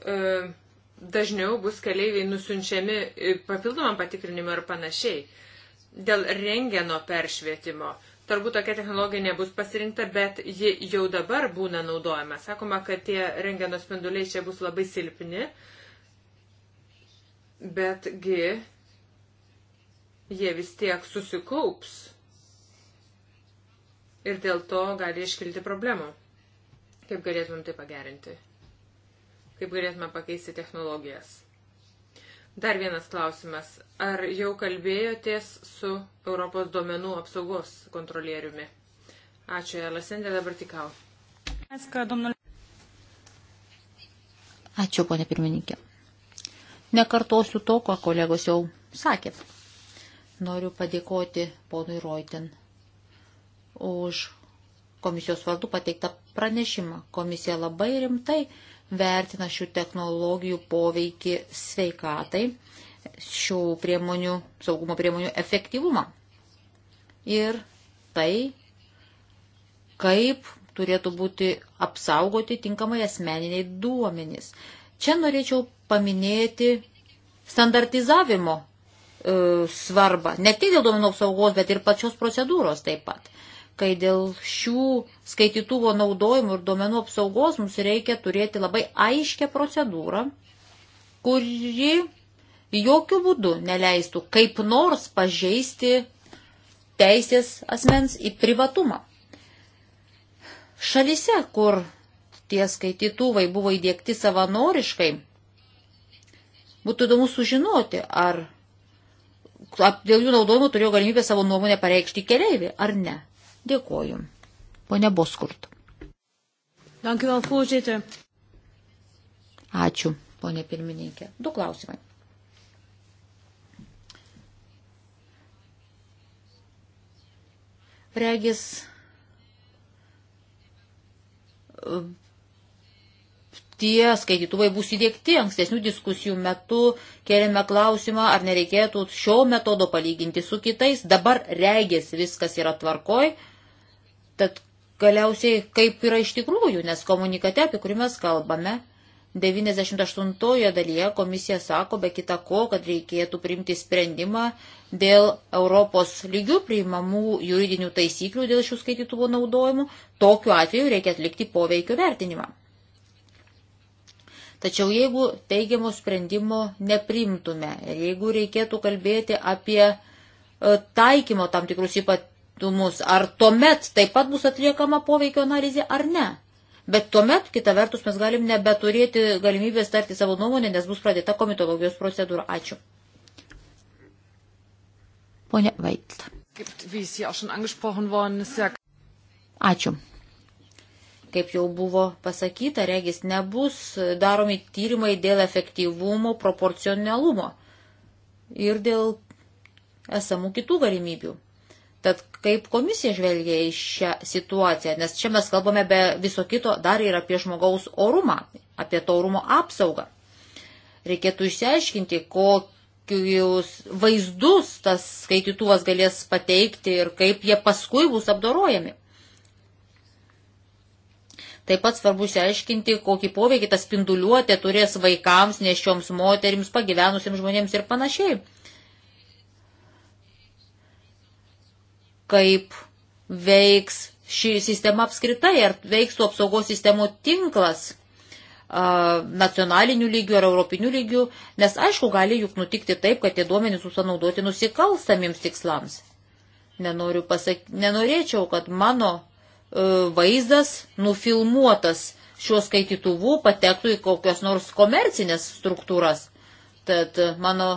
e, dažniau bus keleiviai nusiunčiami e, papildomam patikrinimui ir panašiai. Dėl rengeno peršvietimo. Turbūt tokia technologija nebus pasirinkta, bet ji jau dabar būna naudojama. Sakoma, kad tie rengeno spinduliai čia bus labai silpni, betgi jie vis tiek susikaups ir dėl to gali iškilti problemų. Kaip galėtumėm tai pagerinti? kaip galėtume pakeisti technologijas. Dar vienas klausimas. Ar jau kalbėjotės su Europos duomenų apsaugos kontrolieriumi? Ačiū, Elasendė, dabar tikau. Ačiū, ponė pirmininkė. Nekartosiu to, ko kolegos jau sakė. Noriu padėkoti ponui Roitin už komisijos vardu pateiktą pranešimą. Komisija labai rimtai vertina šių technologijų poveikį sveikatai, šių priemonių, saugumo priemonių efektyvumą. Ir tai, kaip turėtų būti apsaugoti tinkamai asmeniniai duomenys. Čia norėčiau paminėti standartizavimo e, svarbą, ne tik dėl duomenų apsaugos, bet ir pačios procedūros taip pat kai dėl šių skaitytuvo naudojimų ir duomenų apsaugos mums reikia turėti labai aiškę procedūrą, kuri jokių būdų neleistų kaip nors pažeisti teisės asmens į privatumą. Šalise, kur tie skaitytuvai buvo įdėkti savanoriškai, būtų įdomu sužinoti, ar dėl jų naudojimo turėjo galimybę savo nuomonę pareikšti keliaivį, ar ne. Dėkoju. Pone Boskurt. Ačiū, ponė pirmininkė. Du klausimai. Regis tie skaitytuvai bus įdėkti. Ankstesnių diskusijų metu kėlėme klausimą, ar nereikėtų šio metodo palyginti su kitais. Dabar regės viskas yra tvarkoj. Tad galiausiai kaip yra iš tikrųjų, nes komunikate, apie kurį mes kalbame, 98 dalyje komisija sako be kita ko, kad reikėtų priimti sprendimą dėl Europos lygių priimamų juridinių taisyklių dėl šių skaitytuvų naudojimų. Tokiu atveju reikia atlikti poveikio vertinimą. Tačiau jeigu teigiamo sprendimo neprimtume ir jeigu reikėtų kalbėti apie e, taikymo tam tikrus ypat skirtumus, ar tuomet taip pat bus atliekama poveikio analizė ar ne. Bet tuomet, kita vertus, mes galim nebeturėti galimybės tarti savo nuomonę, nes bus pradėta komitologijos procedūra. Ačiū. Pone Vait. Ačiū. Kaip jau buvo pasakyta, regis nebus daromi tyrimai dėl efektyvumo, proporcionalumo ir dėl esamų kitų galimybių. Tad kaip komisija žvelgia į šią situaciją, nes čia mes kalbame be viso kito dar ir apie žmogaus orumą, apie to orumo apsaugą. Reikėtų išsiaiškinti, kokius vaizdus tas skaitytuvas galės pateikti ir kaip jie paskui bus apdorojami. Taip pat svarbu išsiaiškinti, kokį poveikį tas spinduliuotė turės vaikams, nešioms moterims, pagyvenusiems žmonėms ir panašiai. kaip veiks ši sistema apskritai, ar veiks tų apsaugos sistemų tinklas nacionalinių lygių ar europinių lygių, nes aišku, gali juk nutikti taip, kad tie duomenys susanaudoti nusikalstamiems tikslams. Nenoriu pasak... Nenorėčiau, kad mano e, vaizdas nufilmuotas šiuo skaitytuvu patektų į kokias nors komercinės struktūras. Tad mano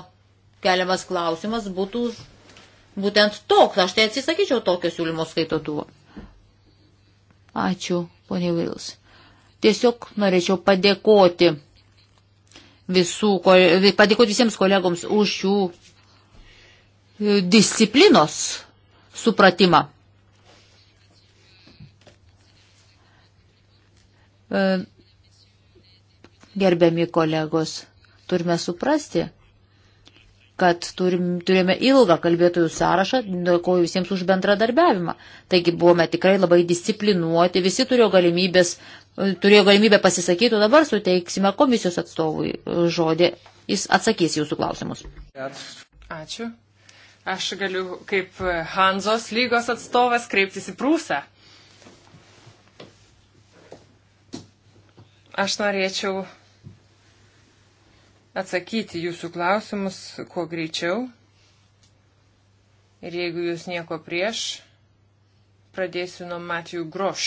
keliamas klausimas būtų būtent toks. Aš tai atsisakyčiau tokio siūlymo skaitotuvo. Ačiū, ponė Vils. Tiesiog norėčiau padėkoti, visų, padėkoti visiems kolegoms už jų e, disciplinos supratimą. E, gerbiami kolegos, turime suprasti, kad turim, turėjome ilgą kalbėtojų sąrašą, dėkoju visiems už bendradarbiavimą. Taigi buvome tikrai labai disciplinuoti, visi turėjo, galimybės, turėjo galimybę pasisakyti, o dabar suteiksime komisijos atstovui žodį. Jis atsakys jūsų klausimus. Ačiū. Aš galiu kaip Hanzos lygos atstovas kreiptis į Prūsą. Aš norėčiau atsakyti jūsų klausimus kuo greičiau. Ir jeigu jūs nieko prieš, pradėsiu nuo Matijų Groš.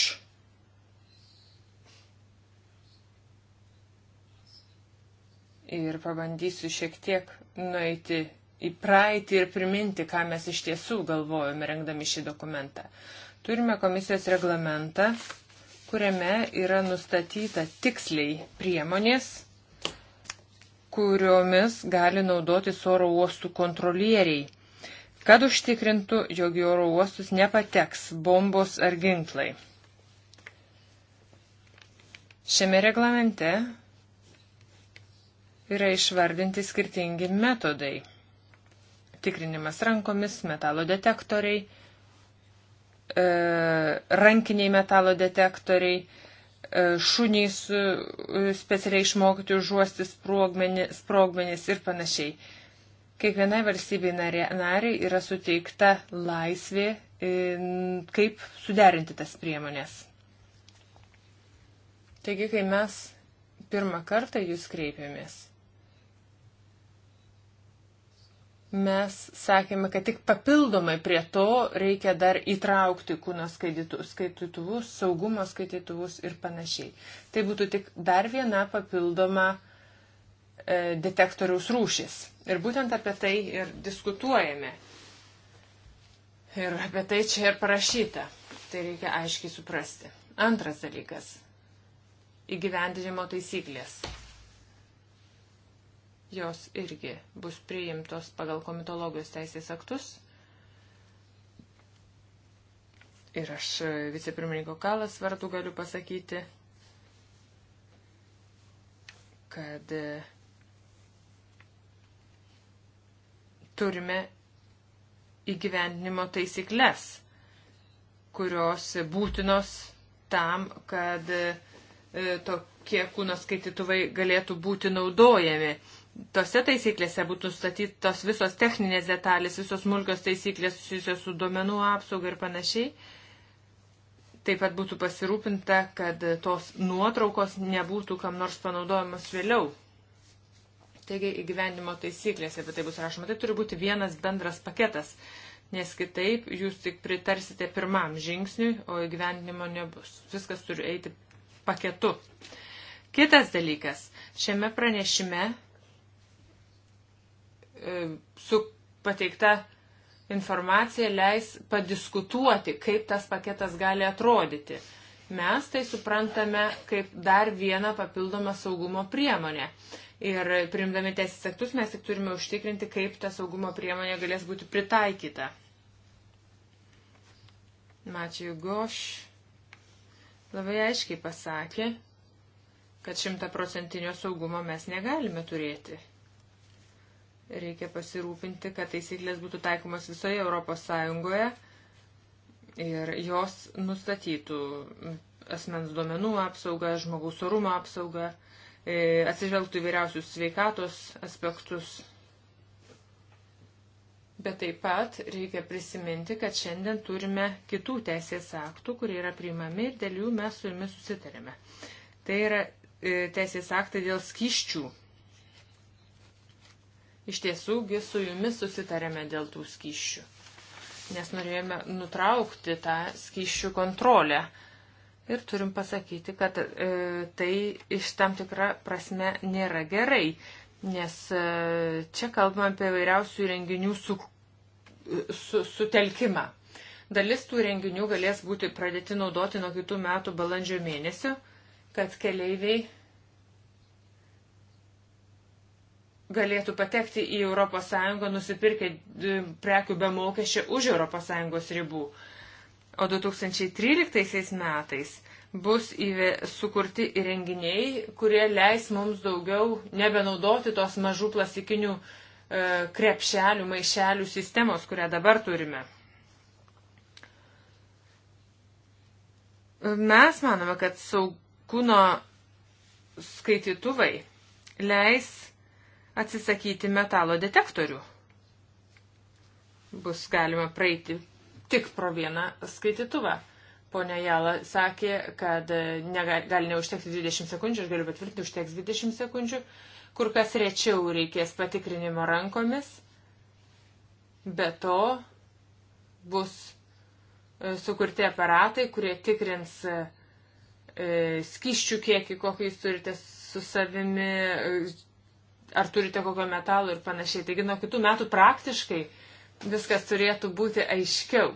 Ir pabandysiu šiek tiek nueiti į praeitį ir priminti, ką mes iš tiesų galvojame rengdami šį dokumentą. Turime komisijos reglamentą, kuriame yra nustatyta tiksliai priemonės, kuriomis gali naudoti oro uostų kontrolieriai, kad užtikrintų, jog į oro uostus nepateks bombos ar ginklai. Šiame reglamente yra išvardinti skirtingi metodai. Tikrinimas rankomis, metalo detektoriai, e, rankiniai metalo detektoriai, E, šuniais e, specialiai išmokyti užuosti sprogmenis ir panašiai. Kiekvienai valstybei nariai yra suteikta laisvė, e, kaip suderinti tas priemonės. Taigi, kai mes pirmą kartą jūs kreipėmės, mes sakėme, kad tik papildomai prie to reikia dar įtraukti kūno skaitytuvus, saugumo skaitytuvus ir panašiai. Tai būtų tik dar viena papildoma e, detektoriaus rūšis. Ir būtent apie tai ir diskutuojame. Ir apie tai čia ir parašyta. Tai reikia aiškiai suprasti. Antras dalykas - įgyvendinimo taisyklės jos irgi bus priimtos pagal komitologijos teisės aktus. Ir aš e, vicepirmininko kalas vardu galiu pasakyti, kad e, turime įgyvendinimo taisyklės, kurios būtinos tam, kad e, tokie kūno skaitytuvai galėtų būti naudojami tose taisyklėse būtų statytos visos techninės detalės, visos smulkios taisyklės susijusios su duomenų apsauga ir panašiai. Taip pat būtų pasirūpinta, kad tos nuotraukos nebūtų kam nors panaudojamos vėliau. Taigi įgyvendimo taisyklėse apie tai bus rašoma. Tai turi būti vienas bendras paketas, nes kitaip jūs tik pritarsite pirmam žingsniui, o įgyvendinimo nebus. Viskas turi eiti paketu. Kitas dalykas. Šiame pranešime E, su pateikta informacija leis padiskutuoti, kaip tas paketas gali atrodyti. Mes tai suprantame kaip dar vieną papildomą saugumo priemonę. Ir primdami teisės aktus mes tik turime užtikrinti, kaip ta saugumo priemonė galės būti pritaikyta. Mačiu Goš labai aiškiai pasakė, kad šimtaprocentinio saugumo mes negalime turėti. Reikia pasirūpinti, kad taisyklės būtų taikomos visoje Europos Sąjungoje ir jos nustatytų asmens duomenų apsaugą, žmogaus orumo apsaugą, e, atsižvelgtų įvairiausius sveikatos aspektus. Bet taip pat reikia prisiminti, kad šiandien turime kitų teisės aktų, kurie yra priimami ir dėl jų mes su jumis susitarėme. Tai yra e, teisės aktai dėl skiščių Iš tiesųgi su jumis susitarėme dėl tų skyšių, nes norėjome nutraukti tą skyšių kontrolę. Ir turim pasakyti, kad e, tai iš tam tikrą prasme nėra gerai, nes e, čia kalbame apie vairiausių renginių su, su, sutelkimą. Dalis tų renginių galės būti pradėti naudoti nuo kitų metų balandžio mėnesio, kad keleiviai galėtų patekti į ES nusipirkę e, prekių be mokesčio už ES ribų. O 2013 metais bus įvė, sukurti įrenginiai, kurie leis mums daugiau nebenaudoti tos mažų plastikinių e, krepšelių, maišelių sistemos, kurią dabar turime. Mes manome, kad saugūno skaitytuvai leis atsisakyti metalo detektorių. Bus galima praeiti tik pro vieną skaitytuvą. Pone Jala sakė, kad negali, gali neužtekti 20 sekundžių, aš galiu patvirtinti, užteks 20 sekundžių. Kur kas rečiau reikės patikrinimo rankomis. Be to bus e, sukurti aparatai, kurie tikrins e, e skiščių kiekį, kokį jūs turite su savimi, e, ar turite kokio metalo ir panašiai. Taigi nuo kitų metų praktiškai viskas turėtų būti aiškiau.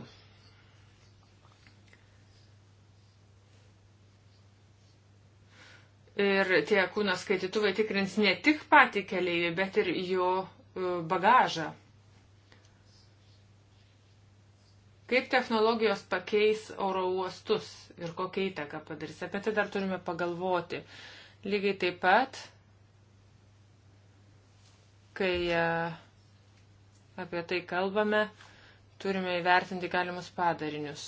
Ir tie kūno skaitytuvai tikrins ne tik patį keleivį, bet ir jo e, bagažą. Kaip technologijos pakeis oro uostus ir kokią įtaką padarys, apie tai dar turime pagalvoti. Lygiai taip pat kai e, apie tai kalbame, turime įvertinti galimus padarinius.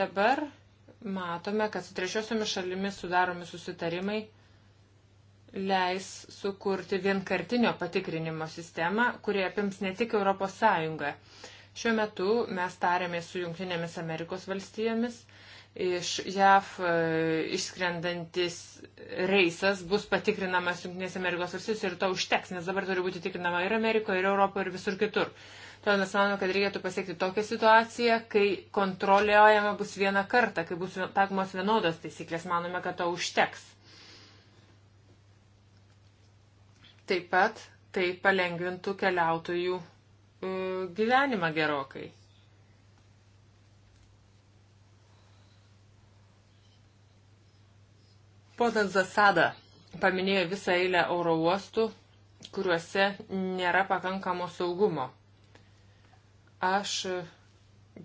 Dabar matome, kad su trečiosiomis šalimis sudaromi susitarimai leis sukurti vienkartinio patikrinimo sistemą, kurie apims ne tik ES. Šiuo metu mes tarėmės su Junktinėmis Amerikos valstijomis iš JAV e, išskrendantis reisas bus patikrinamas Junktinės Amerikos valstijose ir to užteks, nes dabar turi būti tikrinama ir Amerikoje, ir Europoje, ir visur kitur. Todėl mes manome, kad reikėtų pasiekti tokią situaciją, kai kontroliuojama bus vieną kartą, kai bus takomos vienodos taisyklės, manome, kad to užteks. Taip pat tai palengvintų keliautojų e, gyvenimą gerokai. Ponas Zasada paminėjo visą eilę oro uostų, kuriuose nėra pakankamo saugumo. Aš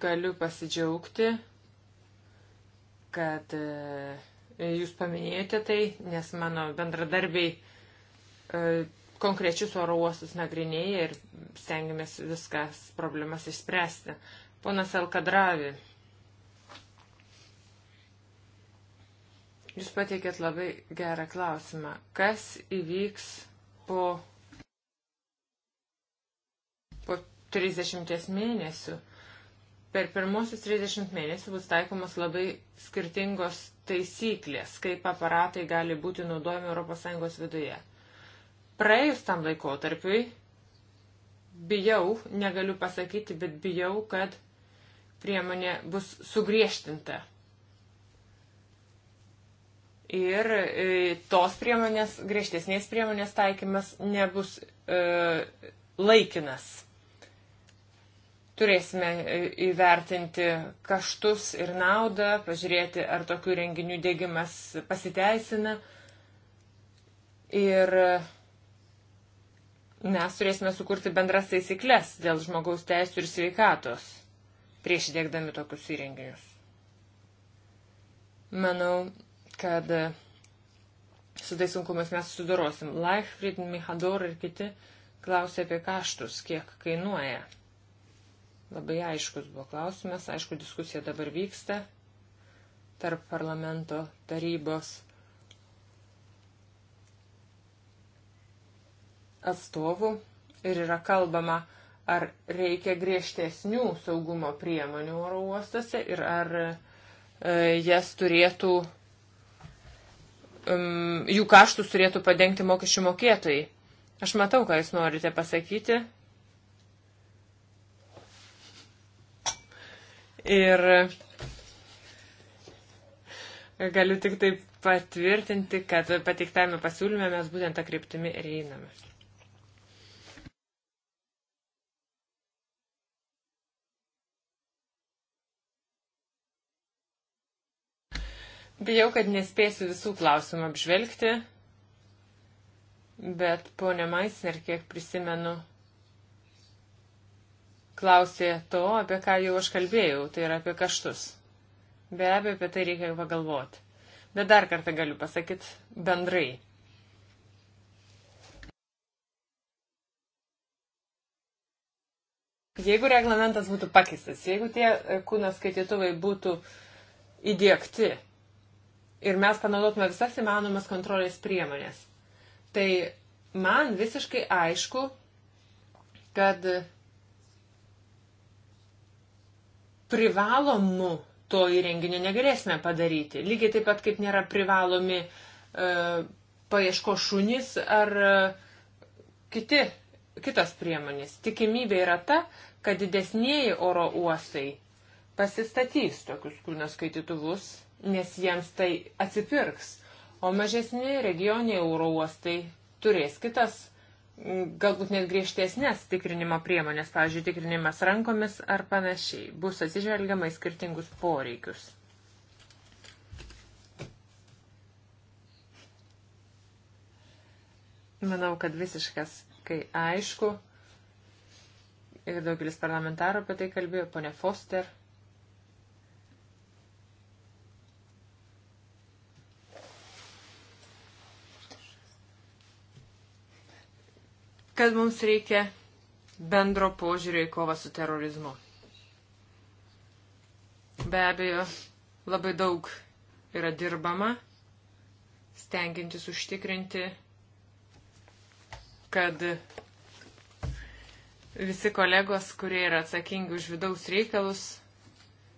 galiu pasidžiaugti, kad e, jūs paminėjote tai, nes mano bendradarbiai e, konkrečius oro uostus nagrinėja ir stengiamės viskas problemas išspręsti. Ponas Elkadravi Jūs pateikėt labai gerą klausimą. Kas įvyks po, po 30 mėnesių? Per pirmosius 30 mėnesių bus taikomos labai skirtingos taisyklės, kaip aparatai gali būti naudojami ES viduje. Praėjus tam laikotarpiui, bijau, negaliu pasakyti, bet bijau, kad priemonė bus sugriežtinta ir e, tos priemonės, griežtesnės priemonės taikymas nebus e, laikinas. Turėsime e, įvertinti kaštus ir naudą, pažiūrėti, ar tokių renginių dėgymas pasiteisina. Ir e, mes turėsime sukurti bendras taisyklės dėl žmogaus teisų ir sveikatos prieš įdėkdami tokius įrenginius. Manau, kad e, su tais sunkumais mes susidorosim. Leichfried, Mihador ir kiti klausė apie kaštus, kiek kainuoja. Labai aiškus buvo klausimas, aišku, diskusija dabar vyksta tarp parlamento tarybos atstovų ir yra kalbama, ar reikia griežtesnių saugumo priemonių oro uostose ir ar e, jas turėtų um, jų kaštus turėtų padengti mokesčių mokėtojai. Aš matau, ką jūs norite pasakyti. Ir galiu tik taip patvirtinti, kad pateiktame pasiūlyme mes būtent tą kryptimį ir einame. Bijau, kad nespėsiu visų klausimų apžvelgti, bet ponė Maisner, kiek prisimenu, klausė to, apie ką jau aš kalbėjau, tai yra apie kaštus. Be abejo, apie tai reikia pagalvoti. Bet dar kartą galiu pasakyti bendrai. Jeigu reglamentas būtų pakistas, jeigu tie e, kūno skaitytuvai būtų įdėkti, ir mes panaudotume visas įmanomas kontrolės priemonės. Tai man visiškai aišku, kad privalomų to įrenginio negalėsime padaryti. Lygiai taip pat kaip nėra privalomi uh, e, paieško šunys ar uh, kiti, kitos priemonės. Tikimybė yra ta, kad didesnėji oro uostai pasistatys tokius kūno skaitytuvus nes jiems tai atsipirks. O mažesni regioniai euro uostai turės kitas, galbūt net griežtesnės tikrinimo priemonės, pavyzdžiui, tikrinimas rankomis ar panašiai. Bus atsižvelgiama į skirtingus poreikius. Manau, kad visiškas, kai aišku, ir daugelis parlamentarų apie tai kalbėjo, ponė Foster, kad mums reikia bendro požiūrio į kovą su terorizmu. Be abejo, labai daug yra dirbama, stengiantis užtikrinti, kad visi kolegos, kurie yra atsakingi už vidaus reikalus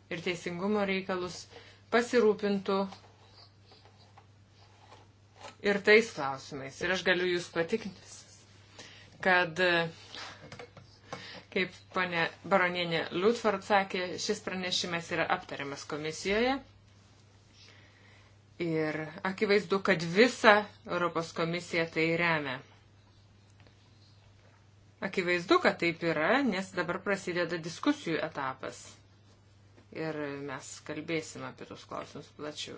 ir teisingumo reikalus, pasirūpintų ir tais klausimais. Ir aš galiu jūs patikinti, kad, kaip ponė baronienė Lutford sakė, šis pranešimas yra aptariamas komisijoje. Ir akivaizdu, kad visa Europos komisija tai remia. Akivaizdu, kad taip yra, nes dabar prasideda diskusijų etapas. Ir mes kalbėsim apie tos klausimus plačiau.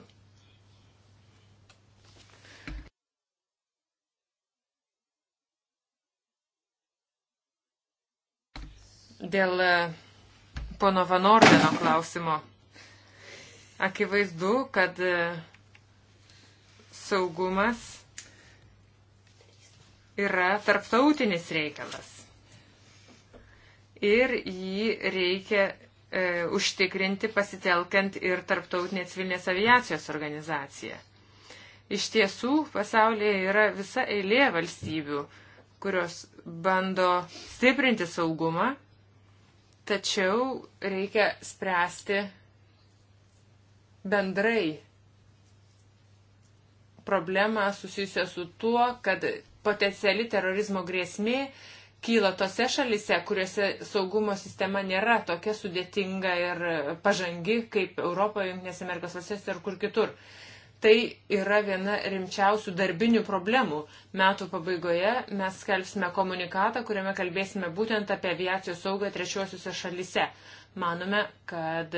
Dėl e, pono Van Ordeno klausimo. Akivaizdu, kad e, saugumas yra tarptautinis reikalas. Ir jį reikia e, užtikrinti pasitelkiant ir tarptautinę civilinės aviacijos organizaciją. Iš tiesų, pasaulyje yra visa eilė valstybių, kurios bando stiprinti saugumą Tačiau reikia spręsti bendrai problemą susijusią su tuo, kad potenciali terorizmo grėsmė kyla tose šalise, kuriuose saugumo sistema nėra tokia sudėtinga ir pažangi kaip Europoje, Junktinėse Amerikos valstijose ir kur kitur. Tai yra viena rimčiausių darbinių problemų. Metų pabaigoje mes skelbsime komunikatą, kuriame kalbėsime būtent apie aviacijos saugą trečiosiuose šalise. Manome, kad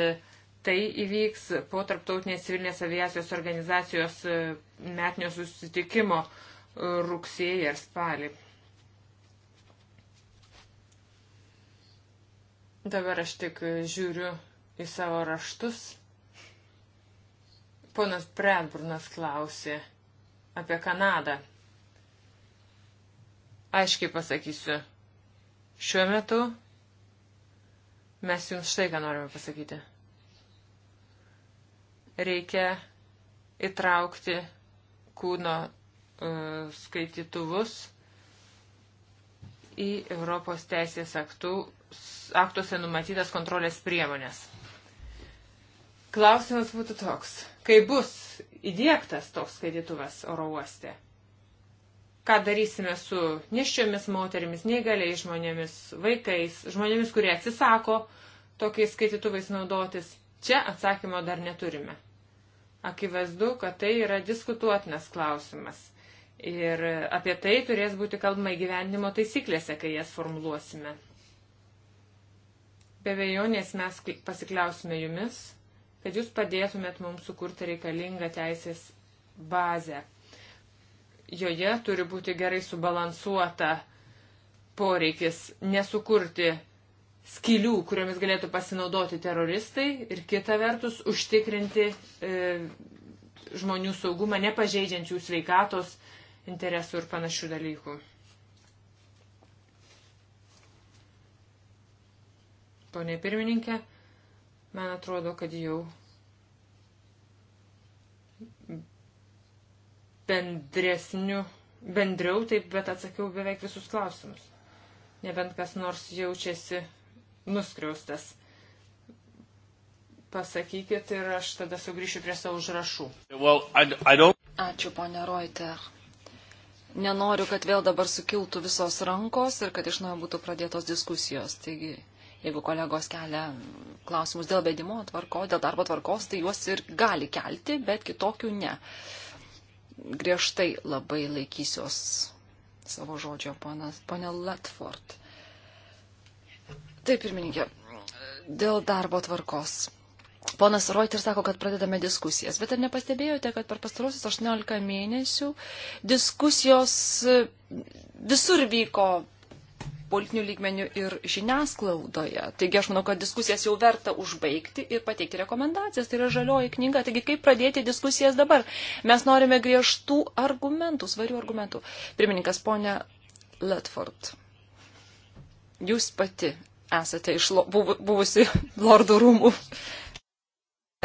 tai įvyks po Tarptautinės civilinės aviacijos organizacijos e, metinio susitikimo rugsėjai ir spalį. Dabar aš tik žiūriu į savo raštus. Ponas Brembrunas klausė apie Kanadą. Aiškiai pasakysiu. Šiuo metu mes jums štai ką norime pasakyti. Reikia įtraukti kūno uh, skaitytuvus į Europos teisės aktų, aktuose numatytas kontrolės priemonės. Klausimas būtų toks. Kai bus įdėktas toks skaitytuvas oro uoste, ką darysime su niščiomis moterimis, neįgaliai žmonėmis, vaikais, žmonėmis, kurie atsisako tokiais skaitytuvais naudotis, čia atsakymo dar neturime. Akivaizdu, kad tai yra diskutuotinas klausimas. Ir apie tai turės būti kalbama įgyvendimo taisyklėse, kai jas formuluosime. Be vėjonės mes pasikliausime jumis kad jūs padėtumėt mums sukurti reikalingą teisės bazę. Joje turi būti gerai subalansuota poreikis nesukurti skylių, kuriomis galėtų pasinaudoti teroristai ir kita vertus užtikrinti e, žmonių saugumą, nepažeidžiančių sveikatos interesų ir panašių dalykų. Pone pirmininkė, Man atrodo, kad jau bendresniu, bendriau taip, bet atsakiau beveik visus klausimus. Nebent kas nors jaučiasi nuskriaustas. Pasakykit ir aš tada sugrįšiu prie savo užrašų. Well, I, I don't... Ačiū, ponė Reuter. Nenoriu, kad vėl dabar sukiltų visos rankos ir kad iš naujo būtų pradėtos diskusijos. Taigi Jeigu kolegos kelia klausimus dėl vedimo tvarko, dėl darbo tvarkos, tai juos ir gali kelti, bet kitokių ne. Griežtai labai laikysiuos savo žodžio, ponas, ponė Latford. Taip, pirmininkė, dėl darbo tvarkos. Ponas Reuter sako, kad pradedame diskusijas, bet ar nepastebėjote, kad per pastarosius 18 mėnesių diskusijos visur vyko politinių lygmenių ir žiniasklaidoje. Taigi aš manau, kad diskusijas jau verta užbaigti ir pateikti rekomendacijas. Tai yra žalioji knyga. Taigi kaip pradėti diskusijas dabar? Mes norime griežtų argumentų, svarių argumentų. Pirmininkas, ponia Ledford, jūs pati esate iš lo, buv, buvusi <laughs> lordų rūmų.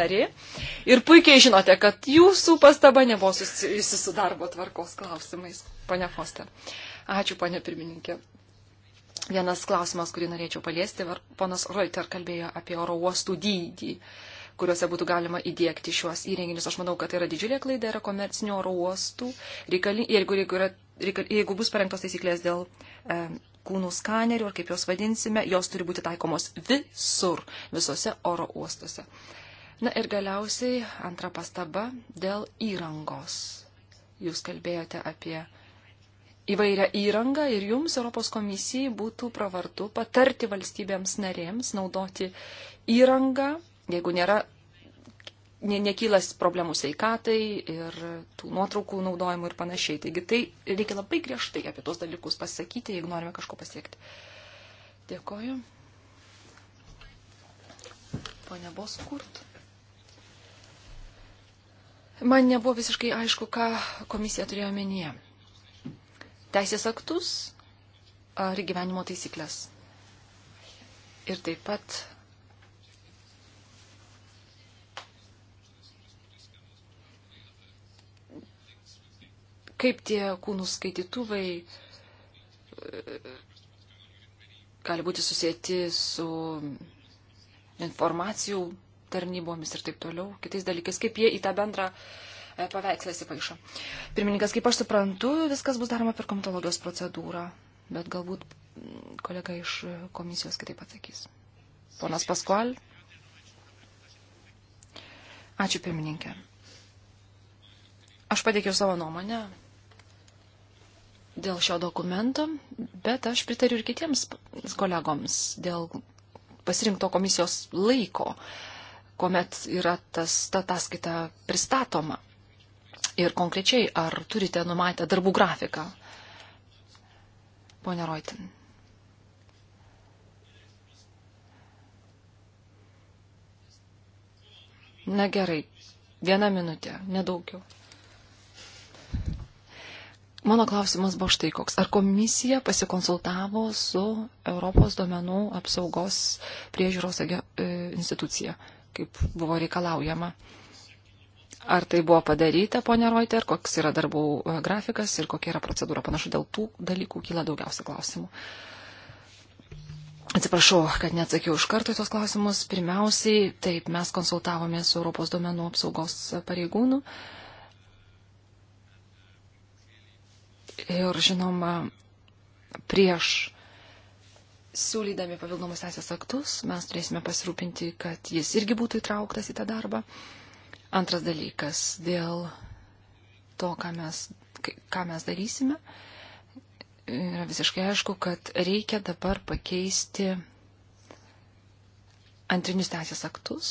Ir puikiai žinote, kad jūsų pastaba nebuvo susijusi su darbo tvarkos klausimais, ponia Foster. Ačiū, ponia pirmininkė. Vienas klausimas, kurį norėčiau paliesti, ponas Reuter kalbėjo apie oro uostų dydį kuriuose būtų galima įdėkti šiuos įrenginius. Aš manau, kad tai yra didžiulė klaida, yra komercinio oro uostų. Reikali, jeigu, jeigu, yra, reikali, jeigu bus parengtos taisyklės dėl e, kūnų skanerių, ar kaip jos vadinsime, jos turi būti taikomos visur, visose oro uostuose. Na ir galiausiai antra pastaba dėl įrangos. Jūs kalbėjote apie įvairią įrangą ir jums, Europos komisijai, būtų pravartu patarti valstybėms narėms naudoti įrangą, jeigu nėra, ne, nekylas problemų sveikatai ir tų nuotraukų naudojimų ir panašiai. Taigi tai reikia labai griežtai apie tos dalykus pasakyti, jeigu norime kažko pasiekti. Dėkoju. Pone Boskurt. Man nebuvo visiškai aišku, ką komisija turėjo menyje teisės aktus ar gyvenimo taisyklės. Ir taip pat kaip tie kūnų skaitytuvai e, gali būti susijęti su informacijų tarnybomis ir taip toliau, kitais dalykais, kaip jie į tą bendrą uh, E, paveikslą įsipaišo. Pirmininkas, kaip aš suprantu, viskas bus daroma per komitologijos procedūrą, bet galbūt kolega iš komisijos kitaip atsakys. Ponas Paskual. Ačiū pirmininkė. Aš pateikiau savo nuomonę dėl šio dokumento, bet aš pritariu ir kitiems kolegoms dėl pasirinkto komisijos laiko, kuomet yra tas, ta ataskaita pristatoma. Ir konkrečiai, ar turite numatę darbų grafiką? Pone Roitin. Na gerai, viena minutė, nedaugiau. Mano klausimas buvo štai koks. Ar komisija pasikonsultavo su Europos duomenų apsaugos priežiūros e, institucija, kaip buvo reikalaujama? Uh, Ar tai buvo padaryta, ponia Reuter, koks yra darbų e, grafikas ir kokia yra procedūra? Panašu, dėl tų dalykų kyla daugiausia klausimų. Atsiprašau, kad neatsakiau iš karto į tos klausimus. Pirmiausiai, taip, mes konsultavome su Europos duomenų apsaugos pareigūnu. Ir žinoma, prieš siūlydami pavildomus teisės aktus mes turėsime pasirūpinti, kad jis irgi būtų įtrauktas į tą darbą. Uh, Antras dalykas dėl to, ką mes, ką mes darysime, yra visiškai aišku, kad reikia dabar pakeisti antrinius teisės aktus,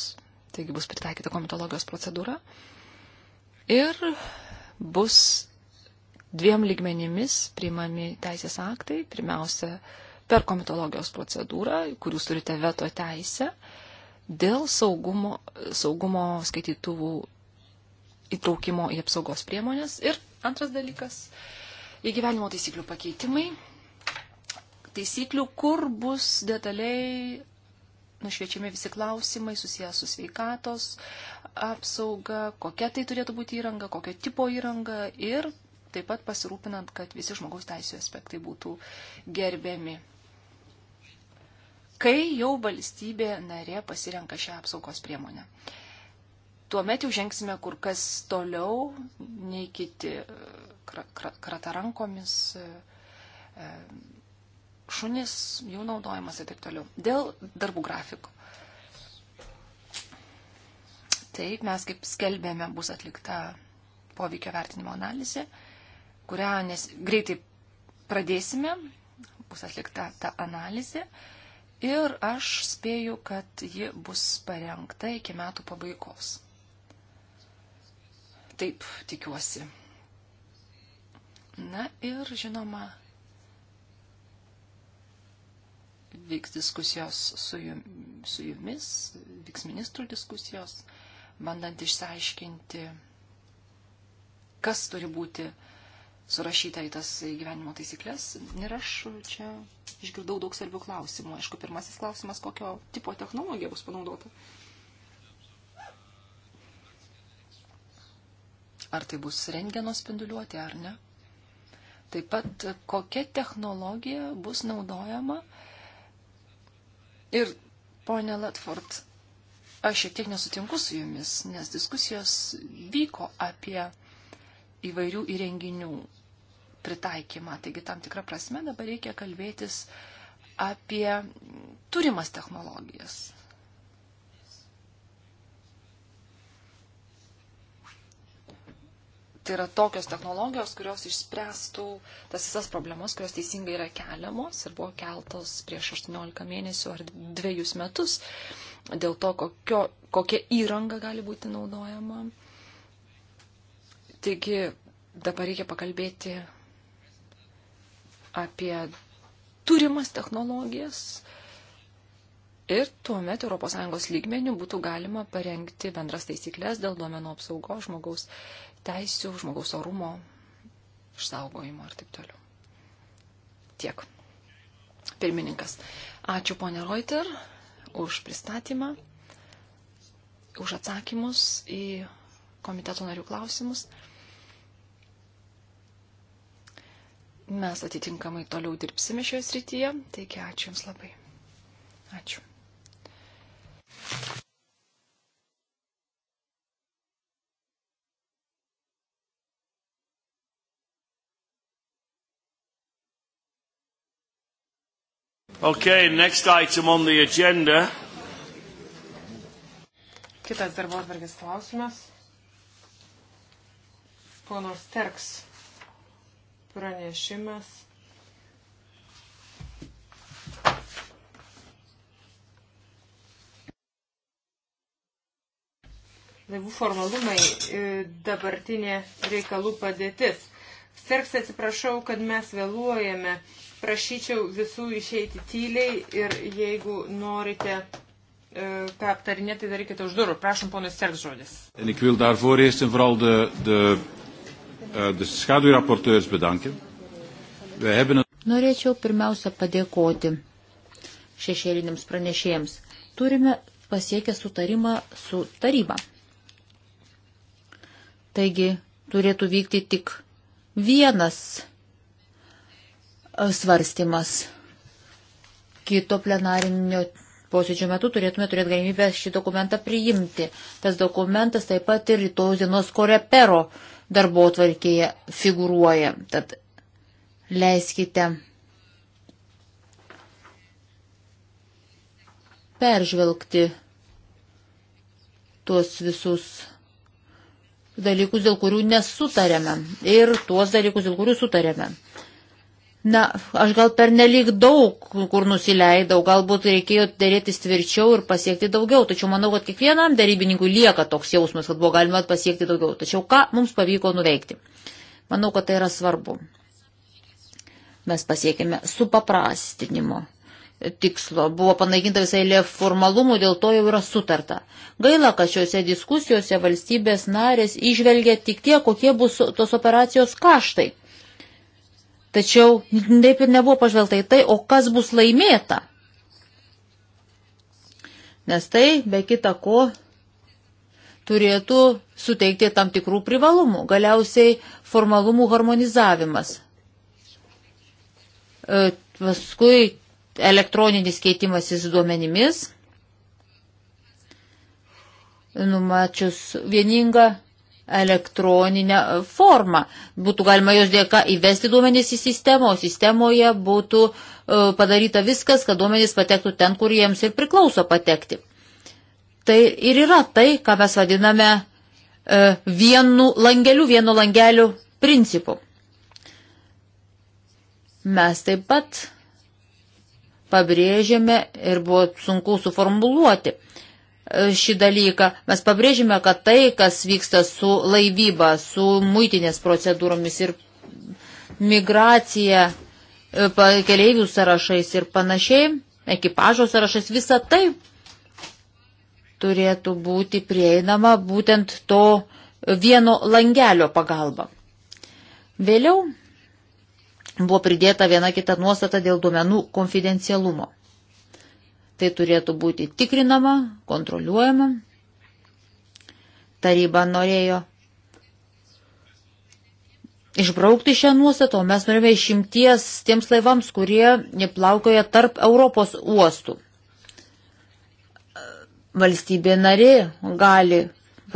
taigi bus pritaikyta komitologijos procedūra ir bus dviem lygmenimis priimami teisės aktai, pirmiausia per komitologijos procedūrą, kur jūs turite veto teisę dėl saugumo, saugumo skaitytuvų įtraukimo į apsaugos priemonės. Ir antras dalykas - įgyvenimo taisyklių pakeitimai. Taisyklių, kur bus detaliai nušviečiami visi klausimai susijęs su sveikatos apsauga, kokia tai turėtų būti įranga, kokio tipo įranga ir taip pat pasirūpinant, kad visi žmogaus teisų aspektai būtų gerbiami kai jau valstybė narė pasirenka šią apsaugos priemonę. Tuomet jau žengsime kur kas toliau, nei kiti e, kratarankomis, e, e, šunis, jų naudojimas ir taip toliau. Dėl darbų grafikų. Taip, mes kaip skelbėme, bus atlikta poveikio vertinimo analizė, kurią nes, greitai pradėsime, bus atlikta ta analizė. Uh, ir aš spėju, kad ji bus parengta iki metų pabaigos. Taip tikiuosi. Na ir žinoma, vyks diskusijos su jumis, vyks ministrų diskusijos, bandant išsiaiškinti, kas turi būti uh, surašyta į tas gyvenimo taisyklės. Ir aš čia išgirdau daug svarbių klausimų. Aišku, pirmasis klausimas, kokio tipo technologija bus panaudota. Ar tai bus rengeno spinduliuotė ar ne. Taip pat, kokia technologija bus naudojama. Ir, ponė Latford, aš šiek tiek nesutinku su jumis, nes diskusijos vyko apie įvairių įrenginių pritaikymą. Taigi tam tikrą prasme dabar reikia kalbėtis apie turimas technologijas. Tai yra tokios technologijos, kurios išspręstų tas visas problemas, kurios teisingai yra keliamos ir buvo keltos prieš 18 mėnesių ar dviejus metus dėl to, kokio, kokia įranga gali būti naudojama. Taigi dabar reikia pakalbėti apie turimas technologijas ir tuomet ES lygmenių būtų galima parengti bendras taisyklės dėl duomenų apsaugos, žmogaus teisų, žmogaus orumo, išsaugojimo ir taip toliau. Tiek. Pirmininkas. Ačiū ponė Reuter už pristatymą, už atsakymus į komiteto narių klausimus. mes atitinkamai toliau dirbsime šioje srityje. Taigi ačiū Jums labai. Ačiū. Okay, next item on the agenda. Kitas darbo atvargės klausimas. Ponos Terks pranešimas. Laivų formalumai e, dabartinė reikalų padėtis. Serks atsiprašau, kad mes vėluojame. Prašyčiau visų išeiti tyliai ir jeigu norite e, ką aptarinėti, darykite už durų. Prašom, ponas Serks žodis. En ik wil daarvoor eerst en vooral de, de Eh, de schaduwrapporteurs bedanken. Wij hebben een... Norėčiau pirmiausia padėkoti šešėliniams pranešėjams. Turime pasiekę sutarimą su taryba. Taigi turėtų vykti tik vienas eh, svarstymas. Kito plenarinio posėdžio metu turėtume turėti galimybę šį dokumentą priimti. Tas dokumentas taip pat ir rytojus dienos korepero darbo tvarkėje figuruoja. Tad leiskite peržvelgti tuos visus dalykus, dėl kurių nesutarėme ir tuos dalykus, dėl kurių sutarėme. Na, aš gal per nelik daug kur nusileidau, galbūt reikėjo dėrėtis tvirčiau ir pasiekti daugiau, tačiau manau, kad kiekvienam dėrybininkui lieka toks jausmas, kad buvo galima pasiekti daugiau. Tačiau ką mums pavyko nuveikti? Manau, kad tai yra svarbu. Mes pasiekėme supaprastinimo tikslo. Buvo panaikinta visai lė formalumų, dėl to jau yra sutarta. Gaila, kad šiuose diskusijose valstybės narės išvelgia tik tie, kokie bus tos operacijos kaštai Tačiau taip ir nebuvo pažvelgta į tai, o kas bus laimėta. Nes tai, be kita ko, turėtų suteikti tam tikrų privalumų, galiausiai formalumų harmonizavimas. E, paskui elektroninis keitimasis duomenimis, numačius vieningą elektroninę formą. Būtų galima jos dėka įvesti duomenys į sistemą, o sistemoje būtų e, padaryta viskas, kad duomenys patektų ten, kur jiems ir priklauso patekti. Tai ir yra tai, ką mes vadiname e, vienu langeliu, vienu langeliu principu. Mes taip pat pabrėžėme ir buvo sunku suformuluoti, šį dalyką. Mes pabrėžime, kad tai, kas vyksta su laivyba, su muitinės procedūromis ir migracija, e, keleivių sąrašais ir panašiai, ekipažo sąrašais, visa tai turėtų būti prieinama būtent to vieno langelio pagalba. Vėliau buvo pridėta viena kita nuostata dėl duomenų konfidencialumo. Tai turėtų būti tikrinama, kontroliuojama. Taryba norėjo išbraukti šią nuostatą, o mes norime išimties tiems laivams, kurie plaukioja tarp Europos uostų. Valstybė narė gali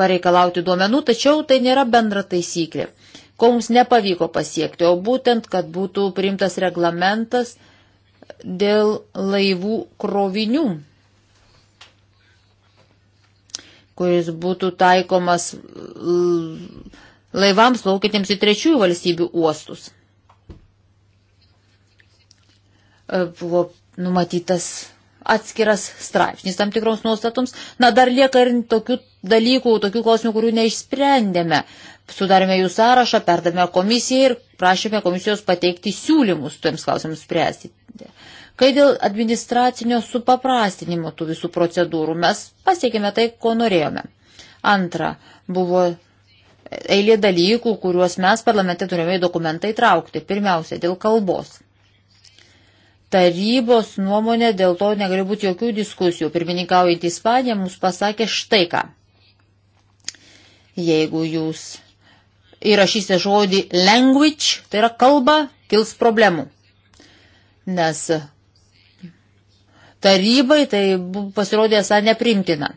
pareikalauti duomenų, tačiau tai nėra bendra taisyklė. Ko mums nepavyko pasiekti, o būtent, kad būtų priimtas reglamentas, dėl laivų krovinių, kuris būtų taikomas laivams plaukitiems į trečiųjų valstybių uostus. E, buvo numatytas atskiras straipsnis tam tikroms nuostatoms. Na, dar lieka ir tokių dalykų, tokių klausimų, kurių neišsprendėme. Sudarėme jų sąrašą, perdavėme komisijai ir prašėme komisijos pateikti siūlymus tiems klausimams spręsti sprendė. Kai dėl administracinio supaprastinimo tų visų procedūrų mes pasiekėme tai, ko norėjome. Antra, buvo eilė dalykų, kuriuos mes parlamente turėjome į dokumentą įtraukti. Pirmiausia, dėl kalbos. Tarybos nuomonė dėl to negali būti jokių diskusijų. Pirmininkaujant Ispanija mums pasakė štai ką. Jeigu jūs įrašysite žodį language, tai yra kalba, kils problemų nes tarybai tai pasirodė esą neprimtina.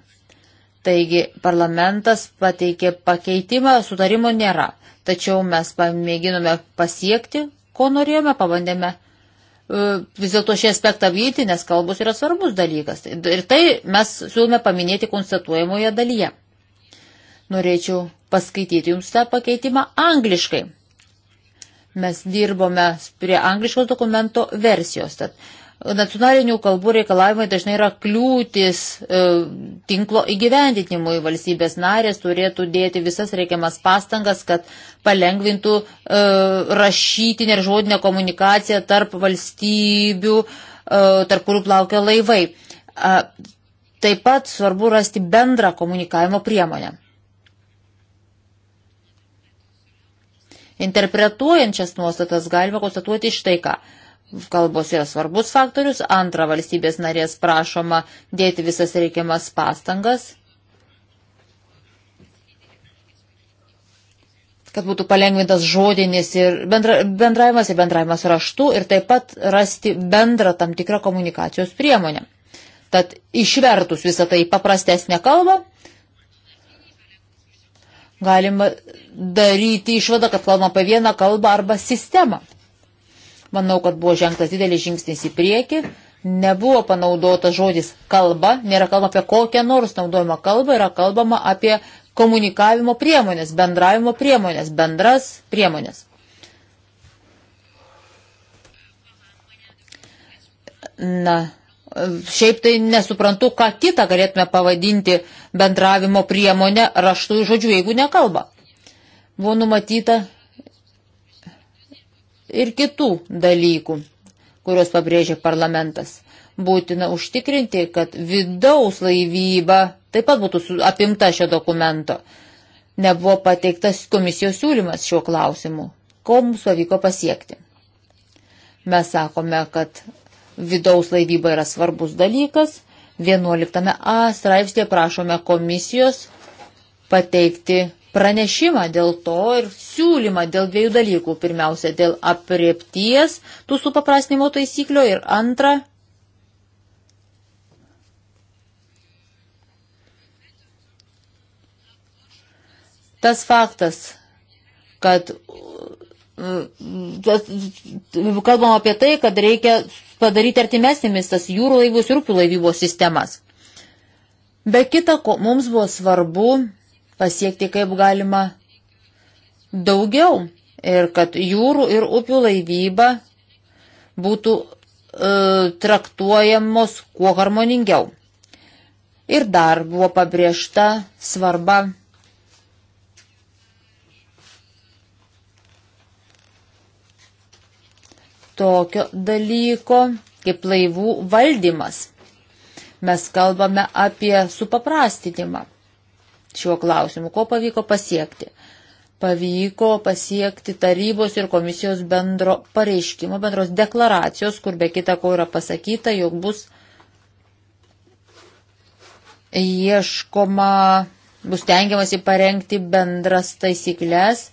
Taigi parlamentas pateikė pakeitimą, sutarimo nėra. Tačiau mes pamėginome pasiekti, ko norėjome, pabandėme e, vis dėlto šį aspektą apginti, nes kalbos yra svarbus dalykas. Ir tai mes siūlome paminėti konstatuojamoje dalyje. Norėčiau paskaityti jums tą pakeitimą angliškai. Mes dirbome prie angliškos dokumento versijos. Tad nacionalinių kalbų reikalavimai dažnai yra kliūtis e, tinklo įgyvendinimui. Valstybės narės turėtų dėti visas reikiamas pastangas, kad palengvintų e, rašytinę ir žodinę komunikaciją tarp valstybių, e, tarp kurių plaukia laivai. E, taip pat svarbu rasti bendrą komunikavimo priemonę. Interpretuojančias nuostatas galima konstatuoti iš tai, ką kalbos yra svarbus faktorius, antra valstybės narės prašoma dėti visas reikiamas pastangas, kad būtų palengvintas žodinis ir bendra, bendravimas ir bendravimas raštu ir taip pat rasti bendrą tam tikrą komunikacijos priemonę. Tad išvertus visą tai paprastesnę kalbą, galima daryti išvadą, kad kalbama apie vieną kalbą arba sistemą. Manau, kad buvo žengtas didelis žingsnis į priekį, nebuvo panaudotas žodis kalba, nėra kalba apie kokią nors naudojimą kalbą, yra kalbama apie komunikavimo priemonės, bendravimo priemonės, bendras priemonės. Na, Šiaip tai nesuprantu, ką kitą galėtume pavadinti bendravimo priemonę raštų žodžių, jeigu nekalba. Buvo numatyta ir kitų dalykų, kuriuos pabrėžė parlamentas. Būtina užtikrinti, kad vidaus laivyba taip pat būtų apimta šio dokumento. Nebuvo pateiktas komisijos siūlymas šiuo klausimu. Ko mums pavyko pasiekti? Mes sakome, kad Vidaus laivyba yra svarbus dalykas. 11a straipsnėje prašome komisijos pateikti pranešimą dėl to ir siūlymą dėl dviejų dalykų. Pirmiausia, dėl apriepties tų supaprastinimo taisyklių ir antra, tas faktas, kad kalbam apie tai, kad reikia padaryti artimesnėmis tas jūrų laivus ir upių laivybos sistemas. Be kita, ko mums buvo svarbu pasiekti kaip galima daugiau ir kad jūrų ir upių laivyba būtų e, traktuojamos kuo harmoningiau. Ir dar buvo pabrėžta svarba tokio dalyko kaip laivų valdymas. Mes kalbame apie supaprastinimą šiuo klausimu, ko pavyko pasiekti. Pavyko pasiekti tarybos ir komisijos bendro pareiškimo, bendros deklaracijos, kur be kita ko yra pasakyta, jog bus ieškoma, bus tengiamasi parengti bendras taisyklės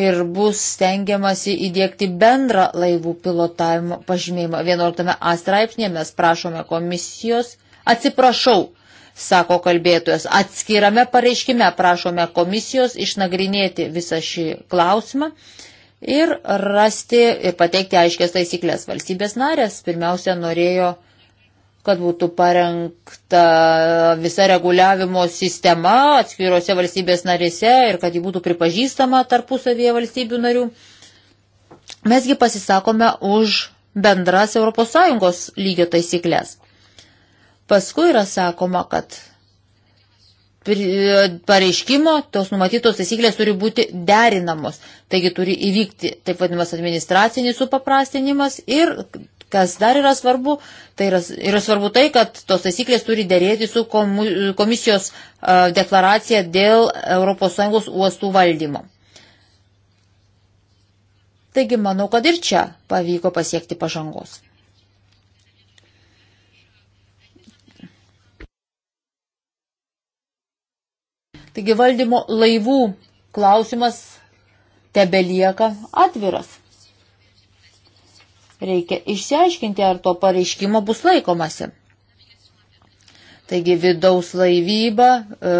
ir bus stengiamasi įdėkti bendrą laivų pilotavimo pažymėjimą. 11 A straipsnėje mes prašome komisijos, atsiprašau, sako kalbėtojas, atskirame pareiškime prašome komisijos išnagrinėti visą šį klausimą ir rasti ir pateikti aiškias taisyklės. Valstybės narės pirmiausia norėjo kad būtų parengta visa reguliavimo sistema atskiruose valstybės narėse ir kad ji būtų pripažįstama tarpusavėje valstybių narių. Mesgi pasisakome už bendras ES lygio taisyklės. Paskui yra sakoma, kad pareiškimo tos numatytos taisyklės turi būti derinamos. Taigi turi įvykti taip vadinamas administracinis supaprastinimas ir Kas dar yra svarbu, tai yra, yra svarbu tai, kad tos taisyklės turi dėrėti su komisijos deklaracija dėl ES uostų valdymo. Taigi manau, kad ir čia pavyko pasiekti pažangos. Taigi valdymo laivų klausimas tebelieka atviras. Reikia išsiaiškinti, ar to pareiškimo bus laikomasi. Taigi vidaus laivyba, e,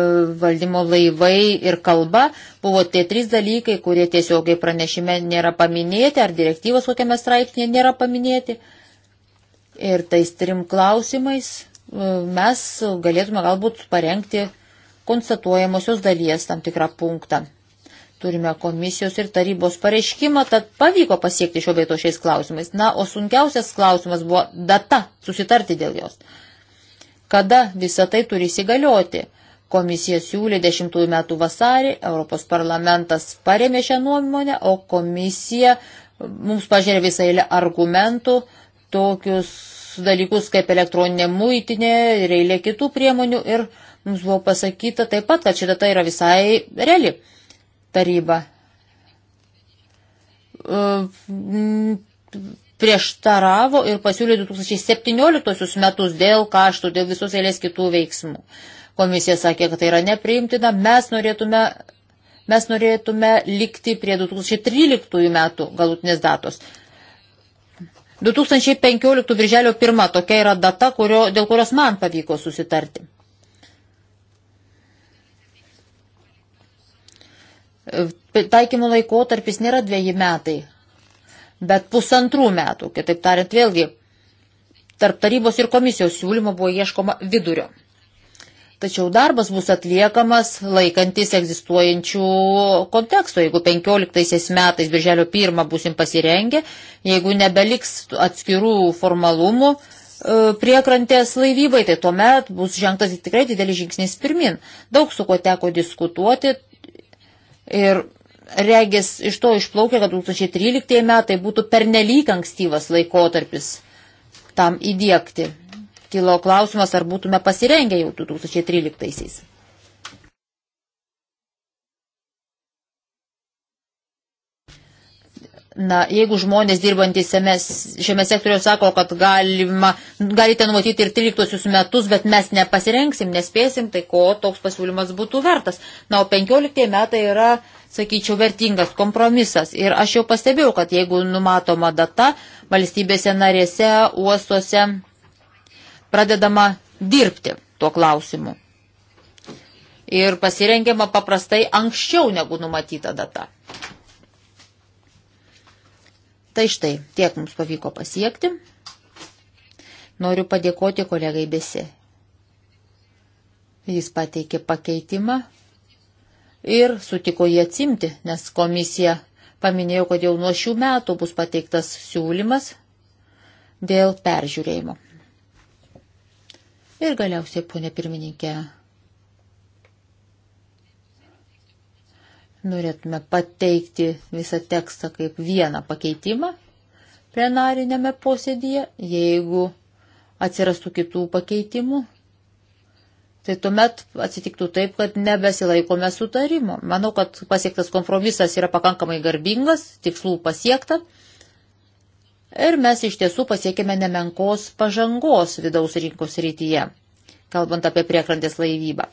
valdymo laivai ir kalba buvo tie trys dalykai, kurie tiesiogiai pranešime nėra paminėti, ar direktyvos kokiame straipsnėje nėra paminėti. Ir tais trim klausimais e, mes galėtume galbūt parengti konstatuojamosios dalies tam tikrą punktą. Turime komisijos ir tarybos pareiškimą, tad pavyko pasiekti šio beito šiais klausimais. Na, o sunkiausias klausimas buvo data, susitarti dėl jos. Kada visa tai turi įsigalioti? Komisija siūlė 10 metų vasarį, Europos parlamentas paremė šią nuomonę, o komisija mums pažiūrė visą eilę argumentų, tokius dalykus kaip elektroninė muitinė ir eilė kitų priemonių ir mums buvo pasakyta taip pat, kad ši data yra visai reali taryba e, prieštaravo ir pasiūlė 2017 metus dėl kaštų, dėl visos eilės kitų veiksmų. Komisija sakė, kad tai yra nepriimtina, mes norėtume, mes norėtume likti prie 2013 metų galutinės datos. 2015 birželio 1 tokia yra data, kurio, dėl kurios man pavyko susitarti. E, Taikymo laikotarpis nėra dviejai metai, bet pusantrų metų. Kitaip tariant, vėlgi, tarp tarybos ir komisijos siūlymo buvo ieškoma vidurio. Tačiau darbas bus atliekamas laikantis egzistuojančių konteksto. Jeigu 15 metais, birželio 1, busim pasirengę, jeigu nebeliks atskirų formalumų e, priekrantės laivybai, tai tuomet bus žengtas tikrai didelis žingsnis pirmin. Daug su kuo teko diskutuoti, Ir regis iš to išplaukia, kad 2013 metai būtų pernelyg ankstyvas laikotarpis tam įdėkti. Kilo klausimas, ar būtume pasirengę jau 2013. -aisiais. Na, jeigu žmonės dirbantys šiame sektoriu sako, kad galima, galite numatyti ir 13 metus, bet mes nepasirengsim, nespėsim, tai ko toks pasiūlymas būtų vertas. Na, o 15 metai yra, sakyčiau, vertingas kompromisas. Ir aš jau pastebėjau, kad jeigu numatoma data, valstybėse narėse, uostuose pradedama dirbti tuo klausimu. Ir pasirengiama paprastai anksčiau negu numatyta data. Tai štai, tiek mums pavyko pasiekti. Noriu padėkoti kolegai Besi. Jis pateikė pakeitimą ir sutiko jį atsimti, nes komisija paminėjo, kad jau nuo šių metų bus pateiktas siūlymas dėl peržiūrėjimo. Ir galiausiai, ponė pirmininkė, Norėtume pateikti visą tekstą kaip vieną pakeitimą plenarinėme posėdėje, jeigu atsirastų kitų pakeitimų, tai tuomet atsitiktų taip, kad nebesilaikome sutarimo. Manau, kad pasiektas kompromisas yra pakankamai garbingas, tikslų pasiekta. Ir mes iš tiesų pasiekėme nemenkos pažangos vidaus rinkos rytyje, kalbant apie priekrantės laivybą.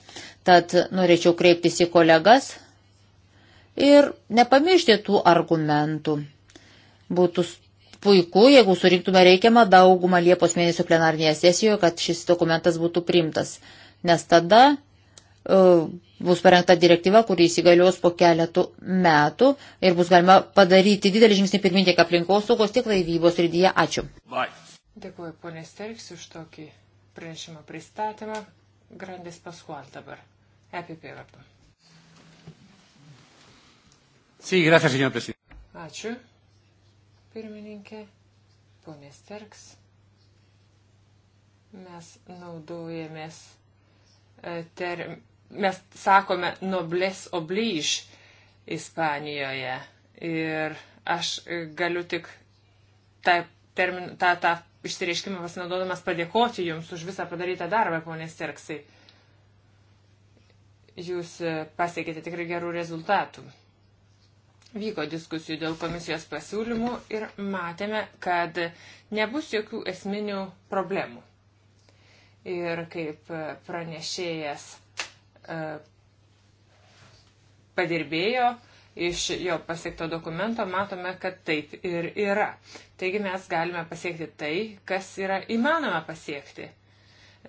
Tad norėčiau kreiptis į kolegas ir nepamiršti tų argumentų. Būtų puiku, jeigu surinktume reikiamą daugumą Liepos mėnesio plenarnėje sesijoje, kad šis dokumentas būtų primtas, nes tada uh, bus parengta direktyva, kurį įsigalios po keletų metų ir bus galima padaryti didelį žingsnį pirmin tiek aplinkos saugos, tiek laivybos rydyje. Ačiū. Bye. Dėkuoju, ponė Sterks, už tokį pranešimą pristatymą. Grandis Paskual dabar. EPP vardu. Sí, gracias, señor presidente. Ačiū, pirmininkė, ponė Sterks. Mes naudojamės, e, ter, mes sakome nobles oblyž Ispanijoje. Ir aš galiu tik tą, termin, tą, tą išsireiškimą pasinaudodamas padėkoti Jums už visą padarytą darbą, ponė Sterksai. Jūs pasiekėte tikrai gerų rezultatų. Vyko diskusijų dėl komisijos pasiūlymų ir matėme, kad nebus jokių esminių problemų. Ir kaip pranešėjas e, padirbėjo, iš jo pasiekto dokumento matome, kad taip ir yra. Taigi mes galime pasiekti tai, kas yra įmanoma pasiekti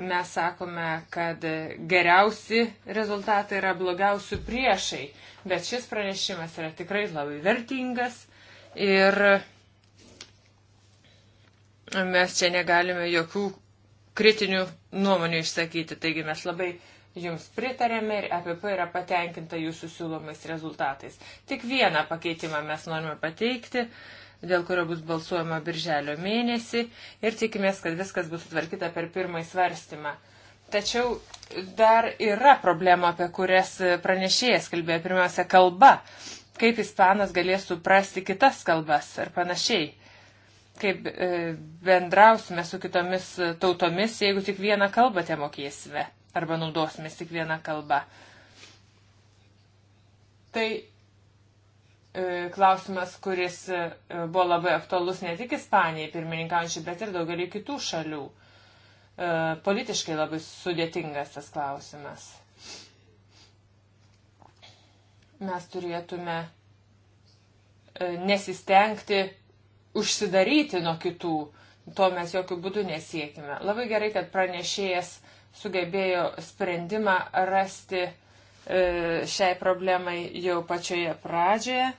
mes sakome, kad geriausi rezultatai yra blogiausių priešai, bet šis pranešimas yra tikrai labai vertingas ir mes čia negalime jokių kritinių nuomonių išsakyti, taigi mes labai jums pritarėme ir APP yra patenkinta jūsų siūlomais rezultatais. Tik vieną pakeitimą mes norime pateikti. Uh, dėl kurio bus balsuojama birželio mėnesį ir tikimės, kad viskas bus sutvarkyta per pirmąjį svarstymą. Tačiau dar yra problema, apie kurias pranešėjas kalbėjo. Pirmiausia, kalba. Kaip ispanas galės suprasti kitas kalbas ir panašiai. Kaip e, bendrausime su kitomis tautomis, jeigu tik vieną kalbą te mokėsime arba naudosime tik vieną kalbą. Tai E, klausimas, kuris e, buvo labai aktualus ne tik Ispanijai pirmininkaujančiai, bet ir daugelį kitų šalių. E, politiškai labai sudėtingas tas klausimas. Mes turėtume nesistengti užsidaryti nuo kitų. To mes jokių būdų nesiekime. Labai gerai, kad pranešėjas sugebėjo sprendimą rasti šiai problemai jau pačioje pradžioje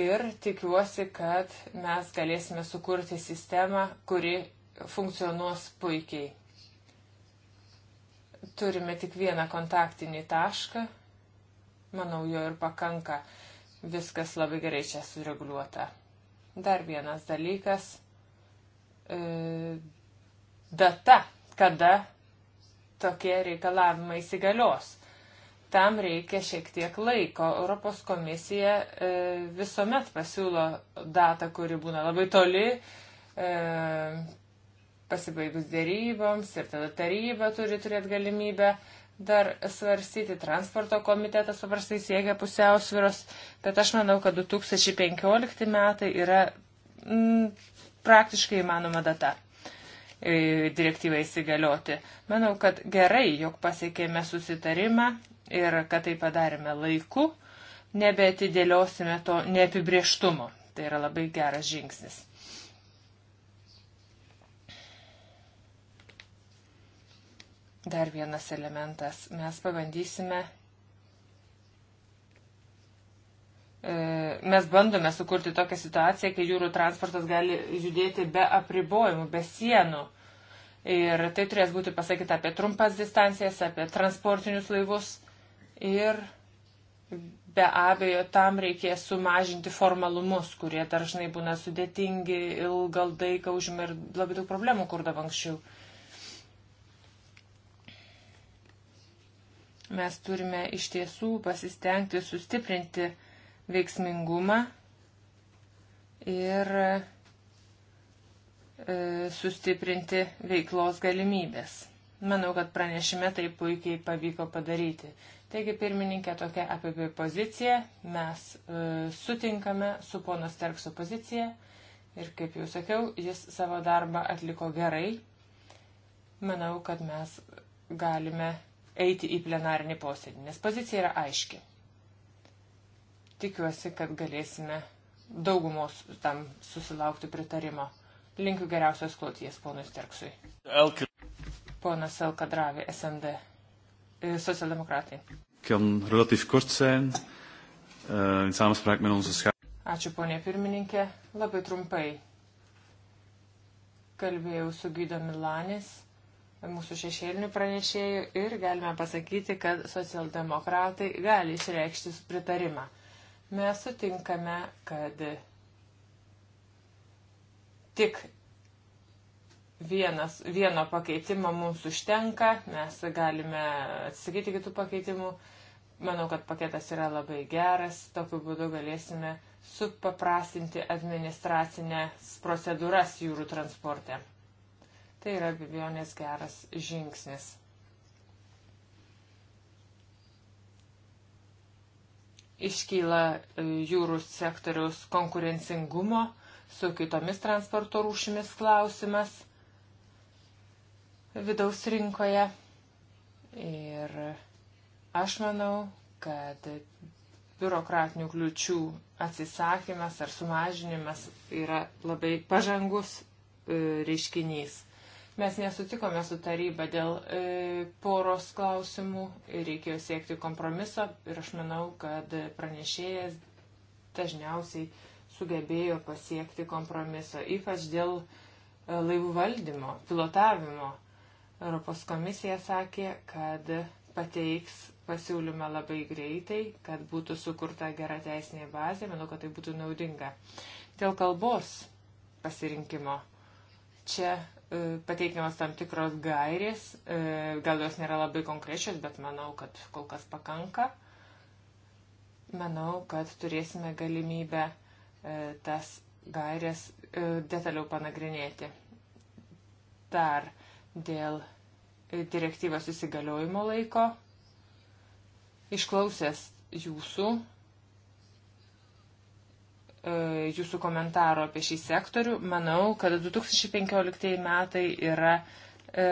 ir tikiuosi, kad mes galėsime sukurti sistemą, kuri funkcionuos puikiai. Turime tik vieną kontaktinį tašką, manau jo ir pakanka, viskas labai gerai čia sureguliuota. Dar vienas dalykas e, - data, kada tokie reikalavimai įsigalios tam reikia šiek tiek laiko. Europos komisija e, visuomet pasiūlo datą, kuri būna labai toli, e, pasibaigus dėryboms ir tada taryba turi turėti galimybę dar svarstyti. Transporto komitetas paprastai siekia pusiausviros, bet aš manau, kad 2015 metai yra m, mm, praktiškai įmanoma data e, direktyvai įsigalioti. Manau, kad gerai, jog pasiekėme susitarimą ir kad tai padarėme laiku, nebeatidėliosime to neapibrieštumo. Tai yra labai geras žingsnis. Dar vienas elementas. Mes pabandysime. E, mes bandome sukurti tokią situaciją, kai jūrų transportas gali judėti be apribojimų, be sienų. Ir tai turės būti pasakyta apie trumpas distancijas, apie transportinius laivus ir be abejo tam reikės sumažinti formalumus, kurie dažnai būna sudėtingi, ilgą laiką užima ir labai daug problemų kurdavo anksčiau. Mes turime iš tiesų pasistengti sustiprinti veiksmingumą ir e, sustiprinti veiklos galimybės. Manau, kad pranešime tai puikiai pavyko padaryti. Taigi, pirmininkė, tokia apie poziciją. Mes e, sutinkame su pono Sterkso pozicija ir, kaip jau sakiau, jis savo darbą atliko gerai. Manau, kad mes galime eiti į plenarinį posėdį, nes pozicija yra aiški. Tikiuosi, kad galėsime daugumos tam susilaukti pritarimo. Linkiu geriausios kloties ponui Sterksui. Ponas Elkadravi, SND. E, socialdemokratai. E, Ačiū, ponė pirmininkė. Labai trumpai kalbėjau su Gydo Milanis, mūsų šešėlinių pranešėjų, ir galime pasakyti, kad socialdemokratai gali išreikšti pritarimą. Mes sutinkame, kad tik vienas, vieno pakeitimo mums užtenka, mes galime atsisakyti kitų pakeitimų. Manau, kad paketas yra labai geras, tokiu būdu galėsime supaprastinti administracinės procedūras jūrų transporte. Tai yra be abejonės geras žingsnis. Iškyla e, jūrų sektoriaus konkurencingumo su kitomis transporto rūšimis klausimas vidaus rinkoje. Ir aš manau, kad biurokratinių kliučių atsisakymas ar sumažinimas yra labai pažangus e, reiškinys. Mes nesutikome su taryba dėl e, poros klausimų ir reikėjo siekti kompromiso ir aš manau, kad pranešėjas dažniausiai sugebėjo pasiekti kompromiso, ypač dėl e, laivų valdymo, pilotavimo. E, Europos komisija sakė, kad pateiks pasiūlymą labai greitai, kad būtų sukurta gera teisinė bazė. Manau, kad tai būtų naudinga. Dėl kalbos pasirinkimo. Čia e, pateikiamas tam tikros gairės, e, gal jos nėra labai konkrečios, bet manau, kad kol kas pakanka. Manau, kad turėsime galimybę e, tas gairės detaliau panagrinėti. Dar dėl direktyvos įsigaliojimo laiko, išklausęs jūsų, e, jūsų komentaro apie šį sektorių, manau, kad 2015 metai yra e,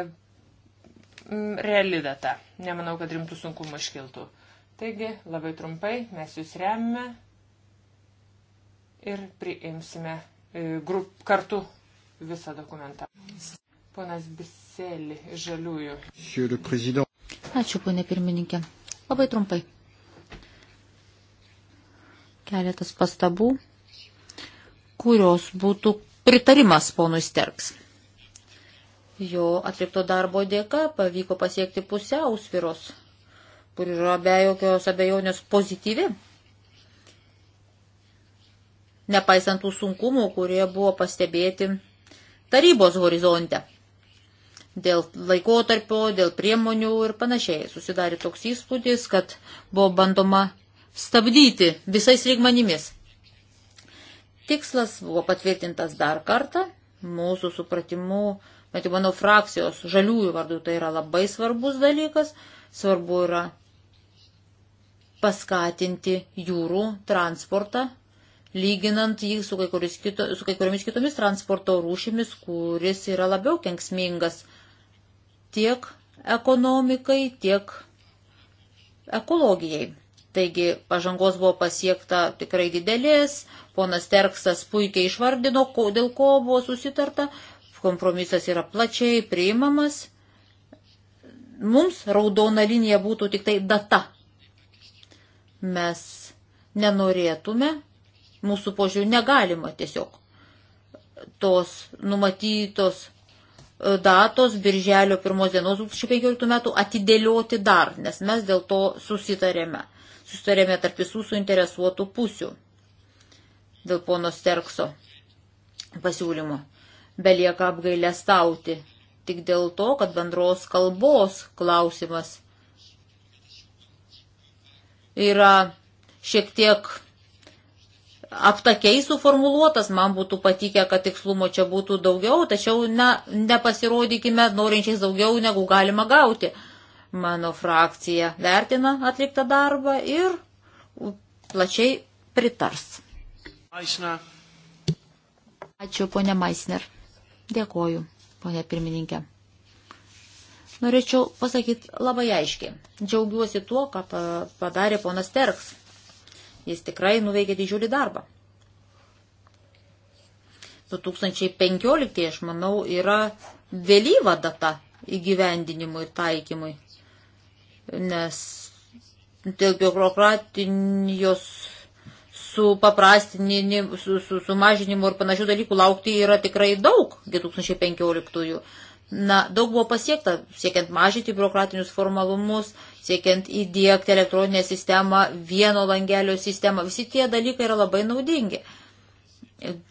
reali data. Nemanau, kad rimtų sunkumų iškiltų. Taigi, labai trumpai, mes jūs remime ir priimsime e, grup, kartu visą dokumentą. Ponas Biselį iš Žaliųjų. Ačiū, ponė pirmininkė. Labai trumpai. Keletas pastabų, kurios būtų pritarimas ponui Sterks. Jo atlikto darbo dėka pavyko pasiekti pusiausviros, kur yra be jokios abejonės pozityvi nepaisant tų sunkumų, kurie buvo pastebėti tarybos horizonte dėl laikotarpio, dėl priemonių ir panašiai. Susidarė toks įspūdis, kad buvo bandoma stabdyti visais lygmenimis. Tikslas buvo patvirtintas dar kartą, mūsų supratimu, bet jau manau, frakcijos žaliųjų vardų tai yra labai svarbus dalykas, svarbu yra paskatinti jūrų transportą, lyginant jį su, kito, su kai kuriomis kitomis transporto rūšimis, kuris yra labiau kenksmingas tiek ekonomikai, tiek ekologijai. Taigi pažangos buvo pasiekta tikrai didelės, ponas Terksas puikiai išvardino, dėl ko buvo susitarta, kompromisas yra plačiai priimamas. Mums raudona linija būtų tik tai data. Mes nenorėtume, mūsų požiūrį negalima tiesiog tos numatytos E, datos birželio pirmos dienos 2015 metų atidėlioti dar, nes mes dėl to susitarėme. Susitarėme tarp visų suinteresuotų pusių dėl pono Sterkso pasiūlymo. Belieka apgailę stauti tik dėl to, kad bendros kalbos klausimas yra šiek tiek aptakiai suformuluotas, man būtų patikę, kad tikslumo čia būtų daugiau, tačiau na, nepasirodykime norinčiais daugiau, negu galima gauti. Mano frakcija vertina atliktą darbą ir plačiai pritars. Maisner. Ačiū, ponė Maisner. Dėkoju, ponė pirmininkė. Norėčiau pasakyti labai aiškiai. Džiaugiuosi tuo, ką padarė ponas Terks Jis tikrai nuveikė didžiulį darbą. 2015, aš manau, yra vėlyva data įgyvendinimui ir taikymui, nes dėl biurokratinios su paprastinimu, su, su sumažinimu ir panašių dalykų laukti yra tikrai daug 2015. -ųjų. Na, daug buvo pasiekta, siekiant mažinti biurokratinius formalumus, siekiant įdėkti elektroninę sistemą, vieno langelio sistemą. Visi tie dalykai yra labai naudingi.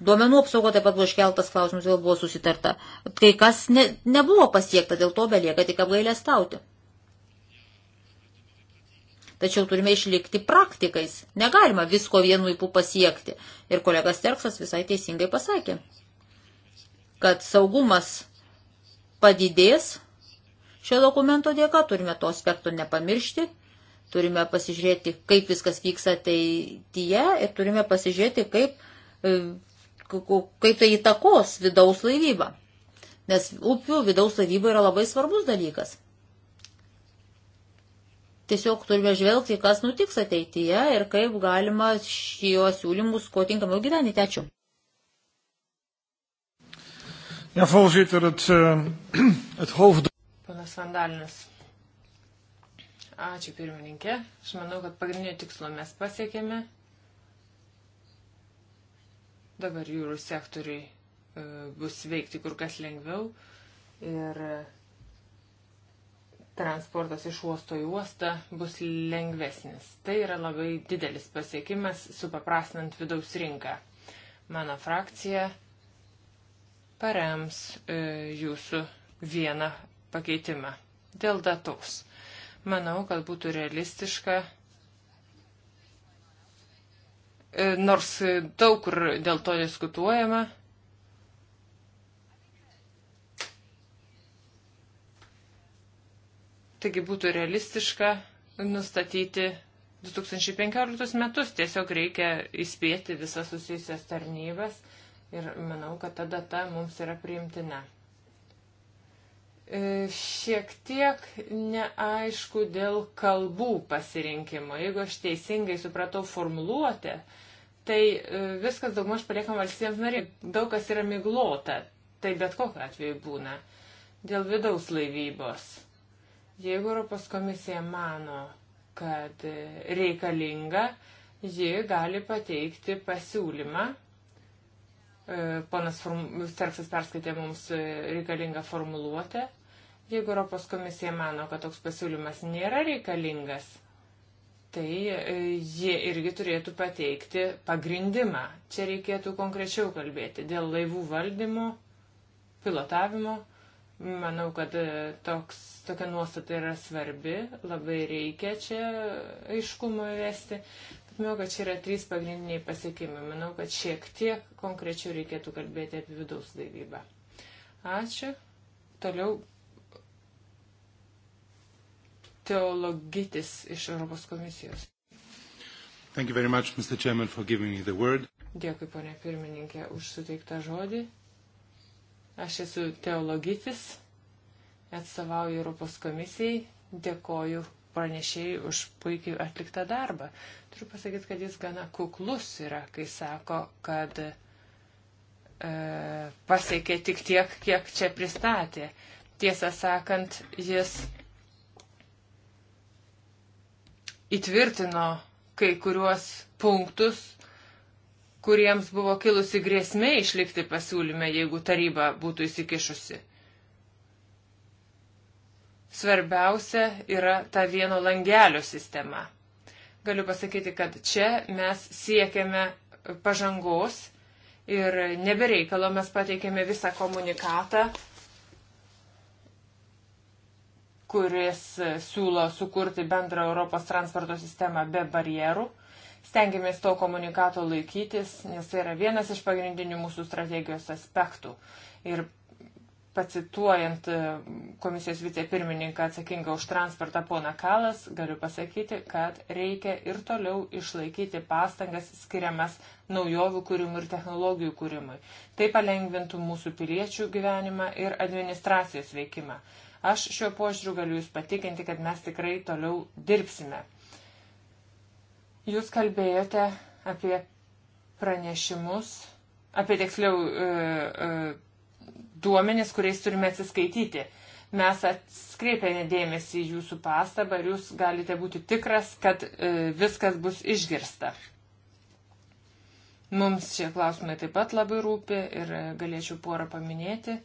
Duomenų apsaugo taip pat buvo iškeltas klausimas, vėl buvo susitarta. Kai kas ne, nebuvo pasiekta, dėl to belieka tik apgailę stauti. Tačiau turime išlikti praktikais. Negalima visko vienu įpū pasiekti. Ir kolegas Terksas visai teisingai pasakė, kad saugumas padidės šio dokumento dėka, turime to aspekto nepamiršti, turime pasižiūrėti, kaip viskas vyks ateityje ir turime pasižiūrėti, kaip, e, kaip tai įtakos vidaus laivybą. Nes upių vidaus laivyba yra labai svarbus dalykas. Tiesiog turime žvelgti, kas nutiks ateityje ir kaip galima šio siūlymus kuo tinkamiau gyventi. Ačiū. Ja, voorzitter, het, uh, het hoofd. Panas Vandalinas. Ačiū pirmininkė. Aš manau, kad pagrindinio tikslo mes pasiekėme. Dabar jūrų sektoriai e, bus veikti kur kas lengviau ir e, transportas iš uosto į uostą bus lengvesnis. Tai yra labai didelis pasiekimas, supaprastinant vidaus rinką. Mano frakcija parems e, jūsų vieną pakeitimą dėl datos. Manau, kad būtų realistiška e, nors daug kur dėl to diskutuojama. Taigi būtų realistiška nustatyti 2015 metus, tiesiog reikia įspėti visas susijusias tarnybas ir manau, kad ta data mums yra priimtina. E, šiek tiek neaišku dėl kalbų pasirinkimo. Jeigu aš teisingai supratau formuluotę, tai e, viskas daugmaž paliekam valstybėms nariai. Daug kas yra miglota, tai bet kokiu atveju būna. Dėl vidaus laivybos. Jeigu Europos komisija mano, kad e, reikalinga, ji gali pateikti pasiūlymą E, Panas Sterksas perskaitė mums e, reikalingą formuluotę. Jeigu Europos komisija mano, kad toks pasiūlymas nėra reikalingas, tai e, jie irgi turėtų pateikti pagrindimą. Čia reikėtų konkrečiau kalbėti dėl laivų valdymo, pilotavimo. Manau, kad toks, tokia nuostata yra svarbi, labai reikia čia aiškumo įvesti. Manau, kad čia yra trys pagrindiniai pasiekimai. Manau, kad šiek tiek konkrečiau reikėtų kalbėti apie vidaus laivybą. Ačiū. Toliau teologitis iš Europos komisijos. Thank you very much, Mr. Chairman, for giving me the word. Dėkui, ponė pirmininkė, už suteiktą žodį. Aš esu teologitis, atstovauju Europos komisijai, dėkoju pranešėjai už puikiai atliktą darbą. Turiu pasakyti, kad jis gana kuklus yra, kai sako, kad e, pasiekė tik tiek, kiek čia pristatė. Tiesą sakant, jis įtvirtino kai kuriuos punktus, kuriems buvo kilusi grėsmė išlikti pasiūlyme, jeigu taryba būtų įsikišusi. Svarbiausia yra ta vieno langelio sistema. Galiu pasakyti, kad čia mes siekiame pažangos ir nebereikalo mes pateikėme visą komunikatą, kuris siūlo sukurti bendrą Europos transporto sistemą be barjerų. Stengiamės to komunikato laikytis, nes tai yra vienas iš pagrindinių mūsų strategijos aspektų. Ir pacituojant e, komisijos vicepirmininką atsakingą už transportą poną Kalas, galiu pasakyti, kad reikia ir toliau išlaikyti pastangas skiriamas naujovių kūrimui ir technologijų kūrimui. Tai palengvintų mūsų piliečių gyvenimą ir administracijos veikimą. Aš šiuo požiūriu galiu Jūs patikinti, kad mes tikrai toliau dirbsime. Jūs kalbėjote apie pranešimus, apie tiksliau. E, e, duomenys, kuriais turime atsiskaityti. Mes atskreipėme dėmesį jūsų pastabą ir jūs galite būti tikras, kad e, viskas bus išgirsta. Mums šie klausimai taip pat labai rūpi ir e, galėčiau porą paminėti.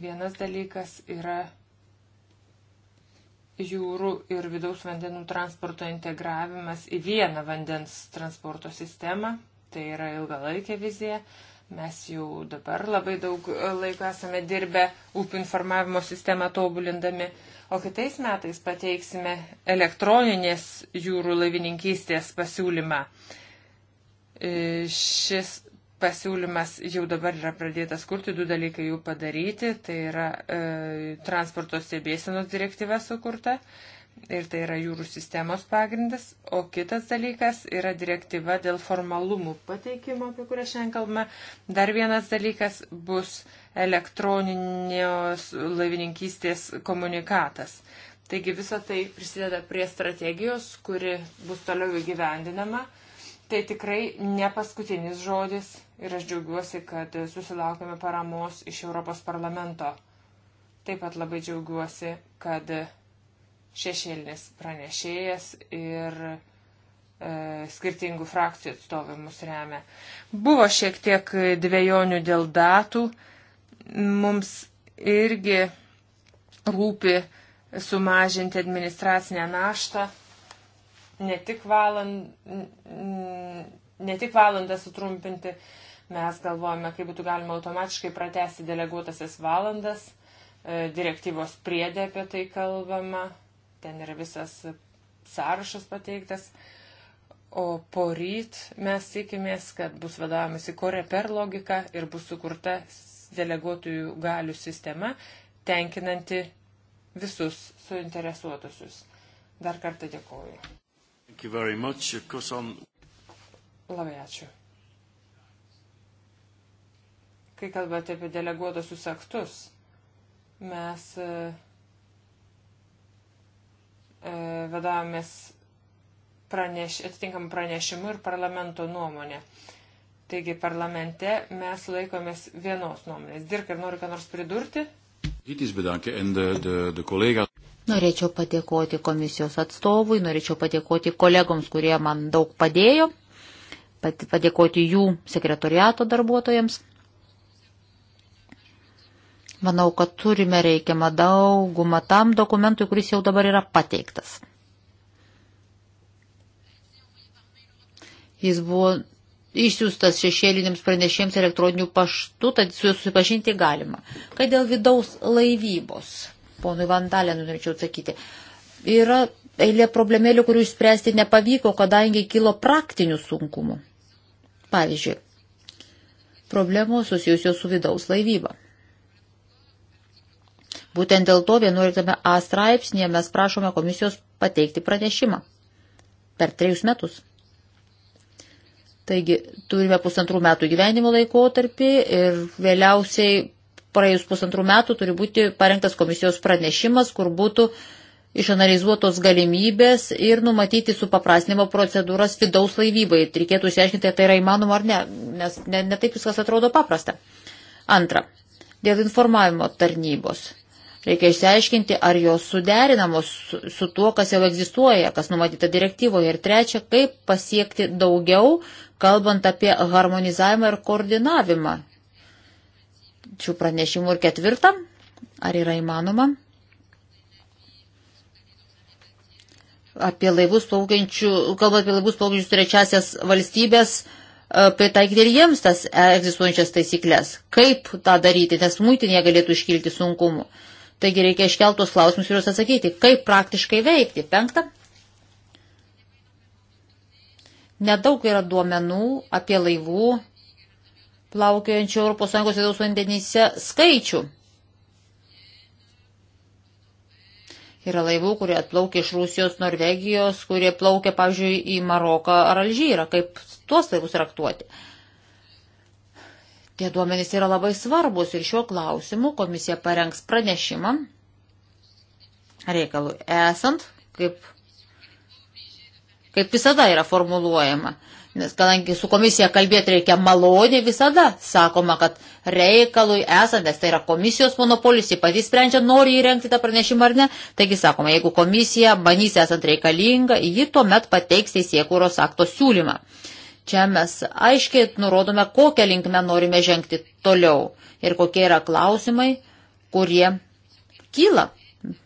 Vienas dalykas yra jūrų ir vidaus vandenų transporto integravimas į vieną vandens transporto sistemą. Tai yra ilgalaikė vizija. Mes jau dabar labai daug e, laiko esame dirbę upių informavimo sistemą tobulindami, o kitais metais pateiksime elektroninės jūrų laivininkystės pasiūlymą. E, šis pasiūlymas jau dabar yra pradėtas kurti, du dalykai jau padaryti, tai yra e, transporto stebėsenos direktyva sukurta ir tai yra jūrų sistemos pagrindas, o kitas dalykas yra direktyva dėl formalumų pateikimo, apie kurią šiandien kalbame. Dar vienas dalykas bus elektroninės laivininkystės komunikatas. Taigi visa tai prisideda prie strategijos, kuri bus toliau įgyvendinama. Tai tikrai ne paskutinis žodis ir aš džiaugiuosi, kad susilaukime paramos iš Europos parlamento. Taip pat labai džiaugiuosi, kad šešėlinis pranešėjas ir e, skirtingų frakcijų atstovai mus remia. Buvo šiek tiek dviejonių dėl datų. Mums irgi rūpi sumažinti administracinę naštą. Ne tik, valand, ne tik valandą sutrumpinti, mes galvojame, kaip būtų galima automatiškai pratesti deleguotasias valandas e, direktyvos priedė apie tai kalbama. Ten yra visas sąrašas pateiktas. O poryt mes tikimės, kad bus vadovamasi kore per logiką ir bus sukurta deleguotųjų galių sistema, tenkinanti visus suinteresuotusius. Dar kartą dėkoju. On... Labai ačiū. Kai kalbate apie deleguotosius aktus, mes uh, E, vadovomės praneš, atitinkamų pranešimų ir parlamento nuomonė. Taigi parlamente mes laikomės vienos nuomonės. Dirk, ar nori ką nors pridurti? Norėčiau padėkoti komisijos atstovui, norėčiau padėkoti kolegoms, kurie man daug padėjo, padėkoti jų sekretoriato darbuotojams. Manau, kad turime reikiamą daugumą tam dokumentui, kuris jau dabar yra pateiktas. Jis buvo išsiųstas šešėliniams pranešėjams elektroniniu paštu, tad su juo susipažinti galima. Kai dėl vidaus laivybos, ponui Vandalė, norėčiau atsakyti, yra eilė problemėlių, kurių išspręsti nepavyko, kadangi kilo praktinių sunkumų. Pavyzdžiui, problemos susijusios su vidaus laivyba. Būtent dėl to 11 A straipsnėje mes prašome komisijos pateikti pranešimą per trejus metus. Taigi turime pusantrų metų gyvenimo laikotarpį ir vėliausiai praėjus pusantrų metų turi būti parengtas komisijos pranešimas, kur būtų išanalizuotos galimybės ir numatyti supaprastinimo procedūras vidaus laivybai. Reikėtų išsiaiškinti, ar tai yra įmanoma ar ne, nes netaip ne, ne viskas atrodo paprasta. Antra, dėl informavimo tarnybos. Reikia išsiaiškinti, ar jos suderinamos su, su tuo, kas jau egzistuoja, kas numatyta direktyvoje. Ir trečia, kaip pasiekti daugiau, kalbant apie harmonizavimą ir koordinavimą šių pranešimų. Ir ketvirta, ar yra įmanoma apie laivus plaukiančių, kalbant apie laivus plaukiančius trečiasias valstybės, e, pritaikyti ir jiems tas e, egzistuojančias taisyklės. Kaip tą daryti, nes muitinėje galėtų iškilti sunkumų. Taigi reikia iškeltos klausimus ir jūs atsakyti, kaip praktiškai veikti. Penkta. Nedaug yra duomenų apie laivų plaukiojančių ES vidaus vandenyse skaičių. Yra laivų, kurie atplaukia iš Rusijos, Norvegijos, kurie plaukia, pavyzdžiui, į Maroką ar Alžyrą. Kaip tuos laivus raktuoti? Uh, Tie duomenys yra labai svarbus ir šiuo klausimu komisija parengs pranešimą reikalui esant, kaip, kaip visada yra formuluojama. Nes kadangi su komisija kalbėti reikia maloniai visada, sakoma, kad reikalui esant, nes tai yra komisijos monopolis, jį patys sprendžia, nori įrengti tą pranešimą ar ne. Taigi sakoma, jeigu komisija manys esant reikalinga, ji tuomet pateiks teisėkūros akto siūlymą. Uh, Čia mes aiškiai nurodome, kokią linkmę norime žengti toliau ir kokie yra klausimai, kurie kyla,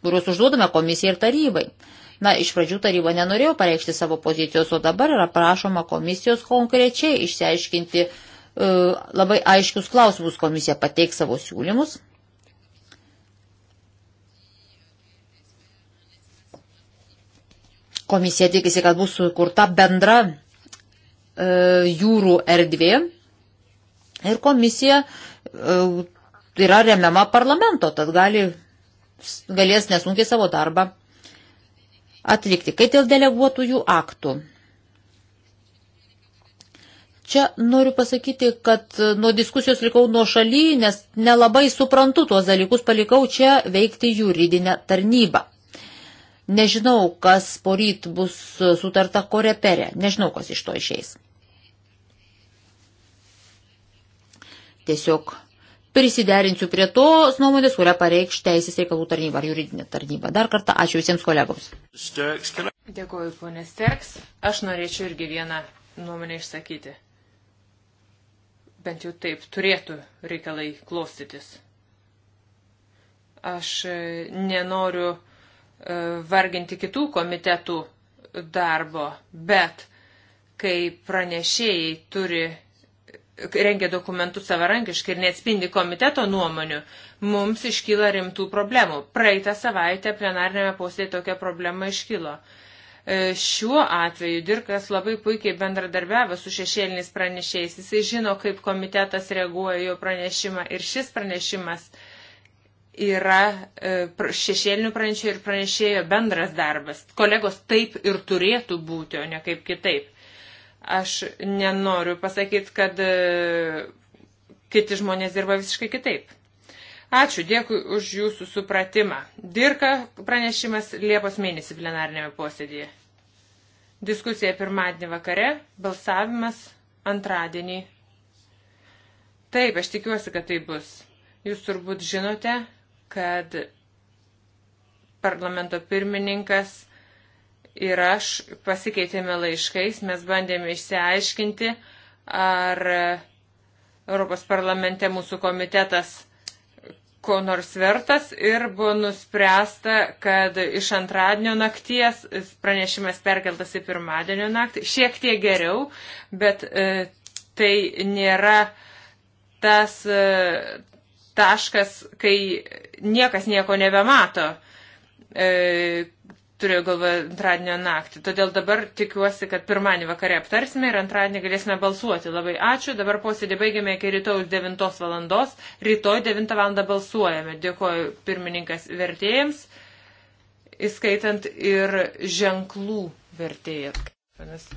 kuriuos užduodame komisijai ir tarybai. Na, iš pradžių taryba nenorėjo pareikšti savo pozicijos, o dabar yra prašoma komisijos konkrečiai išsiaiškinti e, labai aiškius klausimus. Komisija pateiks savo siūlymus. Komisija tikisi, kad bus sukurta bendra E, jūrų erdvė ir komisija e, yra remiama parlamento, tad gali, galės nesunkiai savo darbą atlikti. Kai dėl deleguotųjų aktų. Čia noriu pasakyti, kad e, nuo diskusijos likau nuo šaly, nes nelabai suprantu tuos dalykus, palikau čia veikti juridinę tarnybą. Nežinau, kas poryt bus sutarta korepere, nežinau, kas iš to išeis. tiesiog prisiderinsiu prie tos nuomonės, kurią pareikš Teisės reikalų tarnyba ar juridinė tarnyba. Dar kartą ačiū visiems kolegoms. Dėkuoju, ponė Sterks. Aš norėčiau irgi vieną nuomonę išsakyti. Bent jau taip turėtų reikalai klostytis. Aš e, nenoriu e, varginti kitų komitetų darbo, bet kai pranešėjai turi rengia dokumentus savarankiškai ir neatspindi komiteto nuomonių, mums iškyla rimtų problemų. Praeitą savaitę plenarnėme posėdėje tokia problema iškilo. E, šiuo atveju Dirkas labai puikiai bendradarbiavo su šešėliniais pranešėjais. Jisai žino, kaip komitetas reaguoja jo pranešimą ir šis pranešimas yra e, šešėlinių pranešėjų ir pranešėjo bendras darbas. Kolegos taip ir turėtų būti, o ne kaip kitaip. Aš nenoriu pasakyti, kad e, kiti žmonės dirba visiškai kitaip. Ačiū, dėkui už jūsų supratimą. Dirka pranešimas Liepos mėnesį plenarnėme posėdėje. Diskusija pirmadienį vakare, balsavimas antradienį. Taip, aš tikiuosi, kad tai bus. Jūs turbūt žinote, kad parlamento pirmininkas ir aš pasikeitėme laiškais, mes bandėme išsiaiškinti, ar e, Europos parlamente mūsų komitetas ko nors vertas ir buvo nuspręsta, kad iš antradienio nakties pranešimas perkeltas į pirmadienio naktį. Šiek tiek geriau, bet e, tai nėra tas e, taškas, kai niekas nieko nebemato. E, turėjau galvoje antradienio naktį. Todėl dabar tikiuosi, kad pirmąjį vakarę aptarsime ir antradienį galėsime balsuoti. Labai ačiū. Dabar posėdį baigėme iki rytojus 9 valandos. Rytoj 9 valandą balsuojame. Dėkoju pirmininkas vertėjams, įskaitant ir ženklų vertėjas.